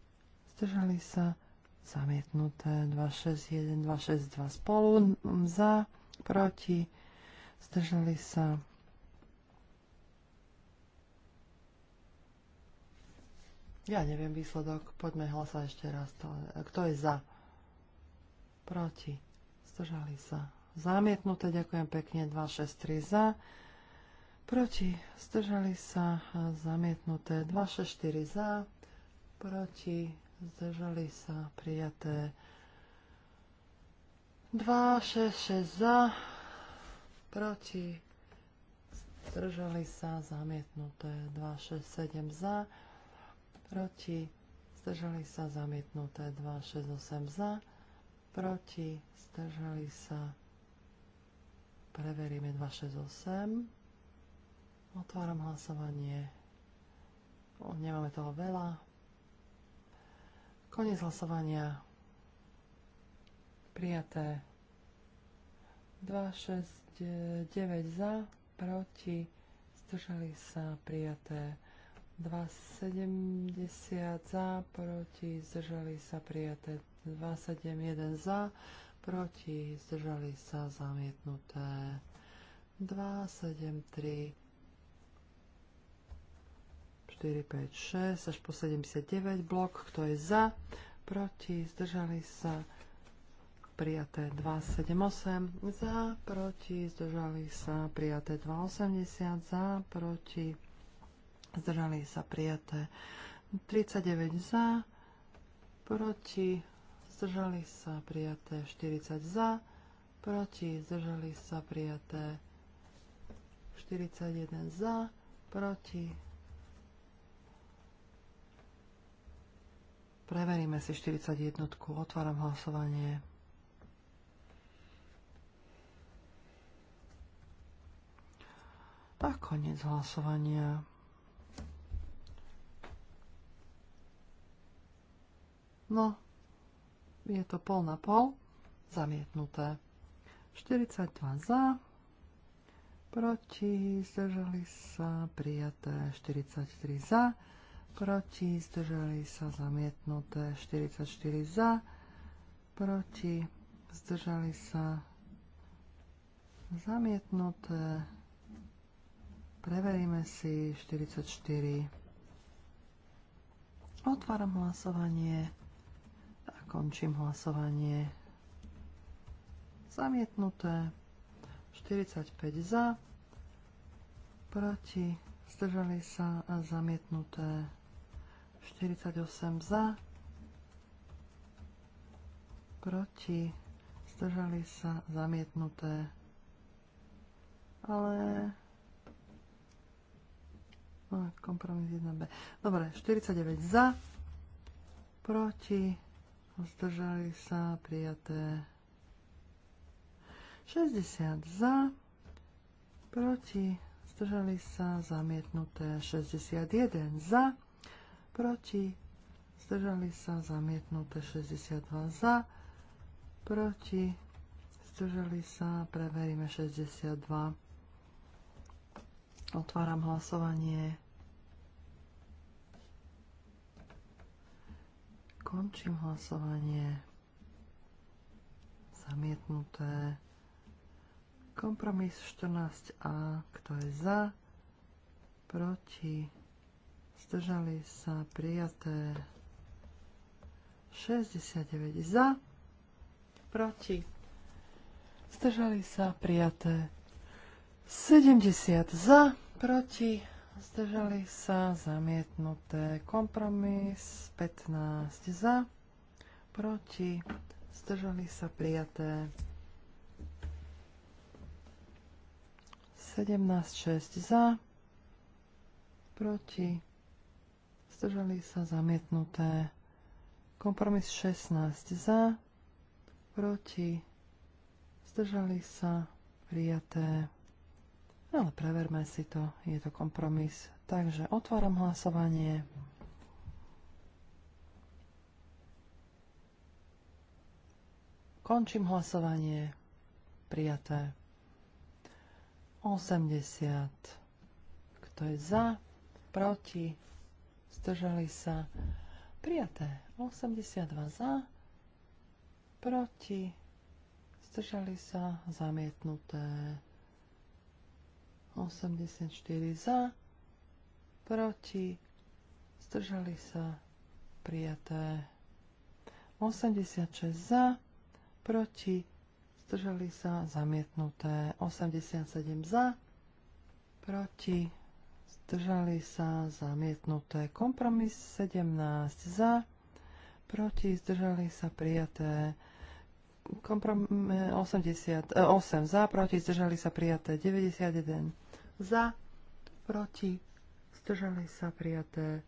zdržali sa, zamietnuté 261, 262 spolu, za, proti, zdržali sa. Ja neviem výsledok, poďme hlasať ešte raz. Kto je za? Proti. Zdržali sa. Zamietnuté, ďakujem pekne, 263 za proti, zdržali sa e, zamietnuté 264 za, proti, zdržali sa prijaté 266 za, proti, zdržali sa zamietnuté 267 za, proti, zdržali sa zamietnuté 268 za, proti, zdržali sa, preveríme 268, Otváram hlasovanie. O, nemáme toho veľa. Koniec hlasovania. Prijaté. 2, 6, 9 za, proti, zdržali sa, prijaté. 2, 70 za, proti, zdržali sa prijaté 1 za, proti, zdržali sa zamietnuté 2,73 4, 5, 6 až po 79 blok, kto je za, proti, zdržali sa, prijaté 8. za, proti, zdržali sa, prijaté 280, za, proti, zdržali sa, prijaté 39 za, proti, zdržali sa, prijaté 40 za, proti, zdržali sa, prijaté 41 za, proti, Preveríme si 41. Otváram hlasovanie. A koniec hlasovania. No, je to pol na pol. Zamietnuté. 42 za, proti, zdržali sa, prijaté 43 za, proti, zdržali sa zamietnuté 44 za, proti, zdržali sa zamietnuté. Preveríme si 44. Otváram hlasovanie a končím hlasovanie. Zamietnuté 45 za, proti, zdržali sa a zamietnuté 48 za, proti, zdržali sa zamietnuté. Ale no, kompromis 1B. Dobre, 49 za, proti, zdržali sa prijaté. 60 za, proti, zdržali sa zamietnuté. 61 za, proti, zdržali sa zamietnuté 62 za, proti, zdržali sa, preveríme 62. Otváram hlasovanie. Končím hlasovanie. Zamietnuté. Kompromis 14a. Kto je za? Proti? zdržali sa prijaté 69 za, proti, zdržali sa prijaté 70 za, proti, zdržali sa zamietnuté kompromis 15 za, proti, zdržali sa prijaté 17, 6 za, proti, zdržali sa zamietnuté. Kompromis 16 za, proti, zdržali sa prijaté. Ale preverme si to, je to kompromis. Takže otváram hlasovanie. Končím hlasovanie. Prijaté. 80. Kto je za? Proti? zdržali sa prijaté. 82 za, proti, zdržali sa zamietnuté. 84 za, proti, zdržali sa prijaté. 86 za, proti, zdržali sa zamietnuté. 87 za, proti, zdržali sa, zamietnuté. Kompromis 17 za, proti, zdržali sa, prijaté. Komprom 88 eh, eh, za, proti, zdržali sa, prijaté. 91 za, proti, zdržali sa, prijaté.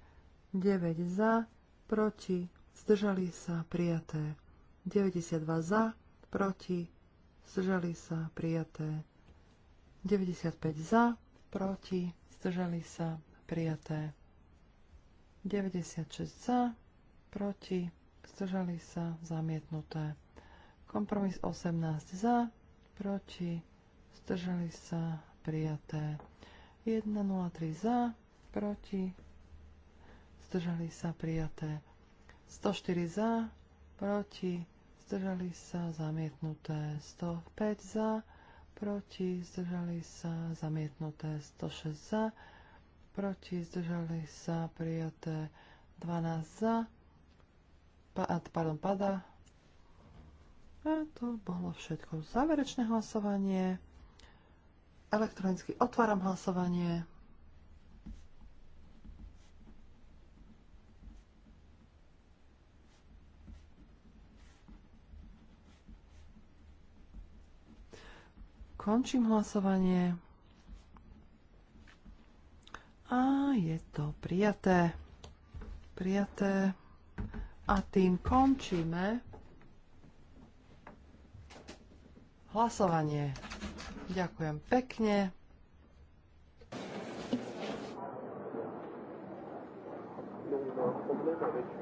9 za, proti, zdržali sa, prijaté. 92 za, proti, zdržali sa, prijaté. 95 za, proti, zdržali sa, prijaté. 96 za, proti, zdržali sa, zamietnuté. Kompromis 18 za, proti, zdržali sa, prijaté. 103 za, proti, zdržali sa, prijaté. 104 za, proti, zdržali sa, zamietnuté. 105 za, proti, zdržali sa, zamietnuté 106 za, proti, zdržali sa, prijaté 12 za, pa, pardon, pada. A to bolo všetko záverečné hlasovanie. Elektronicky otváram hlasovanie. Končím hlasovanie. A je to prijaté. Prijaté. A tým končíme hlasovanie. Ďakujem pekne. Thank you.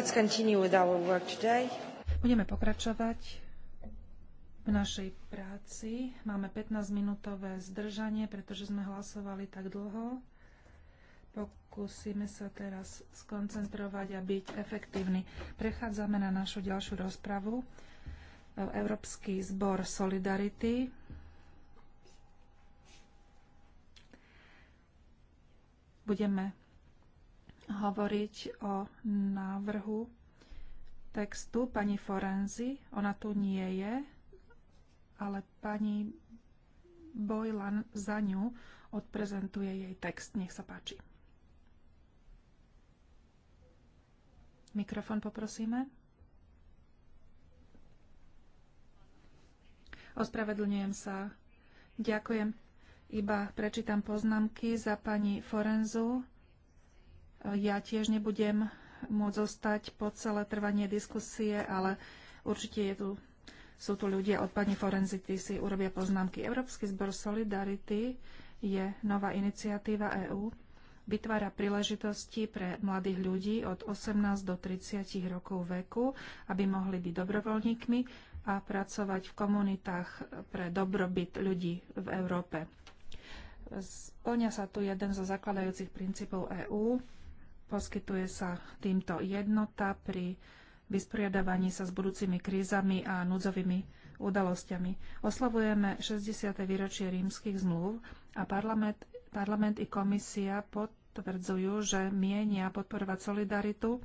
let's continue with our work today. Budeme pokračovať v našej práci. Máme 15-minútové zdržanie, pretože sme hlasovali tak dlho. Pokúsime sa teraz skoncentrovať a byť efektívni. Prechádzame na našu ďalšiu rozpravu. Európsky zbor Solidarity. Budeme hovoriť o návrhu textu pani Forenzi. Ona tu nie je, ale pani Bojlan za ňu odprezentuje jej text. Nech sa páči. Mikrofón poprosíme. Ospravedlňujem sa. Ďakujem. Iba prečítam poznámky za pani Forenzu ja tiež nebudem môcť zostať po celé trvanie diskusie, ale určite je tu, sú tu ľudia od pani Forenzity, si urobia poznámky. Európsky zbor Solidarity je nová iniciatíva EÚ, vytvára príležitosti pre mladých ľudí od 18 do 30 rokov veku, aby mohli byť dobrovoľníkmi a pracovať v komunitách pre dobrobyt ľudí v Európe. Splňa sa tu jeden zo zakladajúcich princípov EÚ, Poskytuje sa týmto jednota pri vysporiadavaní sa s budúcimi krízami a núdzovými udalosťami. Oslavujeme 60. výročie rímskych zmluv a parlament, parlament i komisia potvrdzujú, že mienia podporovať solidaritu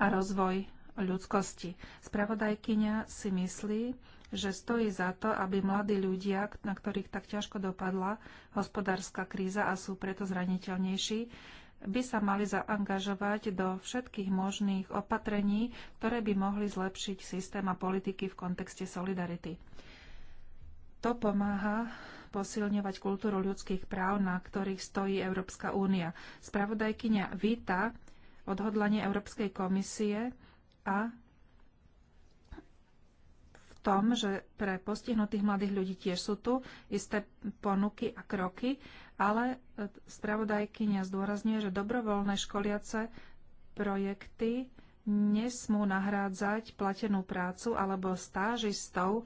a rozvoj ľudskosti. Spravodajkyňa si myslí, že stojí za to, aby mladí ľudia, na ktorých tak ťažko dopadla hospodárska kríza a sú preto zraniteľnejší, by sa mali zaangažovať do všetkých možných opatrení, ktoré by mohli zlepšiť systém a politiky v kontexte solidarity. To pomáha posilňovať kultúru ľudských práv, na ktorých stojí Európska únia. Spravodajkyňa víta odhodlanie Európskej komisie a v tom, že pre postihnutých mladých ľudí tiež sú tu isté ponuky a kroky ale e, spravodajkynia zdôrazňuje, že dobrovoľné školiace projekty nesmú nahrádzať platenú prácu alebo stážistov,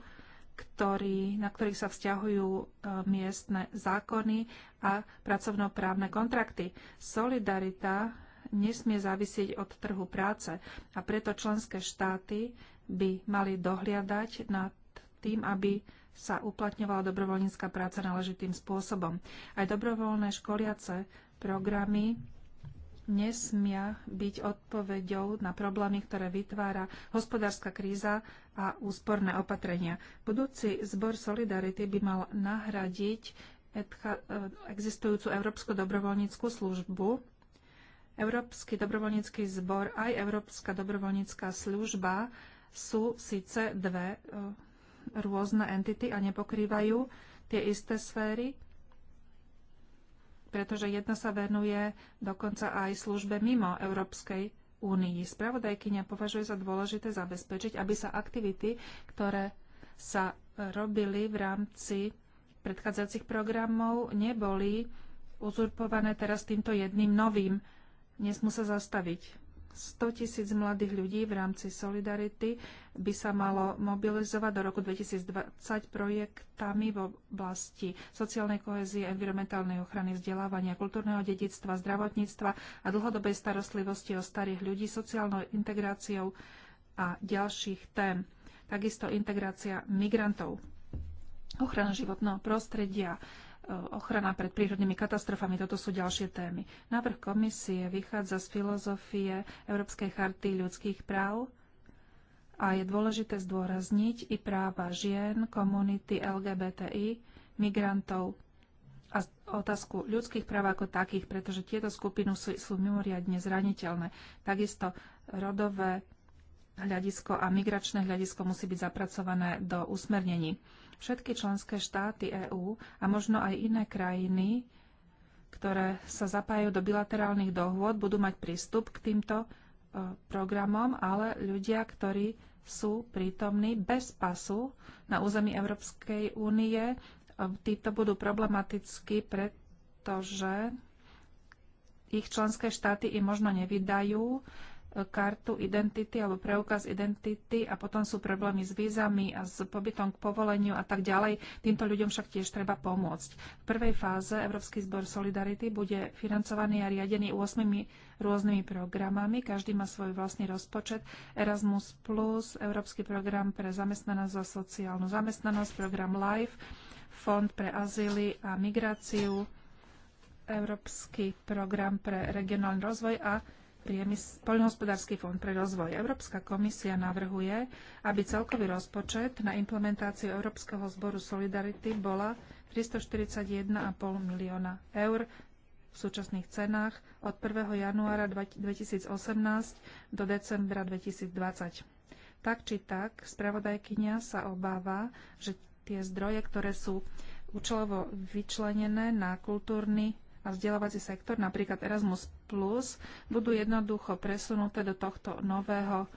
ktorý, na ktorých sa vzťahujú e, miestne zákony a pracovnoprávne kontrakty. Solidarita nesmie závisieť od trhu práce a preto členské štáty by mali dohliadať nad tým, aby sa uplatňovala dobrovoľnícka práca náležitým spôsobom. Aj dobrovoľné školiace programy nesmia byť odpoveďou na problémy, ktoré vytvára hospodárska kríza a úsporné opatrenia. Budúci zbor Solidarity by mal nahradiť eh, existujúcu Európsku dobrovoľníckú službu. Európsky dobrovoľnícky zbor aj Európska dobrovoľnícká služba sú síce dve eh, rôzne entity a nepokrývajú tie isté sféry, pretože jedna sa venuje dokonca aj službe mimo Európskej únii. Spravodajkynia považuje za dôležité zabezpečiť, aby sa aktivity, ktoré sa robili v rámci predchádzajúcich programov, neboli uzurpované teraz týmto jedným novým. Nesmú sa zastaviť. 100 tisíc mladých ľudí v rámci Solidarity by sa malo mobilizovať do roku 2020 projektami v oblasti sociálnej kohezie, environmentálnej ochrany, vzdelávania, kultúrneho dedictva, zdravotníctva a dlhodobej starostlivosti o starých ľudí, sociálnou integráciou a ďalších tém. Takisto integrácia migrantov, ochrana životného prostredia, ochrana pred prírodnými katastrofami. Toto sú ďalšie témy. Návrh komisie vychádza z filozofie Európskej charty ľudských práv a je dôležité zdôrazniť i práva žien, komunity LGBTI, migrantov a otázku ľudských práv ako takých, pretože tieto skupiny sú, sú mimoriadne zraniteľné. Takisto rodové hľadisko a migračné hľadisko musí byť zapracované do usmernení všetky členské štáty EÚ a možno aj iné krajiny, ktoré sa zapájajú do bilaterálnych dohôd, budú mať prístup k týmto e, programom, ale ľudia, ktorí sú prítomní bez pasu na území Európskej únie, e, títo budú problematicky, pretože ich členské štáty im možno nevydajú kartu identity alebo preukaz identity a potom sú problémy s vízami a s pobytom k povoleniu a tak ďalej. Týmto ľuďom však tiež treba pomôcť. V prvej fáze Európsky zbor Solidarity bude financovaný a riadený 8 rôznymi programami. Každý má svoj vlastný rozpočet. Erasmus+, Plus, Európsky program pre zamestnanosť a sociálnu zamestnanosť, program LIFE, Fond pre azyly a migráciu, Európsky program pre regionálny rozvoj a poľnohospodársky fond pre rozvoj. Európska komisia navrhuje, aby celkový rozpočet na implementáciu Európskeho zboru Solidarity bola 341,5 milióna eur v súčasných cenách od 1. januára 2018 do decembra 2020. Tak či tak, spravodajkynia sa obáva, že tie zdroje, ktoré sú účelovo vyčlenené na kultúrny a vzdelávací sektor, napríklad Erasmus plus budú jednoducho presunuté do tohto nového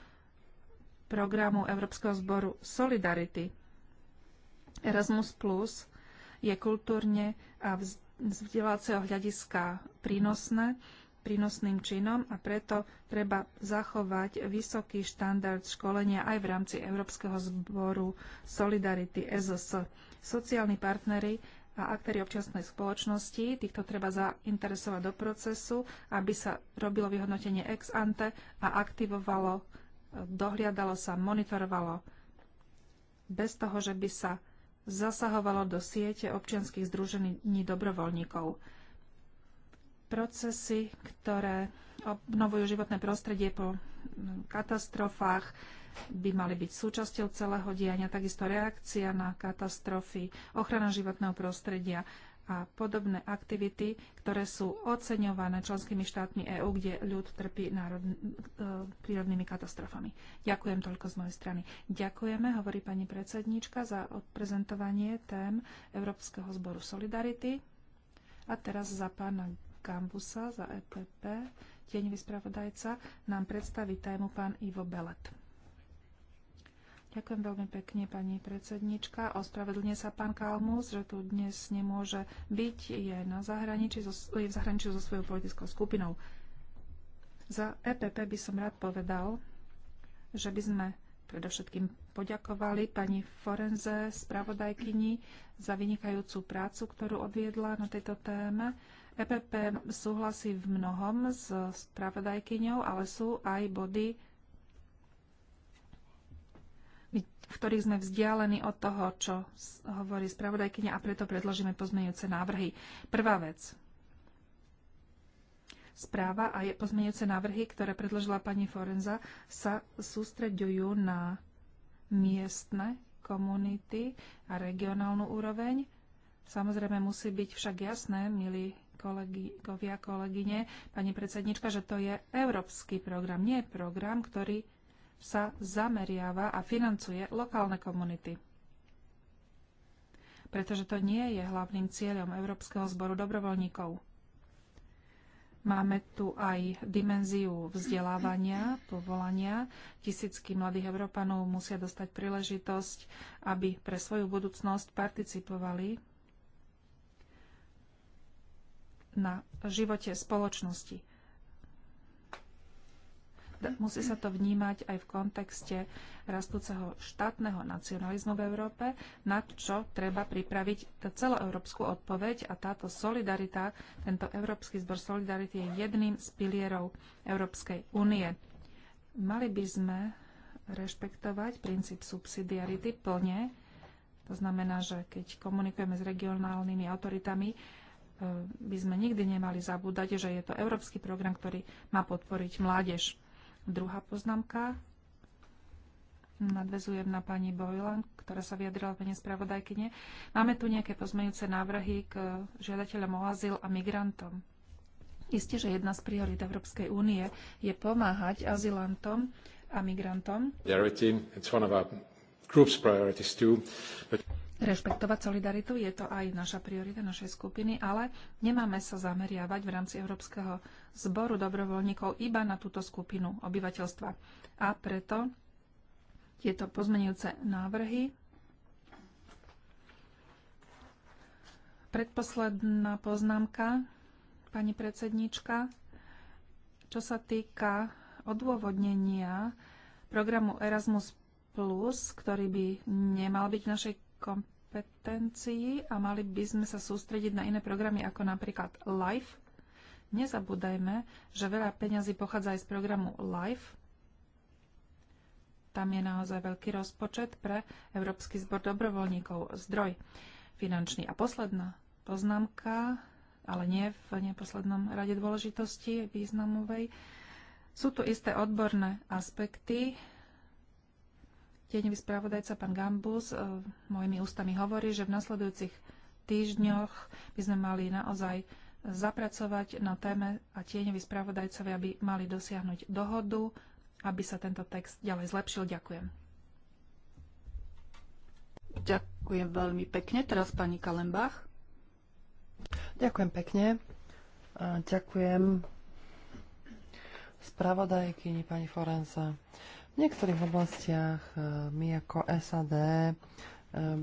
programu Európskeho zboru Solidarity. Erasmus plus je kultúrne a z vzdelávacieho hľadiska prínosné, prínosným činom a preto treba zachovať vysoký štandard školenia aj v rámci Európskeho zboru Solidarity SOS. E Sociálni partnery a aktéry občianskej spoločnosti. Týchto treba zainteresovať do procesu, aby sa robilo vyhodnotenie ex ante a aktivovalo, e, dohliadalo sa, monitorovalo bez toho, že by sa zasahovalo do siete občianských združení dobrovoľníkov. Procesy, ktoré obnovujú životné prostredie po katastrofách, by mali byť súčasťou celého diania, takisto reakcia na katastrofy, ochrana životného prostredia a podobné aktivity, ktoré sú oceňované členskými štátmi EÚ, kde ľud trpí národ, e, prírodnými katastrofami. Ďakujem toľko z mojej strany. Ďakujeme, hovorí pani predsedníčka, za odprezentovanie tém Európskeho zboru Solidarity. A teraz za pána Gambusa, za EPP, tieňový spravodajca, nám predstaví tému pán Ivo Belet. Ďakujem veľmi pekne, pani predsednička. Ospravedlňuje sa pán Kalmus, že tu dnes nemôže byť. Je, na zahraničí, je v zahraničí so svojou politickou skupinou. Za EPP by som rád povedal, že by sme predovšetkým poďakovali pani Forenze, spravodajkyni, za vynikajúcu prácu, ktorú odviedla na tejto téme. EPP súhlasí v mnohom s spravodajkyňou, ale sú aj body, v ktorých sme vzdialení od toho, čo hovorí spravodajkyňa a preto predložíme pozmeňujúce návrhy. Prvá vec. Správa a je pozmeňujúce návrhy, ktoré predložila pani Forenza, sa sústreďujú na miestne komunity a regionálnu úroveň. Samozrejme musí byť však jasné, milí kolegovia, kolegyne, pani predsednička, že to je európsky program, nie program, ktorý sa zameriava a financuje lokálne komunity. Pretože to nie je hlavným cieľom Európskeho zboru dobrovoľníkov. Máme tu aj dimenziu vzdelávania, povolania. Tisícky mladých Európanov musia dostať príležitosť, aby pre svoju budúcnosť participovali na živote spoločnosti musí sa to vnímať aj v kontexte rastúceho štátneho nacionalizmu v Európe, na čo treba pripraviť celoeurópsku odpoveď a táto solidarita, tento Európsky zbor solidarity je jedným z pilierov Európskej únie. Mali by sme rešpektovať princíp subsidiarity plne. To znamená, že keď komunikujeme s regionálnymi autoritami, e, by sme nikdy nemali zabúdať, že je to európsky program, ktorý má podporiť mládež. Druhá poznámka. Nadvezujem na pani Bojlan, ktorá sa vyjadrila pani spravodajkyne. Máme tu nejaké pozmeňujúce návrhy k žiadateľom o azyl a migrantom. Isté, že jedna z priorit Európskej únie je pomáhať azylantom a migrantom. Rešpektovať solidaritu je to aj naša priorita našej skupiny, ale nemáme sa zameriavať v rámci Európskeho zboru dobrovoľníkov iba na túto skupinu obyvateľstva. A preto tieto pozmenujúce návrhy. Predposledná poznámka, pani predsednička, čo sa týka odôvodnenia programu Erasmus+, ktorý by nemal byť v našej kompetencii, kompetencií a mali by sme sa sústrediť na iné programy ako napríklad LIFE. Nezabúdajme, že veľa peňazí pochádza aj z programu LIFE. Tam je naozaj veľký rozpočet pre Európsky zbor dobrovoľníkov, zdroj finančný. A posledná poznámka, ale nie v neposlednom rade dôležitosti významovej, sú tu isté odborné aspekty, Tieňový spravodajca pán Gambus e, mojimi ústami hovorí, že v nasledujúcich týždňoch by sme mali naozaj zapracovať na téme a tieňoví spravodajcovia by mali dosiahnuť dohodu, aby sa tento text ďalej zlepšil. Ďakujem. Ďakujem veľmi pekne. Teraz pani Kalembach. Ďakujem pekne. Ďakujem spravodajkyni pani Forenza. V niektorých oblastiach e, my ako SAD e,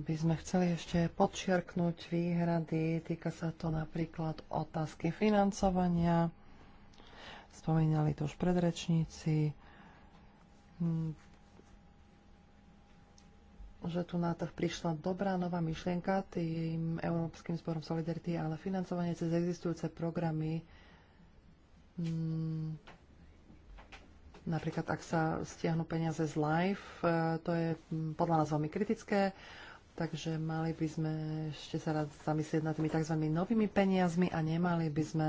by sme chceli ešte podčiarknúť výhrady. Týka sa to napríklad otázky financovania. Spomínali to už predrečníci, že tu na trh prišla dobrá nová myšlienka tým Európskym sporom Solidarity, ale financovanie cez existujúce programy Napríklad, ak sa stiahnu peniaze z live, e, to je podľa nás veľmi kritické, takže mali by sme ešte sa rád zamyslieť nad tými tzv. novými peniazmi a nemali by sme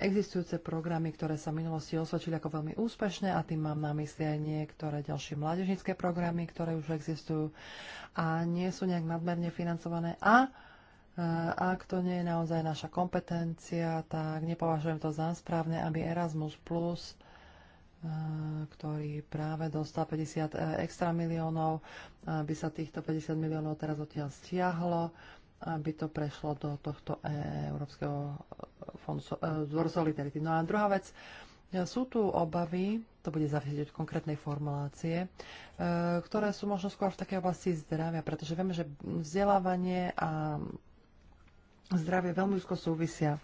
existujúce programy, ktoré sa v minulosti osvedčili ako veľmi úspešné a tým mám na mysli aj niektoré ďalšie mládežnícke programy, ktoré už existujú a nie sú nejak nadmerne financované a e, ak to nie je naozaj naša kompetencia, tak nepovažujem to za správne, aby Erasmus Plus Eh, ktorý práve dostal 50 eh, extra miliónov, by sa týchto 50 miliónov teraz odtiaľ stiahlo, aby to prešlo do tohto eh, Európskeho fondu Zvoru Solidarity. No a druhá vec, sú tu obavy, to bude závisieť od konkrétnej formulácie, ktoré sú možno skôr v takej oblasti zdravia, pretože vieme, že vzdelávanie a zdravie veľmi úzko súvisia.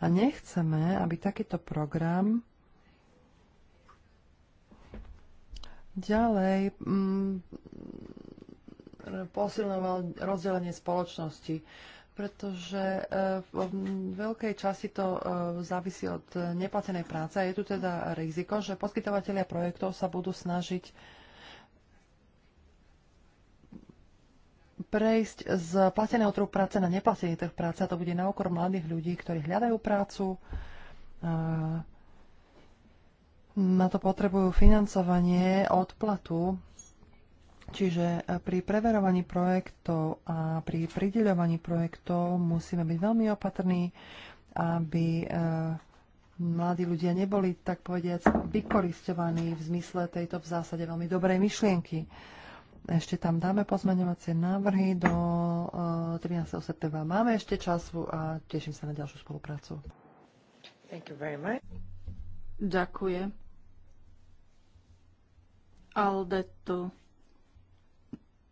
A nechceme, aby takýto program Ďalej mm, posilňoval rozdelenie spoločnosti, pretože eh, v veľkej časti to eh, závisí od neplatenej práce a je tu teda riziko, že poskytovateľia projektov sa budú snažiť prejsť z plateného trhu práce na neplatený trh práce a to bude na okor mladých ľudí, ktorí hľadajú prácu, eh, na to potrebujú financovanie odplatu, čiže pri preverovaní projektov a pri prideľovaní projektov musíme byť veľmi opatrní, aby eh, mladí ľudia neboli, tak povediať, vykoristovaní v zmysle tejto v zásade veľmi dobrej myšlienky. Ešte tam dáme pozmeňovacie návrhy do 13. Eh, septembra. Máme ešte času a teším sa na ďalšiu spoluprácu. Thank you very much. Ďakujem. ALDE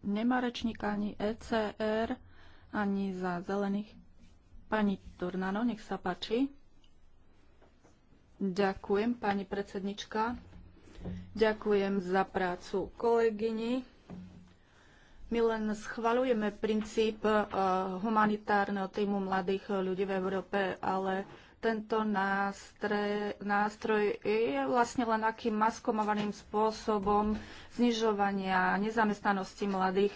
nemá rečník ani ECR, ani za zelených. Pani Turnano, nech sa páči. Ďakujem, pani predsednička. Ďakujem za prácu kolegyni. My len schvaľujeme princíp eh, humanitárneho týmu mladých ľudí v Európe, ale tento nástroj, nástroj je vlastne len akým maskomovaným spôsobom znižovania nezamestnanosti mladých.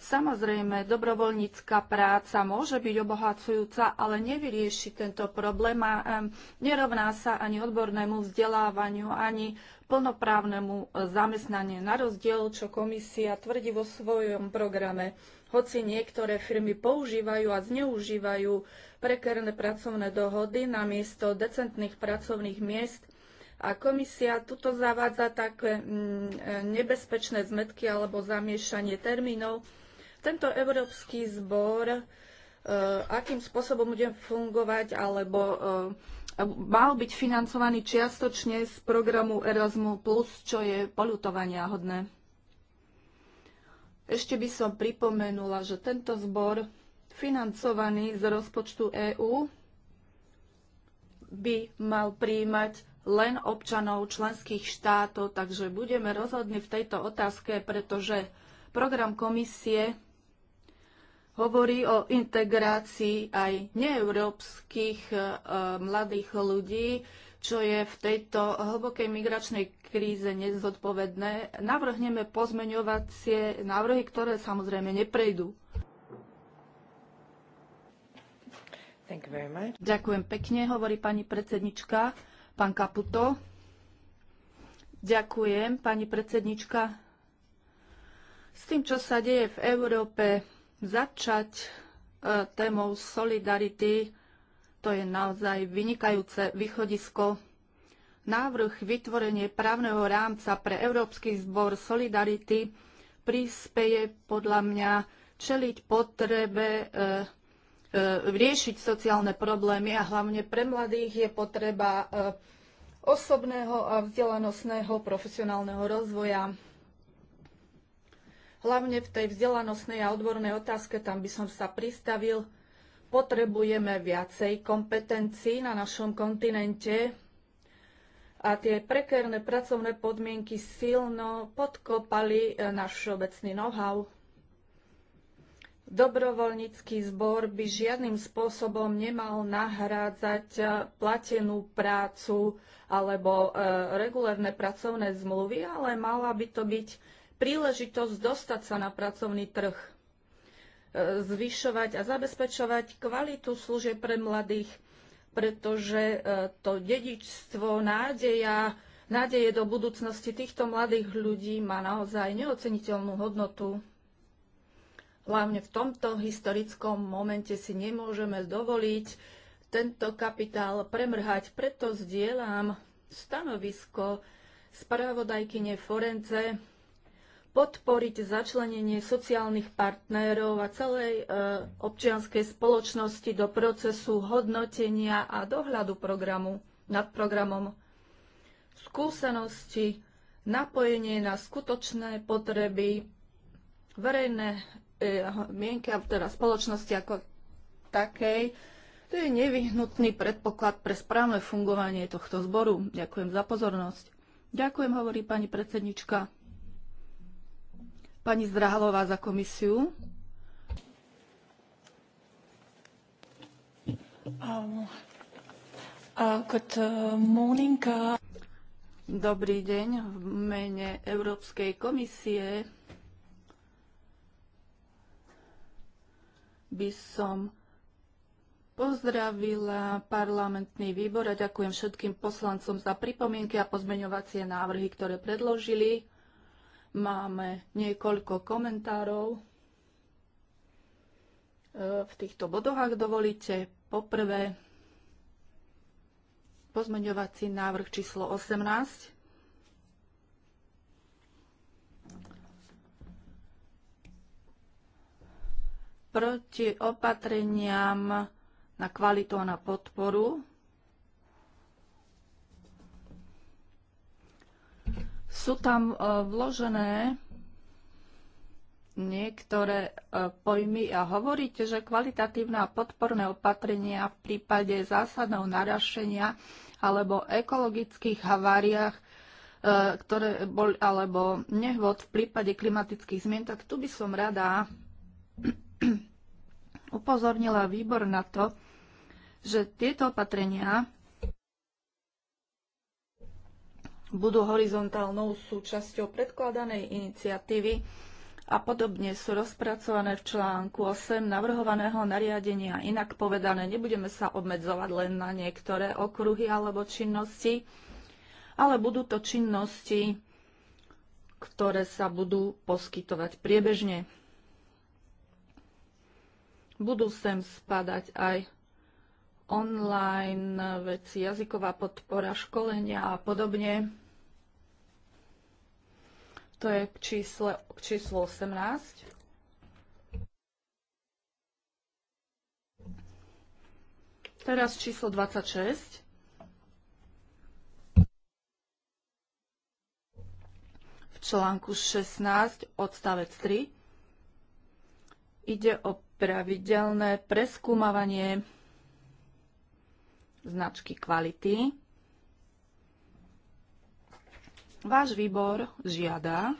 Samozrejme, dobrovoľnícka práca môže byť obohacujúca, ale nevyrieši tento problém a nerovná sa ani odbornému vzdelávaniu, ani plnoprávnemu e, zamestnaniu. Na rozdiel, čo komisia tvrdí vo svojom programe, hoci niektoré firmy používajú a zneužívajú prekerné pracovné dohody na miesto decentných pracovných miest a komisia tuto zavádza také mm, nebezpečné zmetky alebo zamiešanie termínov. Tento európsky zbor, e, akým spôsobom bude fungovať alebo e, mal byť financovaný čiastočne z programu Erasmus, čo je polutovania hodné. Ešte by som pripomenula, že tento zbor financovaný z rozpočtu EÚ by mal príjmať len občanov členských štátov, takže budeme rozhodni v tejto otázke, pretože program komisie hovorí o integrácii aj neeurópskych e, mladých ľudí, čo je v tejto hlbokej migračnej kríze nezodpovedné. Navrhneme pozmeňovacie návrhy, ktoré samozrejme neprejdú. Ďakujem pekne, hovorí pani predsednička, pán Kaputo. Ďakujem, pani predsednička. S tým, čo sa deje v Európe, začať e, témou solidarity, to je naozaj vynikajúce východisko. Návrh vytvorenie právneho rámca pre Európsky zbor Solidarity prispeje podľa mňa čeliť potrebe e, E, riešiť sociálne problémy a hlavne pre mladých je potreba e, osobného a vzdelanostného profesionálneho rozvoja. Hlavne v tej vzdelanostnej a odbornej otázke, tam by som sa pristavil, potrebujeme viacej kompetencií na našom kontinente a tie prekerné pracovné podmienky silno podkopali e, náš obecný know-how Dobrovoľnícky zbor by žiadnym spôsobom nemal nahrádzať e, platenú prácu alebo e, regulérne pracovné zmluvy, ale mala by to byť príležitosť dostať sa na pracovný trh, e, zvyšovať a zabezpečovať kvalitu služieb pre mladých, pretože e, to dedičstvo, nádeja, nádeje do budúcnosti týchto mladých ľudí má naozaj neoceniteľnú hodnotu hlavne v tomto historickom momente si nemôžeme dovoliť tento kapitál premrhať. Preto zdieľam stanovisko spravodajkyne Forence podporiť začlenenie sociálnych partnerov a celej e, občianskej spoločnosti do procesu hodnotenia a dohľadu programu nad programom. Skúsenosti, napojenie na skutočné potreby, verejné E, mienke, teda spoločnosti ako takej. To je nevyhnutný predpoklad pre správne fungovanie tohto zboru. Ďakujem za pozornosť. Ďakujem, hovorí pani predsednička. Pani Zdrahalová za komisiu. Um, uh, good uh, morning. Uh. Dobrý deň. V mene Európskej komisie by som pozdravila parlamentný výbor a ďakujem všetkým poslancom za pripomienky a pozmeňovacie návrhy, ktoré predložili. Máme niekoľko komentárov e, v týchto bodoch, ak dovolíte. Poprvé, pozmeňovací návrh číslo 18 proti opatreniam na kvalitu a na podporu. Sú tam e, vložené niektoré e, pojmy a hovoríte, že kvalitatívne a podporné opatrenia v prípade zásadného narašenia alebo ekologických haváriách e, ktoré boli, alebo nehod v prípade klimatických zmien, tak tu by som rada upozornila výbor na to, že tieto opatrenia budú horizontálnou súčasťou predkladanej iniciatívy a podobne sú rozpracované v článku 8 navrhovaného nariadenia. Inak povedané, nebudeme sa obmedzovať len na niektoré okruhy alebo činnosti, ale budú to činnosti, ktoré sa budú poskytovať priebežne. Budú sem spadať aj online veci, jazyková podpora, školenia a podobne. To je k, čísle, k číslu 18. Teraz číslo 26. V článku 16 odstavec 3 ide o pravidelné preskúmavanie značky kvality. Váš výbor žiada,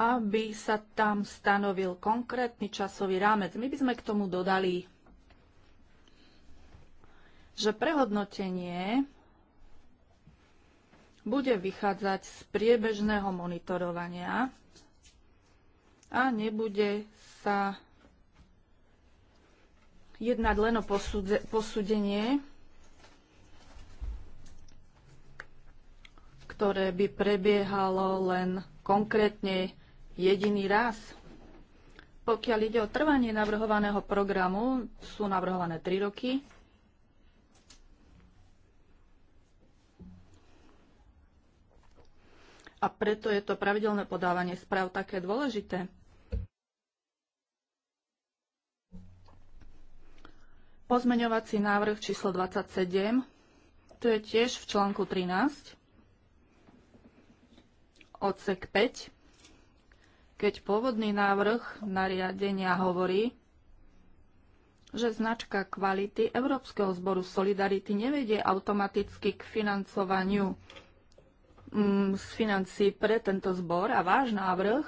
aby sa tam stanovil konkrétny časový rámec. My by sme k tomu dodali, že prehodnotenie bude vychádzať z priebežného monitorovania a nebude sa jednať len o posúdenie, ktoré by prebiehalo len konkrétne jediný raz. Pokiaľ ide o trvanie navrhovaného programu, sú navrhované 3 roky. a preto je to pravidelné podávanie správ také dôležité. Pozmeňovací návrh číslo 27, to je tiež v článku 13, odsek 5, keď pôvodný návrh nariadenia hovorí, že značka kvality Európskeho zboru Solidarity nevedie automaticky k financovaniu Mm, z financí pre tento zbor a váš návrh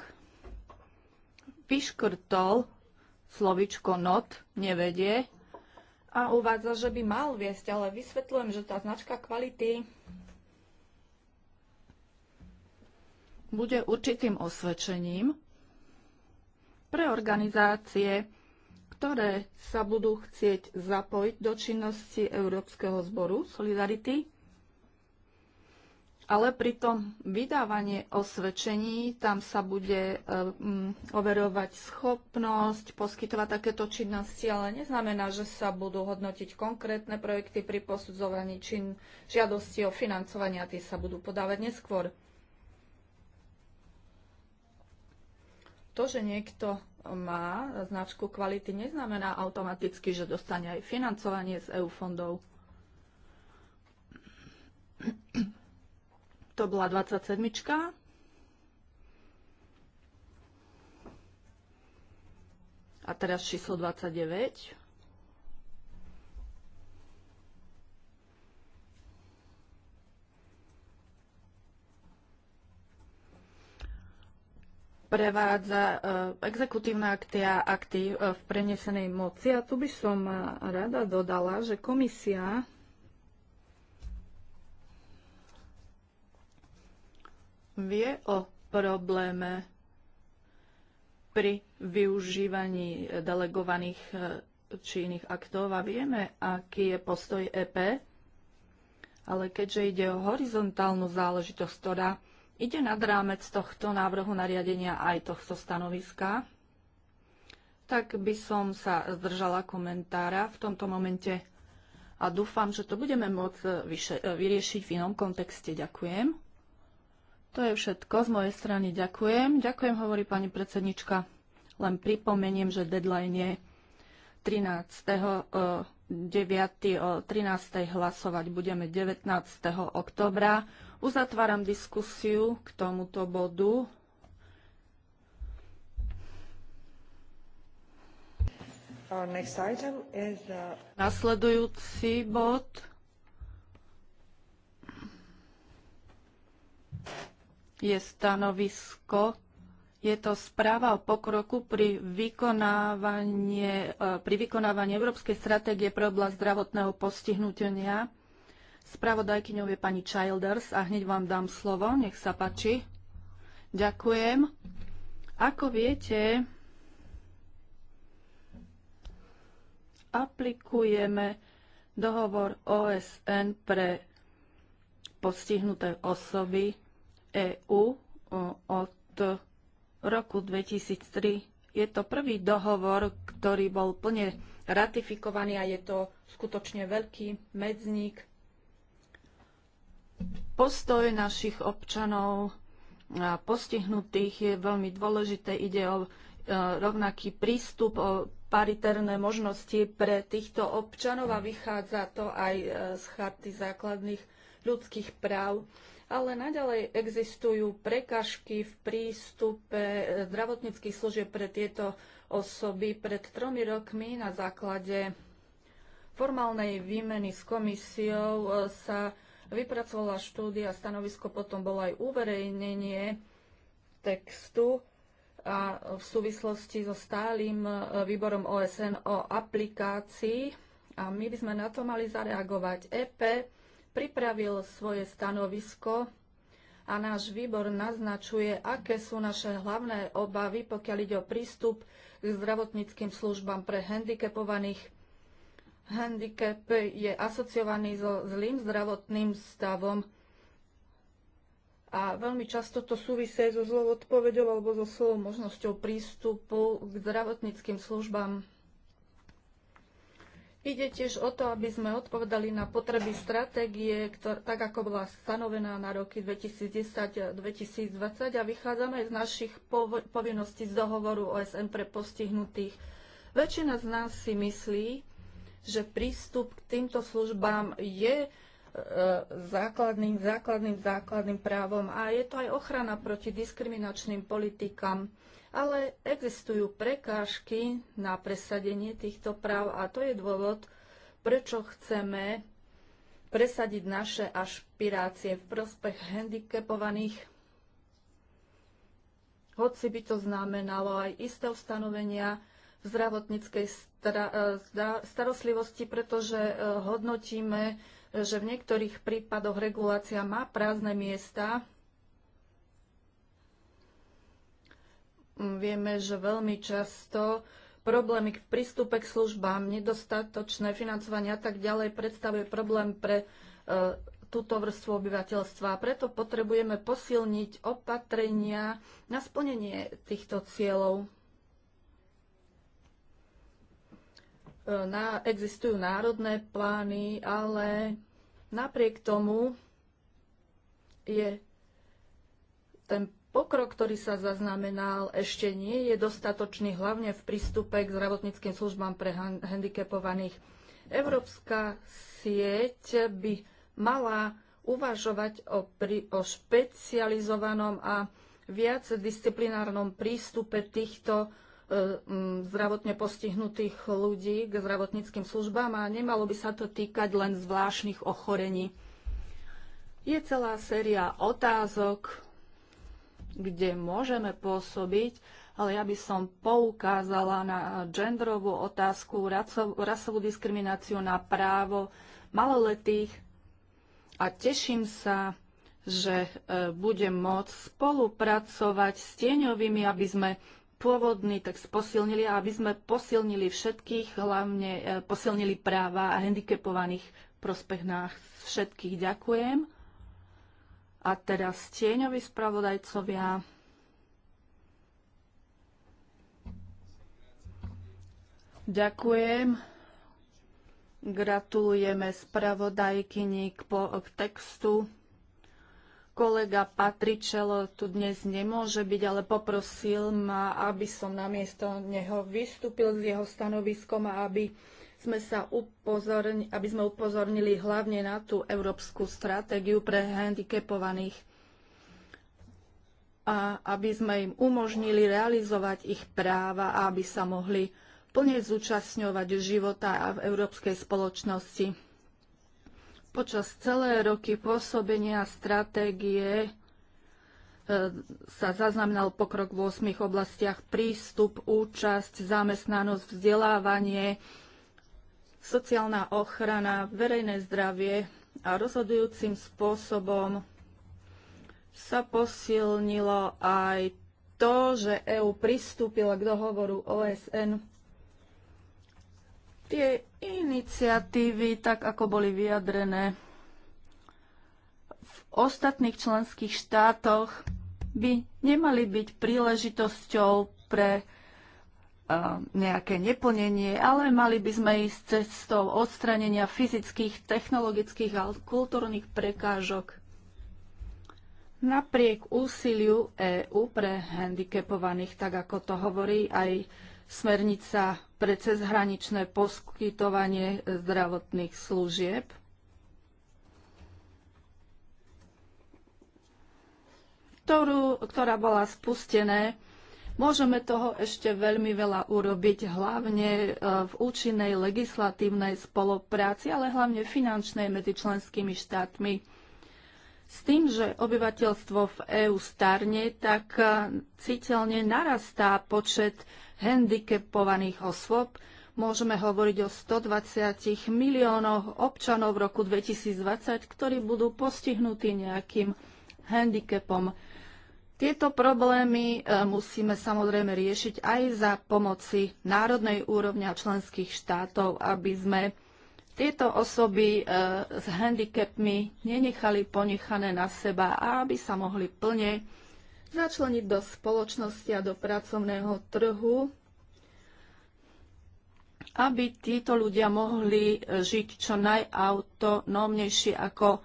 vyškrtol slovičko not, nevedie a uvádza, že by mal viesť, ale vysvetľujem, že tá značka kvality bude určitým osvedčením pre organizácie, ktoré sa budú chcieť zapojiť do činnosti Európskeho zboru Solidarity ale pri tom vydávanie osvedčení tam sa bude um, overovať schopnosť poskytovať takéto činnosti, ale neznamená, že sa budú hodnotiť konkrétne projekty pri posudzovaní čin žiadosti o financovanie a tie sa budú podávať neskôr. To, že niekto má značku kvality, neznamená automaticky, že dostane aj financovanie z EU fondov. To bola 27. A teraz číslo 29. prevádza eh, exekutívne akty a akty eh, v prenesenej moci. A tu by som eh, rada dodala, že komisia vie o probléme pri využívaní delegovaných e, či iných aktov a vieme, aký je postoj EP, ale keďže ide o horizontálnu záležitosť, ktorá ide nad rámec tohto návrhu nariadenia aj tohto stanoviska, tak by som sa zdržala komentára v tomto momente a dúfam, že to budeme môcť e, e, vyriešiť v inom kontexte. Ďakujem. To je všetko z mojej strany. Ďakujem. Ďakujem, hovorí pani predsednička. Len pripomeniem, že deadline je 13. 9. o 13. hlasovať budeme 19. oktobra. Uzatváram diskusiu k tomuto bodu. Uh, Nasledujúci bod je stanovisko. Je to správa o pokroku pri vykonávaní, e, pri vykonávaní Európskej stratégie pre oblasť zdravotného postihnutia. Spravodajkyňou je pani Childers a hneď vám dám slovo. Nech sa páči. Ďakujem. Ako viete, aplikujeme dohovor OSN pre postihnuté osoby EÚ od roku 2003. Je to prvý dohovor, ktorý bol plne ratifikovaný a je to skutočne veľký medzník. Postoj našich občanov a postihnutých je veľmi dôležité. Ide o e, rovnaký prístup, o pariterné možnosti pre týchto občanov a vychádza to aj e, z charty základných ľudských práv ale naďalej existujú prekažky v prístupe e, zdravotníckých služieb pre tieto osoby. Pred tromi rokmi na základe formálnej výmeny s komisiou e, sa vypracovala štúdia, stanovisko potom bolo aj uverejnenie textu a v súvislosti so stálym e, výborom OSN o aplikácii a my by sme na to mali zareagovať. EP pripravil svoje stanovisko a náš výbor naznačuje, aké sú naše hlavné obavy, pokiaľ ide o prístup k zdravotníckým službám pre handicapovaných. Handicap je asociovaný so zlým zdravotným stavom a veľmi často to súvisí aj so zlou odpovedou alebo so slovou možnosťou prístupu k zdravotníckým službám Ide tiež o to, aby sme odpovedali na potreby stratégie, ktorá, tak ako bola stanovená na roky 2010 a 2020 a vychádzame aj z našich pov- povinností z dohovoru OSN pre postihnutých. Väčšina z nás si myslí, že prístup k týmto službám je e, základným, základným, základným právom a je to aj ochrana proti diskriminačným politikám ale existujú prekážky na presadenie týchto práv a to je dôvod, prečo chceme presadiť naše ašpirácie v prospech handicapovaných, hoci by to znamenalo aj isté ustanovenia v zdravotníckej e, starostlivosti, pretože e, hodnotíme, že v niektorých prípadoch regulácia má prázdne miesta Mm, vieme, že veľmi často problémy v prístupe k službám, nedostatočné financovanie a tak ďalej predstavuje problém pre e, túto vrstvu obyvateľstva. preto potrebujeme posilniť opatrenia na splnenie týchto cieľov. E, na, existujú národné plány, ale napriek tomu je ten Pokrok, ktorý sa zaznamenal, ešte nie je dostatočný, hlavne v prístupe k zdravotníckým službám pre handicapovaných. Európska sieť by mala uvažovať o, pri, o špecializovanom a viac disciplinárnom prístupe týchto e, zdravotne postihnutých ľudí k zdravotníckým službám a nemalo by sa to týkať len zvláštnych ochorení. Je celá séria otázok, kde môžeme pôsobiť, ale ja by som poukázala na genderovú otázku, rasovú diskrimináciu, na právo maloletých a teším sa, že e, budem môcť spolupracovať s tieňovými, aby sme pôvodný text posilnili a aby sme posilnili všetkých, hlavne e, posilnili práva a handicapovaných prospech nás všetkých. Ďakujem. A teraz tieňovi spravodajcovia. Ďakujem. Gratulujeme spravodajkyni k, po, k textu. Kolega Patričelo tu dnes nemôže byť, ale poprosil ma, aby som namiesto neho vystúpil s jeho stanoviskom a aby sme sa upozorni, aby sme upozornili hlavne na tú európsku stratégiu pre handicapovaných a aby sme im umožnili realizovať ich práva a aby sa mohli plne zúčastňovať života v európskej spoločnosti. Počas celé roky pôsobenia stratégie e, sa zaznamenal pokrok v 8 oblastiach prístup, účasť, zamestnanosť, vzdelávanie, sociálna ochrana, verejné zdravie a rozhodujúcim spôsobom sa posilnilo aj to, že EÚ pristúpila k dohovoru OSN. Tie iniciatívy, tak ako boli vyjadrené v ostatných členských štátoch, by nemali byť príležitosťou pre Eh, nejaké neplnenie, ale mali by sme ísť cestou odstranenia fyzických, technologických a kultúrnych prekážok. Napriek úsiliu EÚ pre handicapovaných, tak ako to hovorí aj smernica pre cezhraničné poskytovanie zdravotných služieb, ktorú, ktorá bola spustená Môžeme toho ešte veľmi veľa urobiť, hlavne e, v účinnej legislatívnej spolupráci, ale hlavne finančnej medzi členskými štátmi. S tým, že obyvateľstvo v EÚ starne, tak e, citeľne narastá počet handicapovaných osôb, môžeme hovoriť o 120 miliónoch občanov v roku 2020, ktorí budú postihnutí nejakým handicapom. Tieto problémy e, musíme samozrejme riešiť aj za pomoci národnej úrovne a členských štátov, aby sme tieto osoby e, s handicapmi nenechali ponechané na seba a aby sa mohli plne začleniť do spoločnosti a do pracovného trhu, aby títo ľudia mohli e, žiť čo najautonómnejšie ako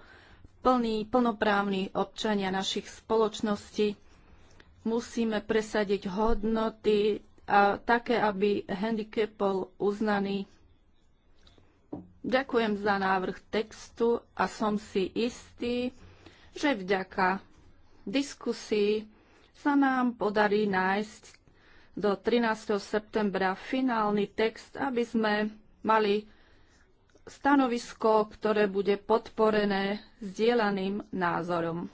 plní, plnoprávni občania našich spoločností musíme presadiť hodnoty a také, aby handicap bol uznaný. Ďakujem za návrh textu a som si istý, že vďaka diskusii sa nám podarí nájsť do 13. septembra finálny text, aby sme mali stanovisko, ktoré bude podporené sdielaným názorom.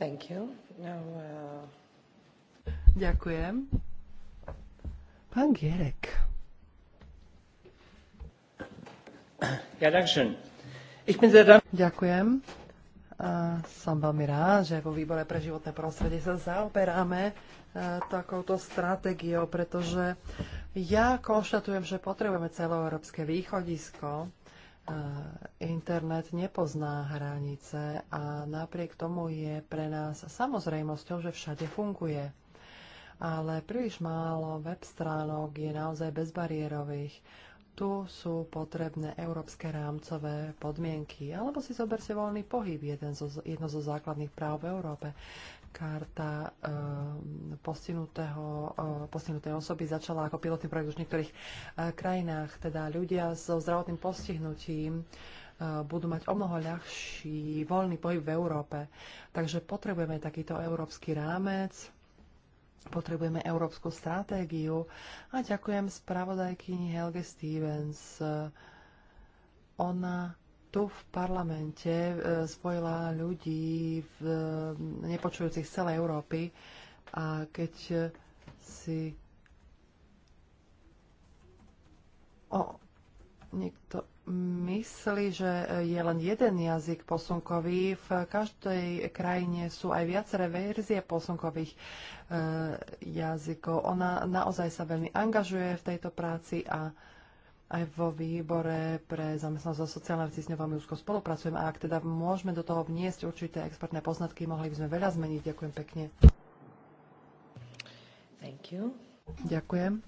Uh, Ďakujem. Pán Gierek. Ďakujem. A som veľmi rád, že vo výbore pre životné prostredie sa zaoberáme e, takouto stratégiou, pretože ja konštatujem, že potrebujeme celoeurópske východisko E, internet nepozná hranice a napriek tomu je pre nás samozrejmosťou, že všade funguje. Ale príliš málo web stránok je naozaj bezbariérových. Tu sú potrebné európske rámcové podmienky. Alebo si zoberte voľný pohyb, jeden zo, jedno zo základných práv v Európe karta e, postihnutého, postihnutej osoby začala ako pilotný projekt už v niektorých e, krajinách. Teda ľudia so zdravotným postihnutím e, budú mať o mnoho ľahší voľný pohyb v Európe. Takže potrebujeme takýto európsky rámec, potrebujeme európsku stratégiu a ďakujem spravodajkyni Helge Stevens. Ona tu v parlamente e, spojila ľudí v e, nepočujúcich z celej Európy a keď si o, niekto myslí, že je len jeden jazyk posunkový, v každej krajine sú aj viaceré verzie posunkových e, jazykov. Ona naozaj sa veľmi angažuje v tejto práci a aj vo výbore pre zamestnanosť a sociálne veci s ňou veľmi úzko spolupracujem a ak teda môžeme do toho vniesť určité expertné poznatky, mohli by sme veľa zmeniť. Ďakujem pekne. Thank you. Ďakujem.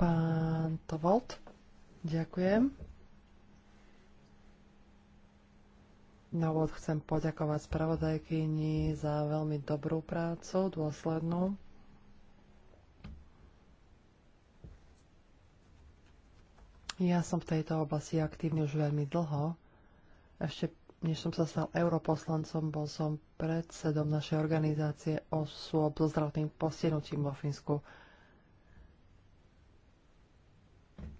Pán Tovolt, ďakujem. Na úvod chcem poďakovať spravodajkyni za veľmi dobrú prácu, dôslednú. Ja som v tejto oblasti aktívny už veľmi dlho. Ešte než som sa stal europoslancom, bol som predsedom našej organizácie osôb so zdravotným postihnutím vo Fínsku.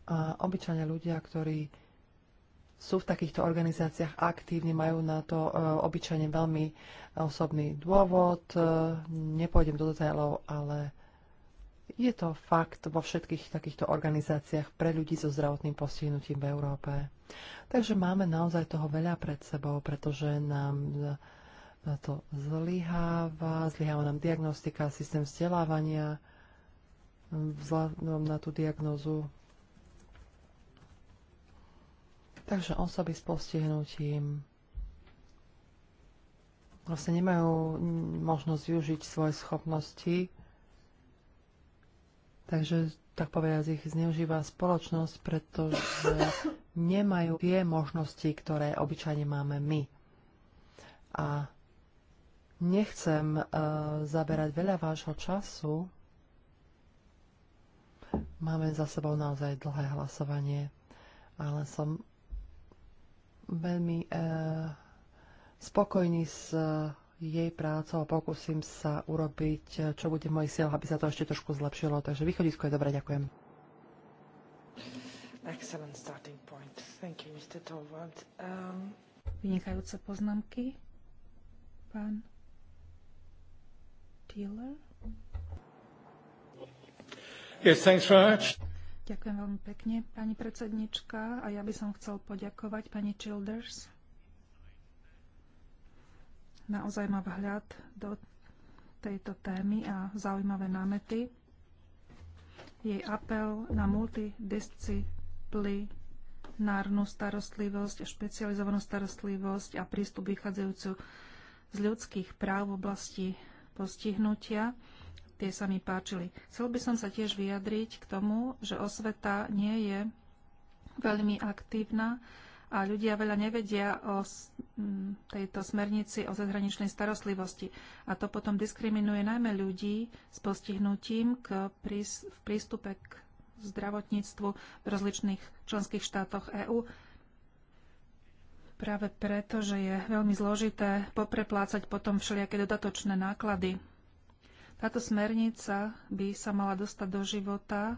A obyčajne ľudia, ktorí sú v takýchto organizáciách aktívni, majú na to e, obyčajne veľmi osobný dôvod. E, nepôjdem do detailov, ale je to fakt vo všetkých takýchto organizáciách pre ľudí so zdravotným postihnutím v Európe. Takže máme naozaj toho veľa pred sebou, pretože nám e, to zlyháva, zlyháva nám diagnostika, systém vzdelávania vzhľadom no, na tú diagnózu. Takže osoby s postihnutím vlastne nemajú možnosť využiť svoje schopnosti, Takže tak povedať, ich zneužíva spoločnosť, pretože nemajú tie možnosti, ktoré obyčajne máme my. A nechcem uh, zaberať veľa vášho času. Máme za sebou naozaj dlhé hlasovanie, ale som veľmi uh, spokojný s uh, jej prácou a pokúsim sa urobiť, čo bude môj sil, aby sa to ešte trošku zlepšilo. Takže východisko je dobré, ďakujem. Excellent starting point. Thank you, Mr. Um... Vynikajúce poznámky, pán Tiller. Yes, thanks very much. Ďakujem veľmi pekne, pani predsednička, a ja by som chcel poďakovať pani Childers naozaj má vhľad do tejto témy a zaujímavé námety. Jej apel na multidisciplinárnu starostlivosť, špecializovanú starostlivosť a prístup vychádzajúcu z ľudských práv v oblasti postihnutia, tie sa mi páčili. Chcel by som sa tiež vyjadriť k tomu, že osveta nie je veľmi aktívna a ľudia veľa nevedia o tejto smernici o zahraničnej starostlivosti. A to potom diskriminuje najmä ľudí s postihnutím k prís- v prístupe k zdravotníctvu v rozličných členských štátoch EÚ. Práve preto, že je veľmi zložité popreplácať potom všelijaké dodatočné náklady. Táto smernica by sa mala dostať do života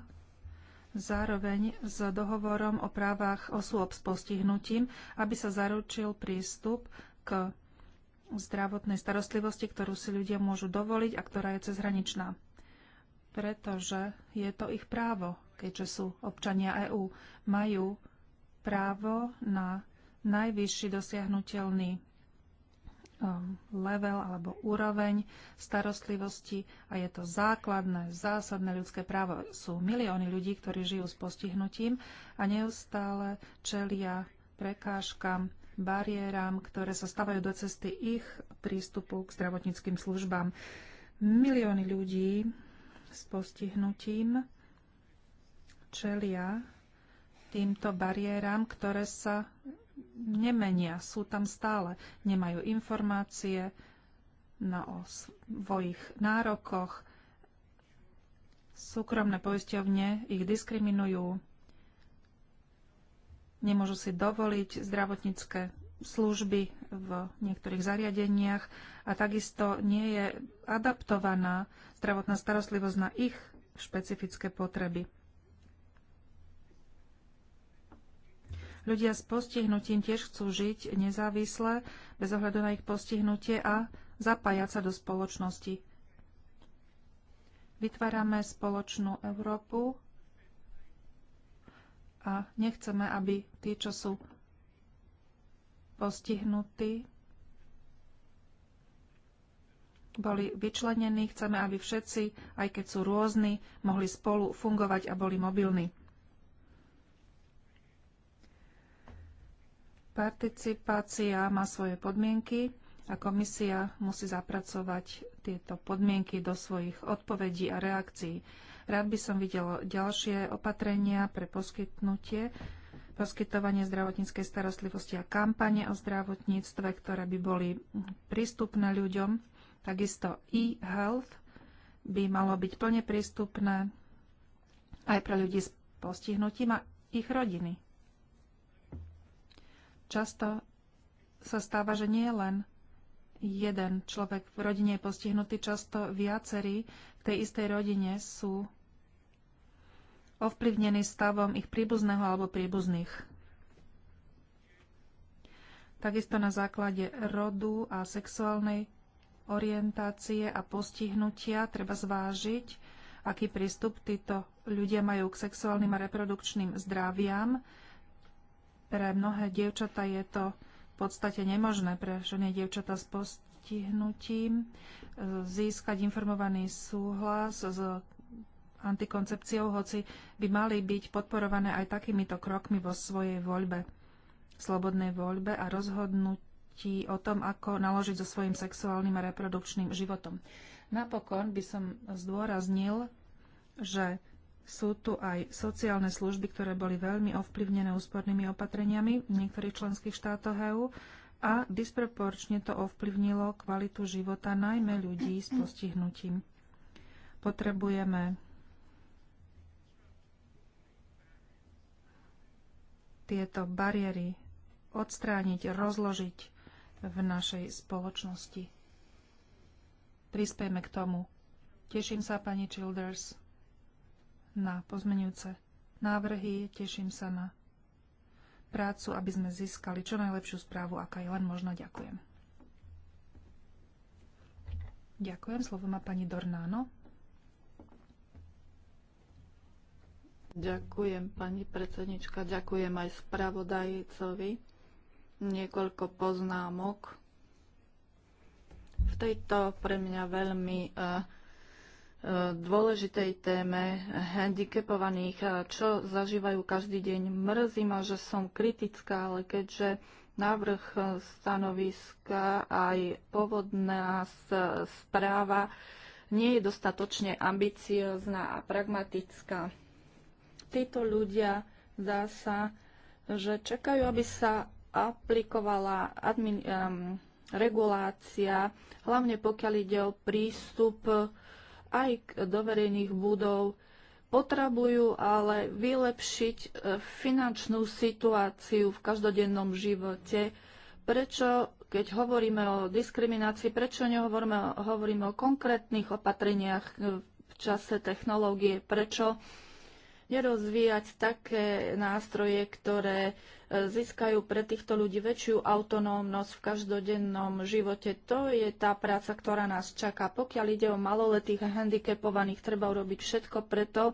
zároveň s dohovorom o právach osôb s postihnutím, aby sa zaručil prístup k zdravotnej starostlivosti, ktorú si ľudia môžu dovoliť a ktorá je cezhraničná. Pretože je to ich právo, keďže sú občania EÚ, majú právo na najvyšší dosiahnutelný Um, level alebo úroveň starostlivosti a je to základné, zásadné ľudské právo. Sú milióny ľudí, ktorí žijú s postihnutím a neustále čelia prekážkam, bariéram, ktoré sa stavajú do cesty ich prístupu k zdravotníckým službám. Milióny ľudí s postihnutím čelia týmto bariéram, ktoré sa nemenia, sú tam stále, nemajú informácie na o svojich nárokoch, súkromné poisťovne ich diskriminujú, nemôžu si dovoliť zdravotnícke služby v niektorých zariadeniach a takisto nie je adaptovaná zdravotná starostlivosť na ich špecifické potreby. Ľudia s postihnutím tiež chcú žiť nezávisle, bez ohľadu na ich postihnutie a zapájať sa do spoločnosti. Vytvárame spoločnú Európu a nechceme, aby tí, čo sú postihnutí, boli vyčlenení. Chceme, aby všetci, aj keď sú rôzni, mohli spolu fungovať a boli mobilní. Participácia má svoje podmienky a komisia musí zapracovať tieto podmienky do svojich odpovedí a reakcií. Rád by som videl ďalšie opatrenia pre poskytnutie, poskytovanie zdravotníckej starostlivosti a kampane o zdravotníctve, ktoré by boli prístupné ľuďom. Takisto e-health by malo byť plne prístupné aj pre ľudí s postihnutím a ich rodiny. Často sa stáva, že nie len jeden človek v rodine je postihnutý, často viacerí v tej istej rodine sú ovplyvnení stavom ich príbuzného alebo príbuzných. Takisto na základe rodu a sexuálnej orientácie a postihnutia treba zvážiť, aký prístup títo ľudia majú k sexuálnym a reprodukčným zdraviam, pre mnohé dievčatá je to v podstate nemožné pre ženy dievčatá s postihnutím e, získať informovaný súhlas s antikoncepciou, hoci by mali byť podporované aj takýmito krokmi vo svojej voľbe, slobodnej voľbe a rozhodnutí o tom, ako naložiť so svojím sexuálnym a reprodukčným životom. Napokon by som zdôraznil, že sú tu aj sociálne služby, ktoré boli veľmi ovplyvnené úspornými opatreniami v niektorých členských štátoch EÚ a disproporčne to ovplyvnilo kvalitu života najmä ľudí s postihnutím. Potrebujeme tieto bariéry odstrániť, rozložiť v našej spoločnosti. Prispejme k tomu. Teším sa, pani Childers na pozmenujúce návrhy. Teším sa na prácu, aby sme získali čo najlepšiu správu, aká je len možno. Ďakujem. Ďakujem. Slovo má pani Dornáno. Ďakujem, pani predsednička. Ďakujem aj spravodajcovi. Niekoľko poznámok. V tejto pre mňa veľmi uh, dôležitej téme handicapovaných, čo zažívajú každý deň. Mrzí ma, že som kritická, ale keďže návrh stanoviska aj povodná správa nie je dostatočne ambiciozná a pragmatická. Títo ľudia zdá sa, že čakajú, aby sa aplikovala um, regulácia, hlavne pokiaľ ide o prístup aj do verejných budov, potrebujú ale vylepšiť e, finančnú situáciu v každodennom živote. Prečo, keď hovoríme o diskriminácii, prečo nehovoríme hovoríme o konkrétnych opatreniach e, v čase technológie? Prečo nerozvíjať také nástroje, ktoré e, získajú pre týchto ľudí väčšiu autonómnosť v každodennom živote. To je tá práca, ktorá nás čaká. Pokiaľ ide o maloletých a handicapovaných, treba urobiť všetko preto,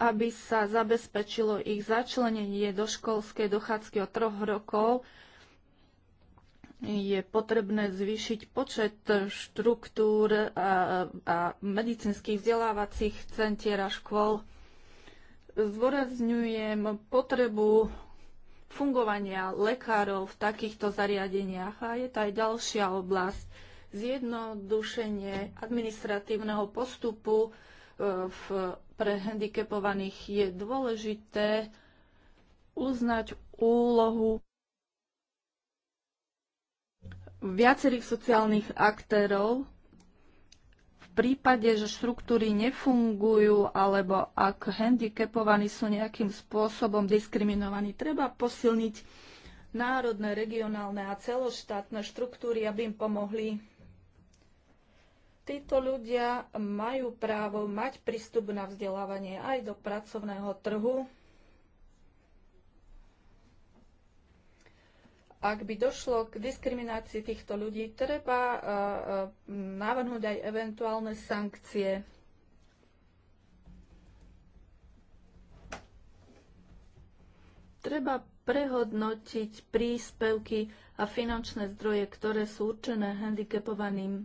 aby sa zabezpečilo ich začlenenie do školskej dochádzky od troch rokov, je potrebné zvýšiť počet štruktúr a, a medicínskych vzdelávacích centier a škôl. Zdôrazňujem potrebu fungovania lekárov v takýchto zariadeniach a je to aj ďalšia oblasť zjednodušenie administratívneho postupu e, v, pre handicapovaných je dôležité uznať úlohu viacerých sociálnych aktérov prípade, že štruktúry nefungujú alebo ak handicapovaní sú nejakým spôsobom diskriminovaní, treba posilniť národné, regionálne a celoštátne štruktúry, aby im pomohli. Títo ľudia majú právo mať prístup na vzdelávanie aj do pracovného trhu ak by došlo k diskriminácii týchto ľudí, treba e, e, navrhnúť aj eventuálne sankcie. Treba prehodnotiť príspevky a finančné zdroje, ktoré sú určené handicapovaným,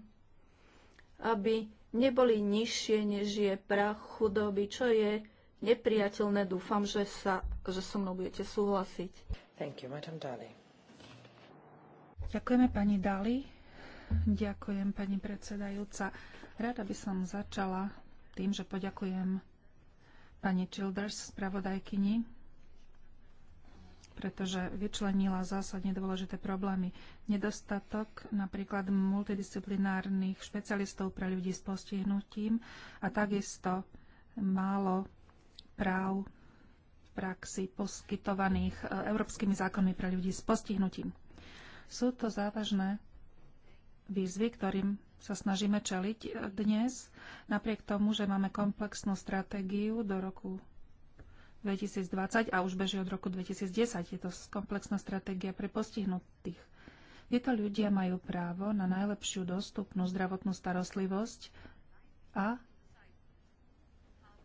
aby neboli nižšie, než je prach chudoby, čo je nepriateľné. Dúfam, že, sa, že so mnou budete súhlasiť. Thank you, Madam Daly. Ďakujeme pani Dali. Ďakujem pani predsedajúca. Rada by som začala tým, že poďakujem pani Childers, spravodajkyni, pretože vyčlenila zásadne dôležité problémy. Nedostatok napríklad multidisciplinárnych špecialistov pre ľudí s postihnutím a takisto málo práv v praxi poskytovaných eh, európskymi zákonmi pre ľudí s postihnutím. Sú to závažné výzvy, ktorým sa snažíme čeliť dnes, napriek tomu, že máme komplexnú stratégiu do roku 2020 a už beží od roku 2010. Je to komplexná stratégia pre postihnutých. Tieto ľudia majú právo na najlepšiu dostupnú zdravotnú starostlivosť a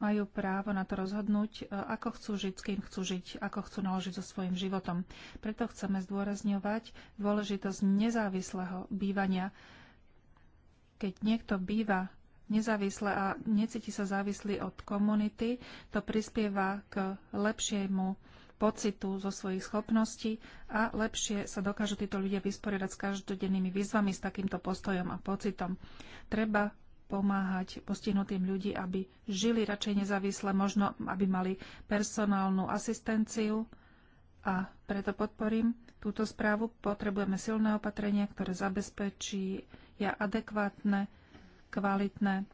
majú právo na to rozhodnúť, e, ako chcú žiť, s kým chcú žiť, ako chcú naložiť so svojím životom. Preto chceme zdôrazňovať dôležitosť nezávislého bývania. Keď niekto býva nezávisle a necíti sa závislý od komunity, to prispieva k lepšiemu pocitu zo svojich schopností a lepšie sa dokážu títo ľudia vysporiadať s každodennými výzvami, s takýmto postojom a pocitom. Treba pomáhať postihnutým ľudí, aby žili radšej nezávisle, možno aby mali personálnu asistenciu a preto podporím túto správu. Potrebujeme silné opatrenia, ktoré zabezpečí ja adekvátne, kvalitné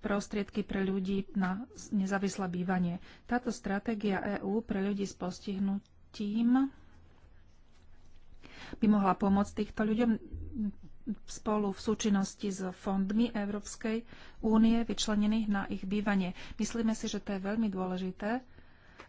prostriedky pre ľudí na nezávislé bývanie. Táto stratégia EÚ pre ľudí s postihnutím by mohla pomôcť týchto ľuďom spolu v súčinnosti s fondmi Európskej únie vyčlenených na ich bývanie. Myslíme si, že to je veľmi dôležité,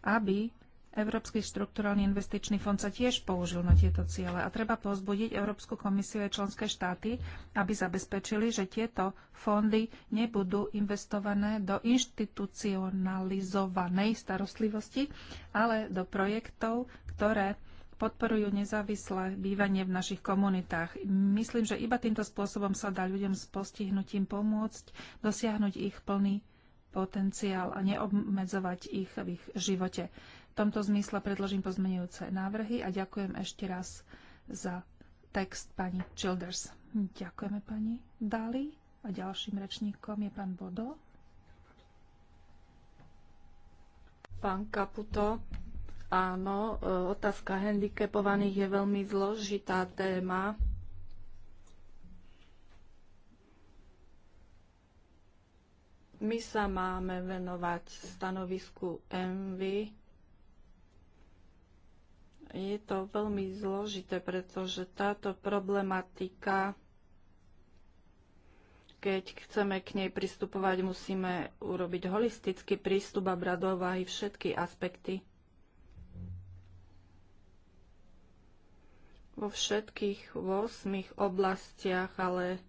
aby Európsky štrukturálny investičný fond sa tiež použil na tieto ciele a treba pozbudiť Európsku komisiu a členské štáty, aby zabezpečili, že tieto fondy nebudú investované do inštitucionalizovanej starostlivosti, ale do projektov, ktoré podporujú nezávislé bývanie v našich komunitách. Myslím, že iba týmto spôsobom sa dá ľuďom s postihnutím pomôcť dosiahnuť ich plný potenciál a neobmedzovať ich v ich živote. V tomto zmysle predložím pozmenujúce návrhy a ďakujem ešte raz za text pani Childers. Ďakujeme pani Dali a ďalším rečníkom je pán Bodo. Pán Kaputo, Áno, e, otázka handicapovaných je veľmi zložitá téma. My sa máme venovať stanovisku MV. Je to veľmi zložité, pretože táto problematika, keď chceme k nej pristupovať, musíme urobiť holistický prístup a brať do všetky aspekty. vo všetkých 8 oblastiach, ale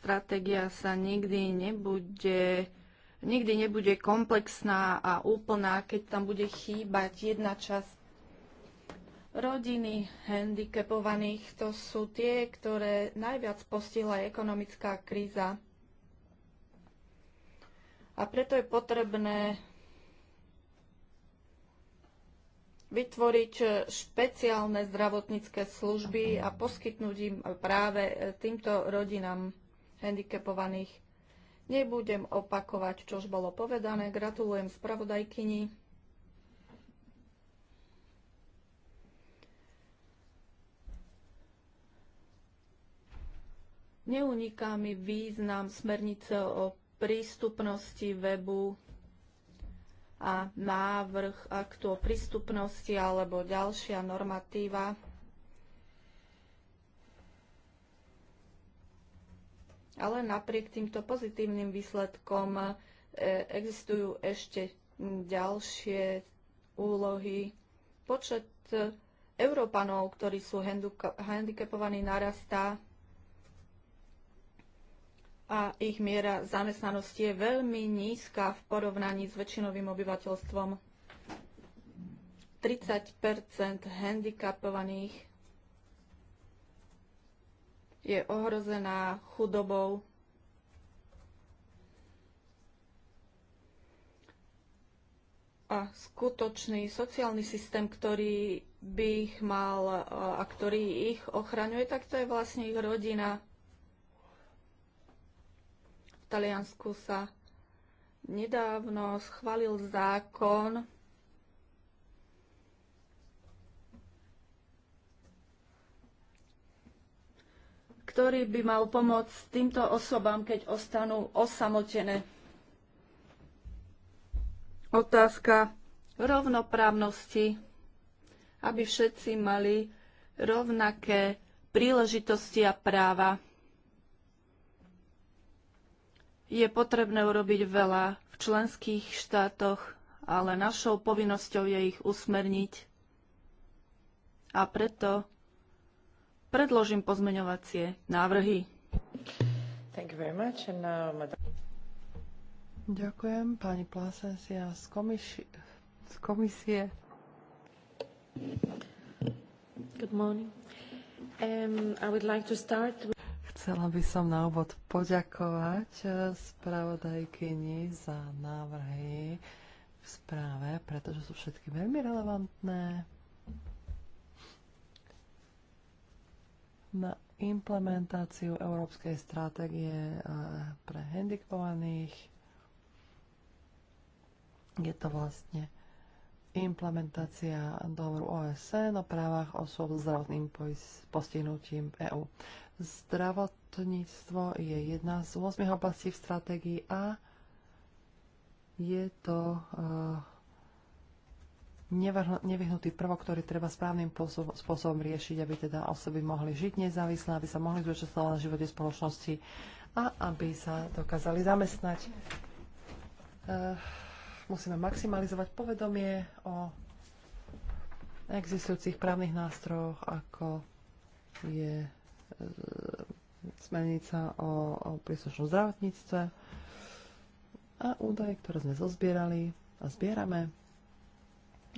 stratégia sa nikdy nebude nikdy nebude komplexná a úplná, keď tam bude chýbať jedna časť rodiny handicapovaných. To sú tie, ktoré najviac postihla ekonomická kríza. A preto je potrebné vytvoriť e, špeciálne zdravotnícke služby a poskytnúť im práve e, týmto rodinám handicapovaných. Nebudem opakovať, čo už bolo povedané. Gratulujem spravodajkyni. Neuniká mi význam smernice o prístupnosti webu a návrh aktu o prístupnosti alebo ďalšia normatíva. Ale napriek týmto pozitívnym výsledkom e, existujú ešte ďalšie úlohy. Počet e, Európanov, ktorí sú handicapovaní, narastá a ich miera zamestnanosti je veľmi nízka v porovnaní s väčšinovým obyvateľstvom. 30 handikapovaných je ohrozená chudobou. A skutočný sociálny systém, ktorý by ich mal a ktorý ich ochraňuje, tak to je vlastne ich rodina. V Taliansku sa nedávno schválil zákon, ktorý by mal pomôcť týmto osobám, keď ostanú osamotené. Otázka rovnoprávnosti, aby všetci mali rovnaké príležitosti a práva. Je potrebné urobiť veľa v členských štátoch, ale našou povinnosťou je ich usmerniť. A preto predložím pozmeňovacie návrhy. Thank you very much. And now, madame... Ďakujem. Pani Plasencia z, komisi- z komisie. Good morning. Um, I would like to start with... Chcela by som na úvod poďakovať eh, spravodajkyni za návrhy v správe, pretože sú všetky veľmi relevantné. Na implementáciu európskej stratégie eh, pre handikovaných. je to vlastne implementácia dohovoru OSN o právach osôb s zdravotným postihnutím EÚ. Zdravotníctvo je jedna z 8 oblastí v stratégii a je to eh, nevyhnutý prvok, ktorý treba správnym spôsobom riešiť, aby teda osoby mohli žiť nezávisle, aby sa mohli zúčastňovať na živote spoločnosti a aby sa dokázali zamestnať. Eh, musíme maximalizovať povedomie o existujúcich právnych nástrojoch, ako je E, smernica o, o príslušnom zdravotníctve a údaje, ktoré sme zozbierali a zbierame,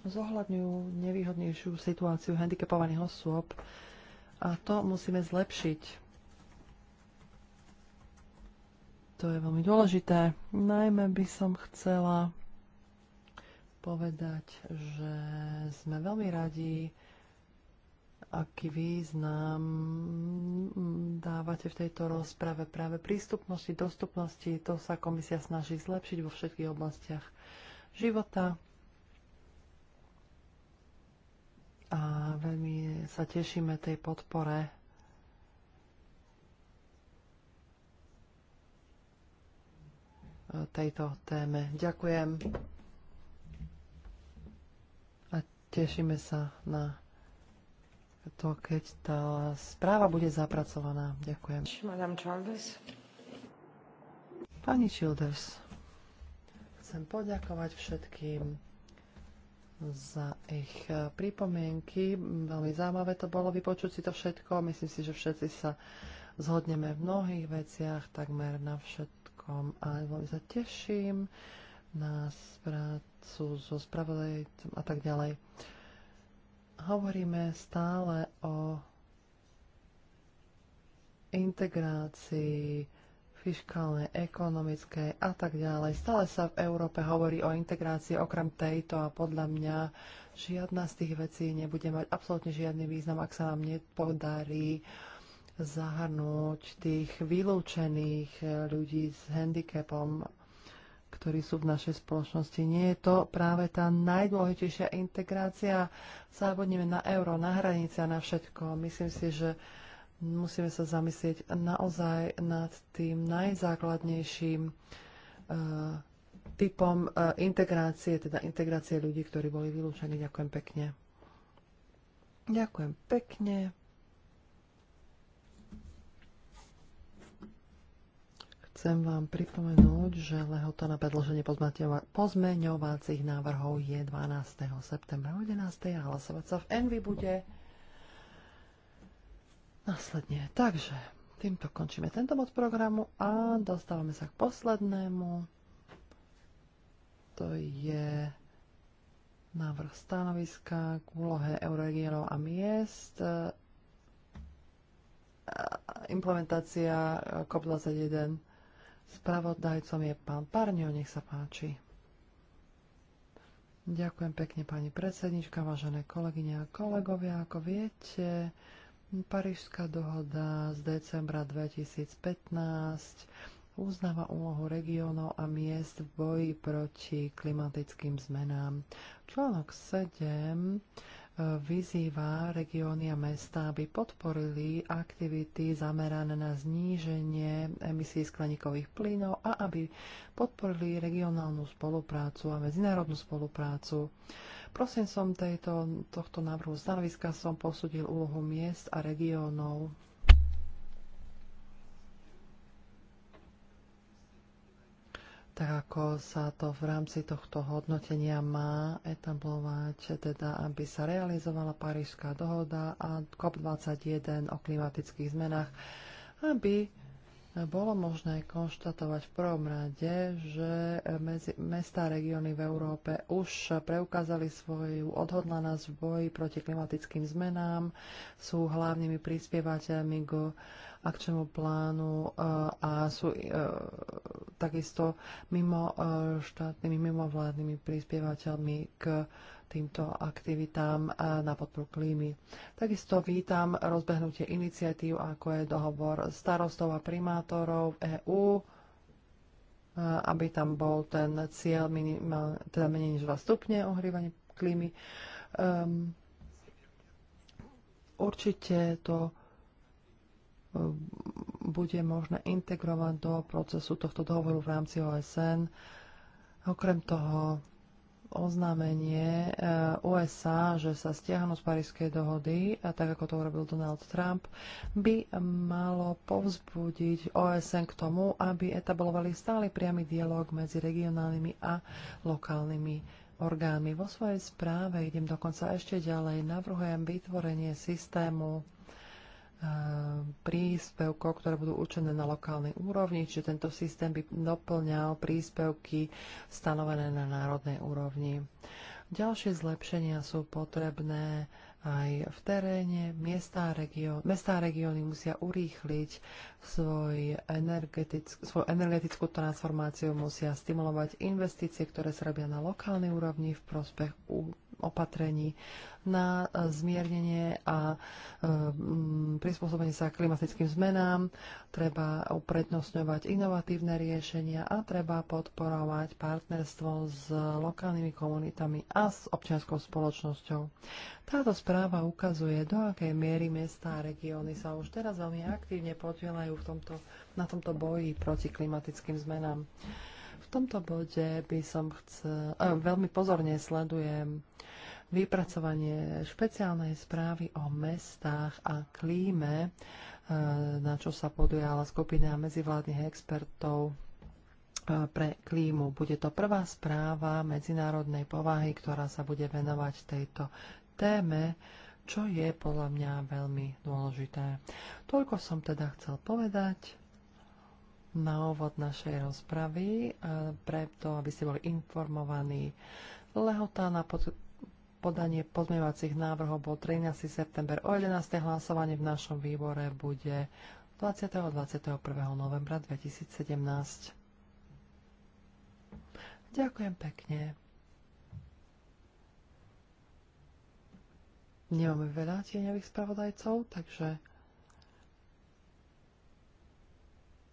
zohľadňujú nevýhodnejšiu situáciu handicapovaných osôb a to musíme zlepšiť. To je veľmi dôležité. Najmä by som chcela povedať, že sme veľmi radi, aký význam dávate v tejto rozprave práve prístupnosti, dostupnosti. To sa komisia snaží zlepšiť vo všetkých oblastiach života. A veľmi sa tešíme tej podpore tejto téme. Ďakujem a tešíme sa na to, keď tá správa bude zapracovaná. Ďakujem. Pani Childers, chcem poďakovať všetkým za ich pripomienky. Veľmi zaujímavé to bolo vypočuť si to všetko. Myslím si, že všetci sa zhodneme v mnohých veciach, takmer na všetkom. A veľmi sa teším na prácu so spravodajcom a tak ďalej. Hovoríme stále o integrácii fiskálnej, ekonomickej a tak ďalej. Stále sa v Európe hovorí o integrácii okrem tejto a podľa mňa žiadna z tých vecí nebude mať absolútne žiadny význam, ak sa vám nepodarí zahrnúť tých vylúčených ľudí s handicapom ktorí sú v našej spoločnosti. Nie je to práve tá najdôležitejšia integrácia. Závodneme na euro, na hranice a na všetko. Myslím si, že musíme sa zamyslieť naozaj nad tým najzákladnejším uh, typom uh, integrácie, teda integrácie ľudí, ktorí boli vylúčení. Ďakujem pekne. Ďakujem pekne. Chcem vám pripomenúť, že lehota na predloženie pozmeňovacích návrhov je 12. septembra 11. a hlasovať sa v Envy bude následne. Takže týmto končíme tento bod programu a dostávame sa k poslednému. To je návrh stanoviska k úlohe euroregionov a miest implementácia COP21 Spravodajcom je pán Parňo, nech sa páči. Ďakujem pekne pani predsednička, vážené kolegyne a kolegovia. Ako viete, Parížská dohoda z decembra 2015 uznáva úlohu regiónov a miest v boji proti klimatickým zmenám. Článok 7 vyzýva regióny a mesta, aby podporili aktivity zamerané na zníženie emisí skleníkových plynov a aby podporili regionálnu spoluprácu a medzinárodnú spoluprácu. Prosím som tejto, tohto návrhu stanoviska som posudil úlohu miest a regiónov tak ako sa to v rámci tohto hodnotenia má etablovať, teda aby sa realizovala Parížská dohoda a COP21 o klimatických zmenách, aby bolo možné konštatovať v prvom rade, že medzi, mesta a regióny v Európe už preukázali svoju odhodlanosť v boji proti klimatickým zmenám, sú hlavnými prispievateľmi k akčnému plánu eh, a sú eh, takisto mimo eh, štátnymi, mimovládnymi prispievateľmi k týmto aktivitám e, na podporu klímy. Takisto vítam rozbehnutie iniciatív, ako je dohovor starostov a primátorov EÚ, e, aby tam bol ten cieľ minimál, teda menej než 2 stupne ohrievanie klímy. Um, určite to e, bude možné integrovať do procesu tohto dohovoru v rámci OSN. Okrem toho, oznámenie eh, USA, že sa stiahnu z Parískej dohody, a tak ako to urobil Donald Trump, by malo povzbudiť OSN k tomu, aby etablovali stály priamy dialog medzi regionálnymi a lokálnymi orgánmi. Vo svojej správe idem dokonca ešte ďalej. Navrhujem vytvorenie systému Eh, príspevkov, ktoré budú určené na lokálnej úrovni, čiže tento systém by doplňal príspevky stanovené na národnej úrovni. Ďalšie zlepšenia sú potrebné aj v teréne. Miesta a mesta a regióny musia urýchliť svoj energetick- svoju energetickú transformáciu, musia stimulovať investície, ktoré sa robia na lokálnej úrovni v prospech opatrení na e, zmiernenie a e, prispôsobenie sa klimatickým zmenám. Treba uprednostňovať inovatívne riešenia a treba podporovať partnerstvo s lokálnymi komunitami a s občianskou spoločnosťou. Táto správa ukazuje, do akej miery mesta a regióny sa už teraz veľmi aktívne podielajú v tomto, na tomto boji proti klimatickým zmenám. V tomto bode by som chcel, veľmi pozorne sledujem vypracovanie špeciálnej správy o mestách a klíme, e, na čo sa podujala skupina medzivládnych expertov e, pre klímu. Bude to prvá správa medzinárodnej povahy, ktorá sa bude venovať tejto téme, čo je podľa mňa veľmi dôležité. Toľko som teda chcel povedať na ovod našej rozpravy, e, preto, aby ste boli informovaní. Lehota na pod- podanie pozmievacích návrhov bol 13. september o 11. hlasovanie v našom výbore bude 20. a 21. novembra 2017. Ďakujem pekne. Nemáme veľa tieňových spravodajcov, takže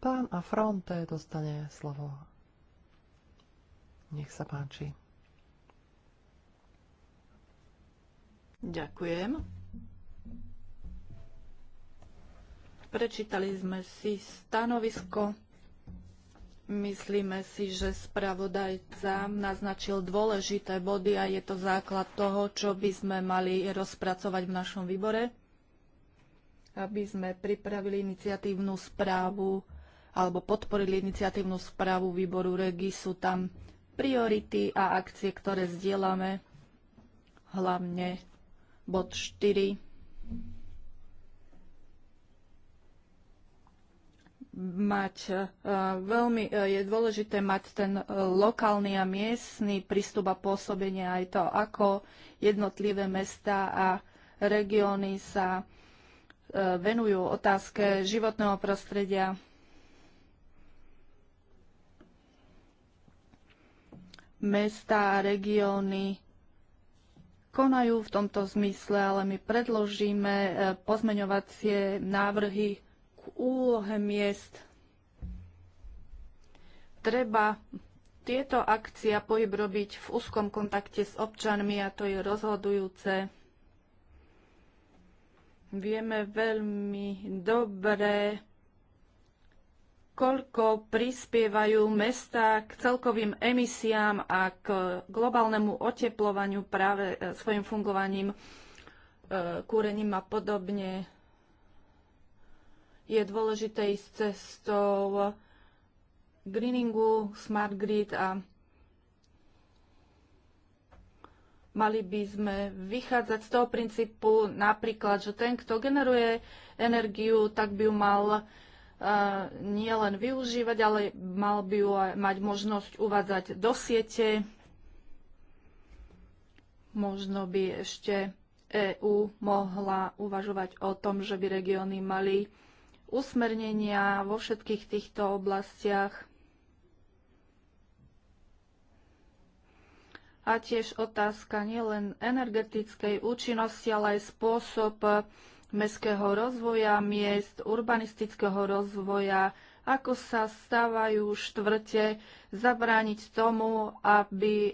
Pán Afronte dostane slovo. Nech sa páči. Ďakujem. Prečítali sme si stanovisko. Myslíme si, že spravodajca naznačil dôležité body a je to základ toho, čo by sme mali rozpracovať v našom výbore, aby sme pripravili iniciatívnu správu alebo podporili iniciatívnu správu výboru REGI. Sú tam priority a akcie, ktoré zdieľame, hlavne bod 4. mať e, veľmi, e, je dôležité mať ten e, lokálny a miestny prístup a pôsobenie aj to, ako jednotlivé mesta a regióny sa venujú otázke životného prostredia mesta a regióny konajú v tomto zmysle, ale my predložíme e, pozmeňovacie návrhy k úlohe miest. Treba tieto akcia pohyb robiť v úzkom kontakte s občanmi a to je rozhodujúce. Vieme veľmi dobre, koľko prispievajú mesta k celkovým emisiám a k globálnemu oteplovaniu práve e, svojim fungovaním, e, kúrením a podobne. Je dôležité ísť cestou greeningu, smart grid a mali by sme vychádzať z toho princípu napríklad, že ten, kto generuje energiu, tak by ju mal nie len využívať, ale mal by ju aj mať možnosť uvádzať do siete. Možno by ešte EÚ mohla uvažovať o tom, že by regióny mali usmernenia vo všetkých týchto oblastiach. A tiež otázka nielen energetickej účinnosti, ale aj spôsob mestského rozvoja miest, urbanistického rozvoja, ako sa stávajú štvrte, zabrániť tomu, aby e,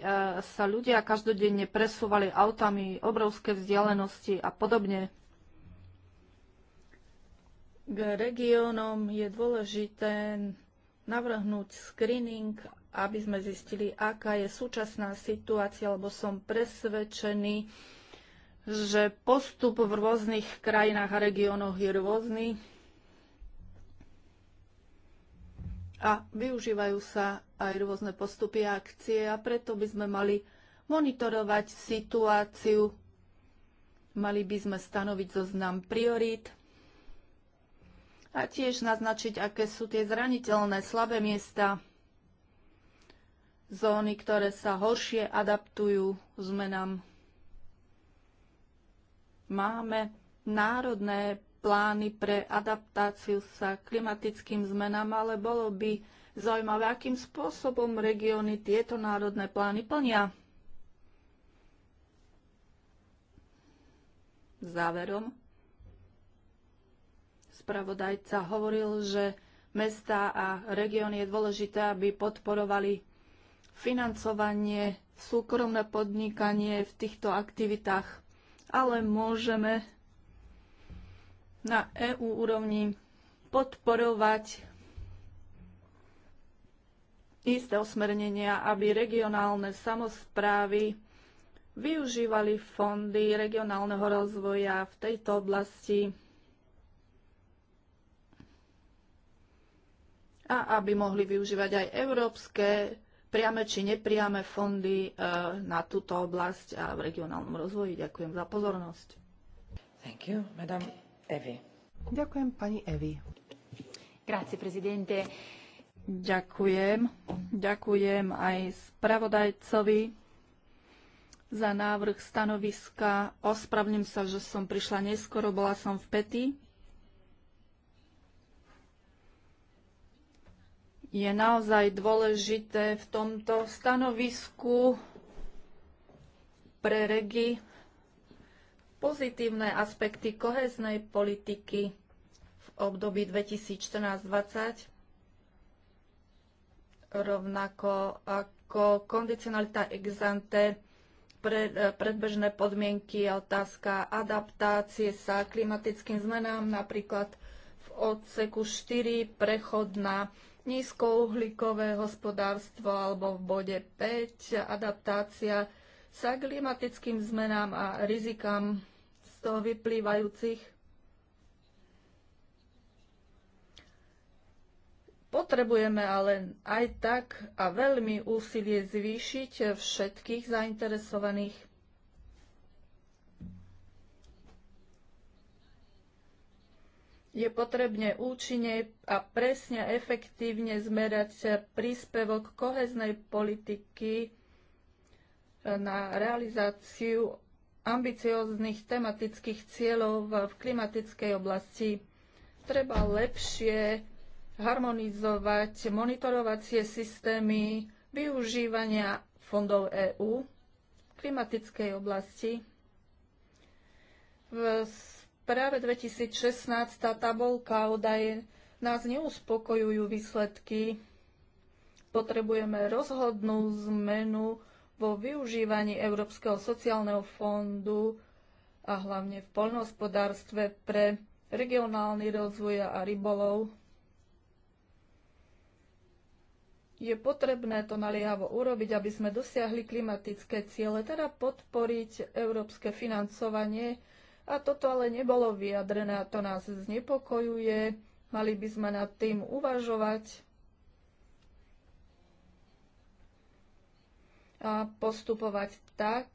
sa ľudia každodenne presúvali autami obrovské vzdialenosti a podobne. K regiónom je dôležité navrhnúť screening, aby sme zistili, aká je súčasná situácia, lebo som presvedčený, že postup v rôznych krajinách a regiónoch je rôzny a využívajú sa aj rôzne postupy a akcie a preto by sme mali monitorovať situáciu, mali by sme stanoviť zoznam priorít a tiež naznačiť, aké sú tie zraniteľné, slabé miesta, zóny, ktoré sa horšie adaptujú zmenám Máme národné plány pre adaptáciu sa klimatickým zmenám, ale bolo by zaujímavé, akým spôsobom regióny tieto národné plány plnia. Záverom. Spravodajca hovoril, že mesta a regióny je dôležité, aby podporovali financovanie, súkromné podnikanie v týchto aktivitách ale môžeme na EU úrovni podporovať isté osmernenia, aby regionálne samozprávy využívali fondy regionálneho rozvoja v tejto oblasti a aby mohli využívať aj európske priame či nepriame fondy e, na túto oblasť a v regionálnom rozvoji. Ďakujem za pozornosť. Thank you, Madam Evi. Ďakujem, pani Evi. Grazie, prezidente. Ďakujem. Ďakujem aj spravodajcovi za návrh stanoviska. Ospravním sa, že som prišla neskoro, bola som v Peti. je naozaj dôležité v tomto stanovisku pre regi pozitívne aspekty koheznej politiky v období 2014-2020, rovnako ako kondicionalita ex ante, eh, predbežné podmienky a otázka adaptácie sa klimatickým zmenám, napríklad v odseku 4 prechod na nízkouhlíkové hospodárstvo alebo v bode 5 adaptácia sa klimatickým zmenám a rizikám z toho vyplývajúcich. Potrebujeme ale aj tak a veľmi úsilie zvýšiť všetkých zainteresovaných je potrebné účinne a presne a efektívne zmerať príspevok koheznej politiky e, na realizáciu ambicióznych tematických cieľov v klimatickej oblasti. Treba lepšie harmonizovať monitorovacie systémy využívania fondov EÚ v klimatickej oblasti v práve 2016 tá tabulka údaje nás neuspokojujú výsledky. Potrebujeme rozhodnú zmenu vo využívaní Európskeho sociálneho fondu a hlavne v poľnohospodárstve pre regionálny rozvoj a rybolov. Je potrebné to naliehavo urobiť, aby sme dosiahli klimatické ciele, teda podporiť európske financovanie a toto ale nebolo vyjadrené a to nás znepokojuje. Mali by sme nad tým uvažovať a postupovať tak,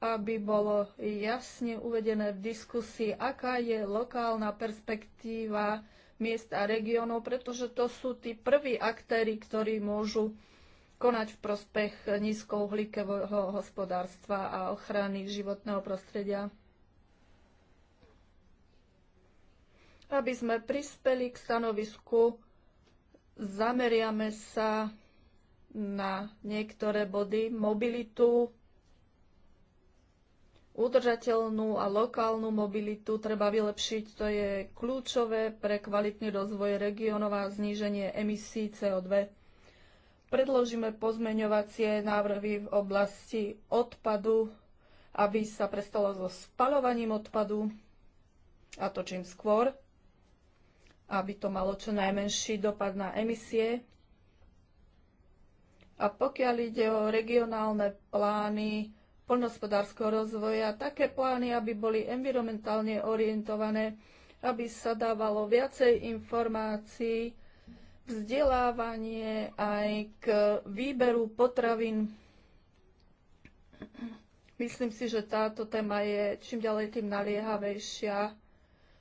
aby bolo jasne uvedené v diskusii, aká je lokálna perspektíva miest a regiónov, pretože to sú tí prví aktéry, ktorí môžu konať v prospech nízkouhlíkového hospodárstva a ochrany životného prostredia. aby sme prispeli k stanovisku. Zameriame sa na niektoré body, mobilitu, udržateľnú a lokálnu mobilitu treba vylepšiť. To je kľúčové pre kvalitný rozvoj regionov a zníženie emisí CO2. Predložíme pozmeňovacie návrhy v oblasti odpadu, aby sa prestalo so spalovaním odpadu, a to čím skôr aby to malo čo najmenší dopad na emisie. A pokiaľ ide o regionálne plány poľnohospodárskeho rozvoja, také plány, aby boli environmentálne orientované, aby sa dávalo viacej informácií, vzdelávanie aj k výberu potravín. Myslím si, že táto téma je čím ďalej tým naliehavejšia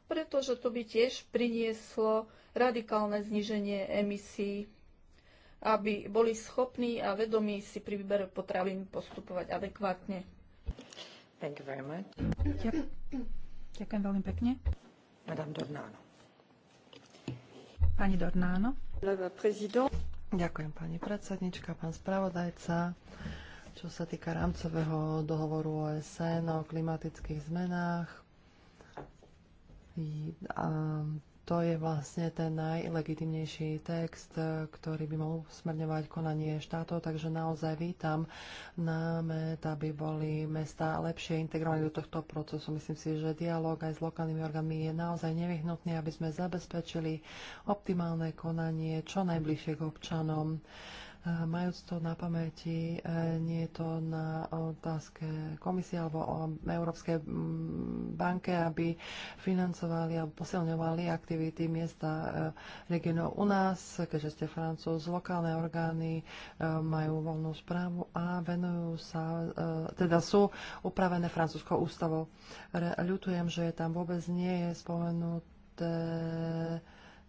pretože to by tiež prinieslo radikálne zníženie emisí, aby boli schopní a vedomí si pri výbere potravín postupovať adekvátne. Thank you very much. Ďakujem veľmi pekne. Madame Dornano. Pani Dornano. Ďakujem, pani predsednička, pán spravodajca. Čo sa týka rámcového dohovoru OSN o klimatických zmenách, a to je vlastne ten najlegitimnejší text, ktorý by mohol smerňovať konanie štátov, takže naozaj vítam námet, aby boli mesta lepšie integrované do tohto procesu. Myslím si, že dialog aj s lokálnymi orgánmi je naozaj nevyhnutný, aby sme zabezpečili optimálne konanie čo najbližšie k občanom E, majúc to na pamäti, e, nie je to na otázke komisie alebo o Európskej banke, aby financovali alebo posilňovali aktivity miesta e, regionov u nás, keďže ste francúz, lokálne orgány majú voľnú správu a venujú sa, teda sú upravené francúzskou ústavou. Ľutujem, že tam vôbec nie je spomenuté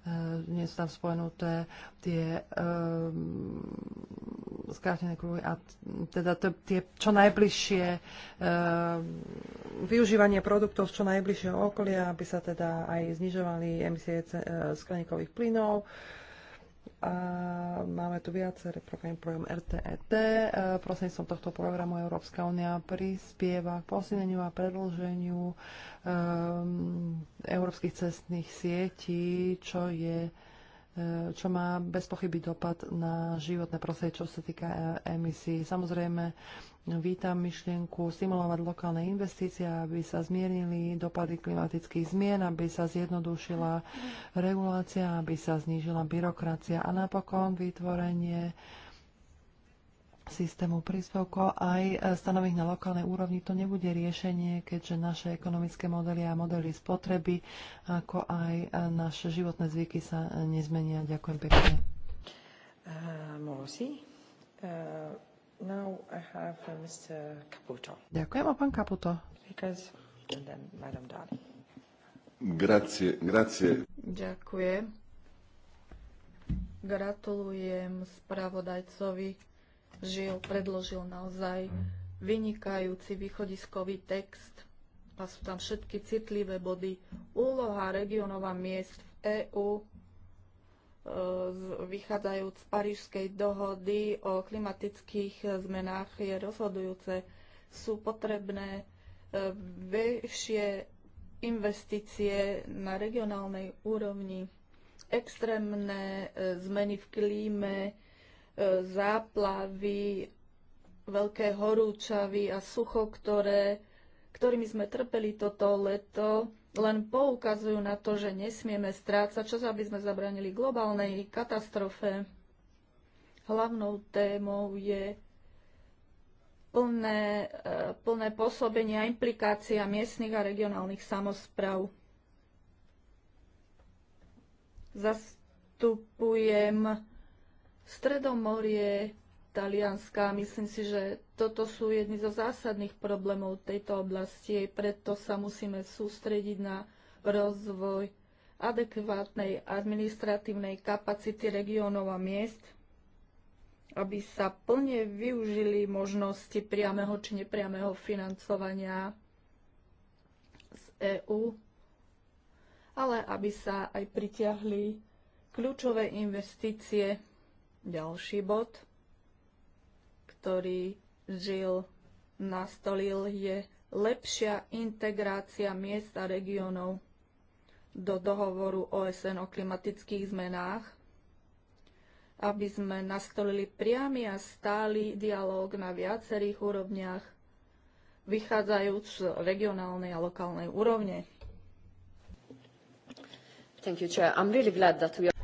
Eh, nie sú tam spojenuté tie uh, skrátené kruhy a teda tie čo najbližšie uh, využívanie produktov z čo najbližšieho okolia, aby sa teda aj znižovali emisie eh, skleníkových plynov. Uh, a máme tu viaceré programy, program RTET. E, Prosím som tohto programu Európska únia prispieva k posilneniu a predlženiu um, e, európskych cestných sietí, čo je E, čo má bez pochyby dopad na životné prostredie, čo sa týka e, emisí. Samozrejme, vítam myšlienku stimulovať lokálne investície, aby sa zmiernili dopady klimatických zmien, aby sa zjednodušila regulácia, aby sa znížila byrokracia a napokon vytvorenie systému príspevkov aj e, stanoviť na lokálnej úrovni. To nebude riešenie, keďže naše ekonomické modely a modely spotreby, ako aj e, naše životné zvyky sa nezmenia. Ďakujem pekne. Uh, uh, uh, Ďakujem a pán Caputo. grazie, grazie. Ďakujem. Gratulujem spravodajcovi Žil predložil naozaj mhm. vynikajúci východiskový text a sú tam všetky citlivé body. Úloha regionová miest v EÚ e, vychádzajúc z Parížskej dohody o klimatických zmenách je rozhodujúce. Sú potrebné e, väčšie investície na regionálnej úrovni, extrémne e, zmeny v klíme, E, záplavy, veľké horúčavy a sucho, ktoré, ktorými sme trpeli toto leto, len poukazujú na to, že nesmieme strácať čas, aby sme zabranili globálnej katastrofe. Hlavnou témou je plné, e, plné pôsobenie a implikácia miestnych a regionálnych samozpráv. Zastupujem Stredomorie Talianska, myslím si, že toto sú jedni zo zásadných problémov tejto oblasti, preto sa musíme sústrediť na rozvoj adekvátnej administratívnej kapacity regiónov a miest, aby sa plne využili možnosti priameho či nepriameho financovania z EÚ, ale aby sa aj pritiahli kľúčové investície ďalší bod, ktorý žil nastolil, je lepšia integrácia miest a regiónov do dohovoru OSN o klimatických zmenách, aby sme nastolili priamy a stály dialog na viacerých úrovniach, vychádzajúc z regionálnej a lokálnej úrovne. Thank you, Chair. I'm really glad that we are...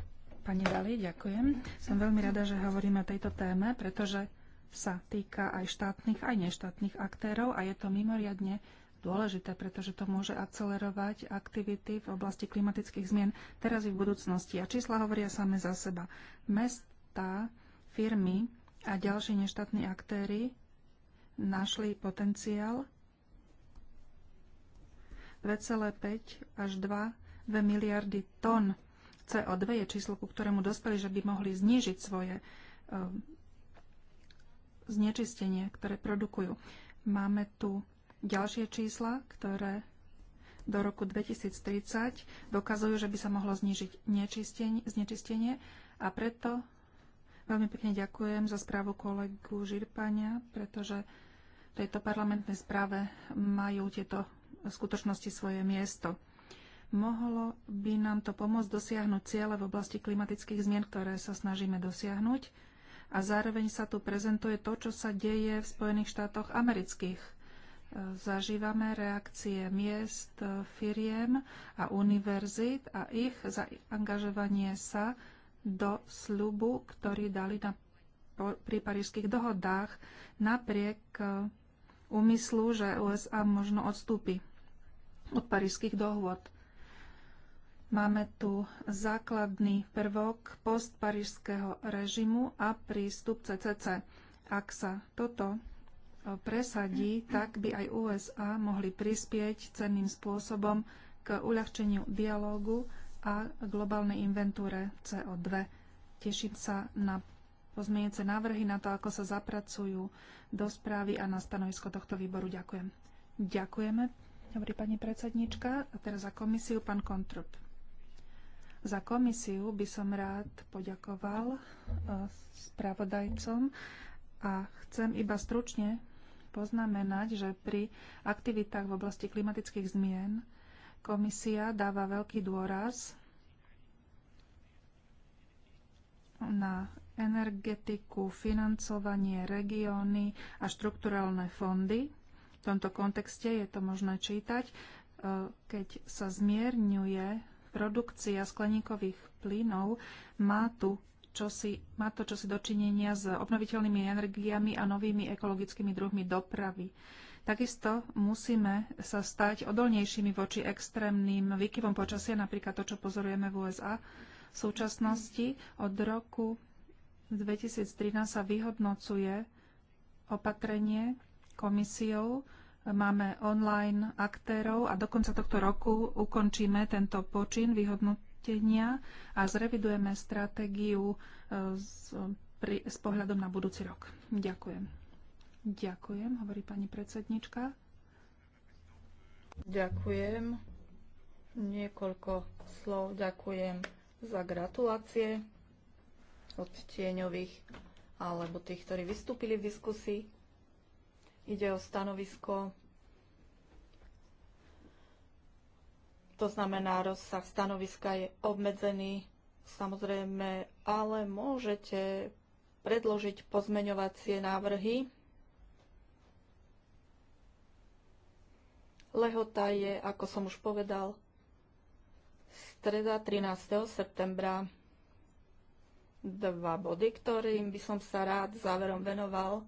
Pani Dali, ďakujem. Som veľmi rada, že hovoríme o tejto téme, pretože sa týka aj štátnych, aj neštátnych aktérov a je to mimoriadne dôležité, pretože to môže akcelerovať aktivity v oblasti klimatických zmien teraz i v budúcnosti. A čísla hovoria same za seba. Mesta, firmy a ďalší neštátni aktéry našli potenciál 2,5 až 2, 2 miliardy tón CO2 je číslo, ku ktorému dospeli, že by mohli znížiť svoje ehm, znečistenie, ktoré produkujú. Máme tu ďalšie čísla, ktoré do roku 2030 dokazujú, že by sa mohlo znižiť znečistenie a preto veľmi pekne ďakujem za správu kolegu Žirpania, pretože v tejto parlamentnej správe majú tieto skutočnosti svoje miesto. Mohlo by nám to pomôcť dosiahnuť ciele v oblasti klimatických zmien, ktoré sa snažíme dosiahnuť. A zároveň sa tu prezentuje to, čo sa deje v Spojených štátoch amerických. Zažívame reakcie miest, firiem a univerzit a ich zaangažovanie sa do slubu, ktorý dali na, pri parížských dohodách napriek e, úmyslu, že USA možno odstúpi od parížských dohôd. Máme tu základný prvok postparížského režimu a prístup CCC. Ak sa toto e, presadí, tak by aj USA mohli prispieť cenným spôsobom k uľahčeniu dialógu a globálnej inventúre CO2. Teším sa na pozmienice návrhy, na to, ako sa zapracujú do správy a na stanovisko tohto výboru. Ďakujem. Ďakujeme, hovorí pani predsednička. A teraz za komisiu pán Kontrup. Za komisiu by som rád poďakoval e, spravodajcom a chcem iba stručne poznamenať, že pri aktivitách v oblasti klimatických zmien komisia dáva veľký dôraz na energetiku, financovanie, regióny a štrukturálne fondy. V tomto kontexte je to možné čítať, e, keď sa zmierňuje produkcia skleníkových plynov má tu čosi, má to čosi dočinenia s obnoviteľnými energiami a novými ekologickými druhmi dopravy. Takisto musíme sa stať odolnejšími voči extrémnym výkyvom počasia, napríklad to, čo pozorujeme v USA v súčasnosti. Od roku 2013 sa vyhodnocuje opatrenie komisiou Máme online aktérov a do konca tohto roku ukončíme tento počin vyhodnotenia a zrevidujeme stratégiu s, e, pri, s pohľadom na budúci rok. Ďakujem. Ďakujem, hovorí pani predsednička. Ďakujem. Niekoľko slov ďakujem za gratulácie od tieňových alebo tých, ktorí vystúpili v diskusii. Ide o stanovisko, to znamená, rozsah stanoviska je obmedzený, samozrejme, ale môžete predložiť pozmeňovacie návrhy. Lehota je, ako som už povedal, streda 13. septembra. Dva body, ktorým by som sa rád záverom venoval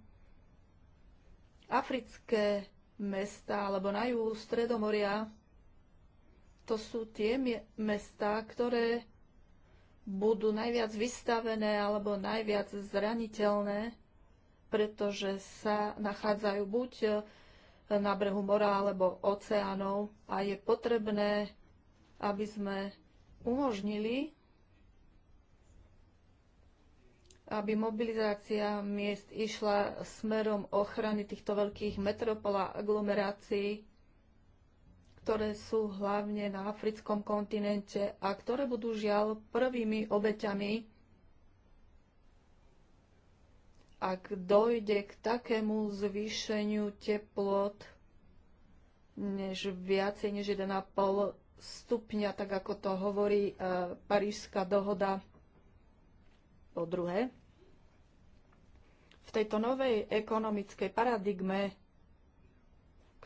africké mesta alebo na juhu Stredomoria, to sú tie mesta, ktoré budú najviac vystavené alebo najviac zraniteľné, pretože sa nachádzajú buď e, na brehu mora alebo oceánov a je potrebné, aby sme umožnili aby mobilizácia miest išla smerom ochrany týchto veľkých metropol a aglomerácií, ktoré sú hlavne na africkom kontinente a ktoré budú žiaľ prvými obeťami, ak dojde k takému zvýšeniu teplot než viacej než 1,5 stupňa, tak ako to hovorí e, Parížská dohoda. Po druhé, v tejto novej ekonomickej paradigme,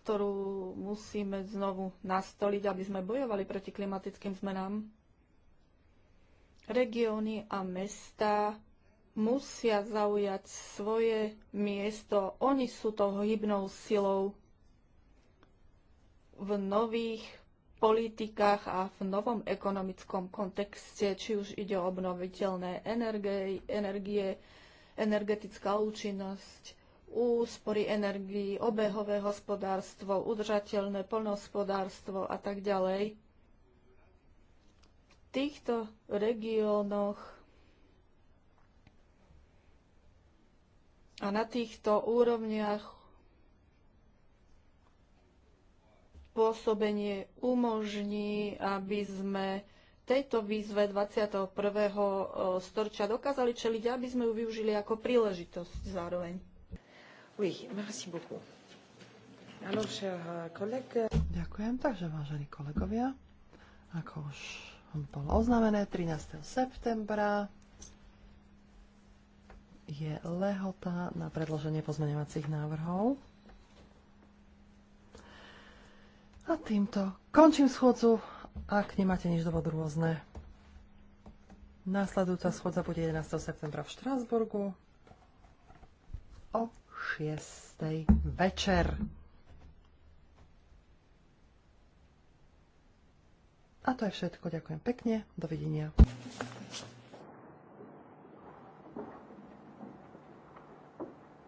ktorú musíme znovu nastoliť, aby sme bojovali proti klimatickým zmenám, regióny a mesta musia zaujať svoje miesto. Oni sú to hybnou silou v nových politikách a v novom ekonomickom kontexte, či už ide o obnoviteľné energie, energie energetická účinnosť, úspory energií, obehové hospodárstvo, udržateľné poľnohospodárstvo a tak ďalej. V týchto regiónoch a na týchto úrovniach pôsobenie umožní, aby sme tejto výzve 21. storčia dokázali čeliť, aby sme ju využili ako príležitosť zároveň. Oui, merci beaucoup. Alors, cher euh, collègue... Ďakujem, takže vážení kolegovia, ako už bolo oznámené, 13. septembra je lehota na predloženie pozmeňovacích návrhov. A týmto končím schôdzu. Ak nemáte nič dôvod rôzne, následujúca schodza bude 11. septembra v Štrásburgu o 6. večer. A to je všetko. Ďakujem pekne. Dovidenia.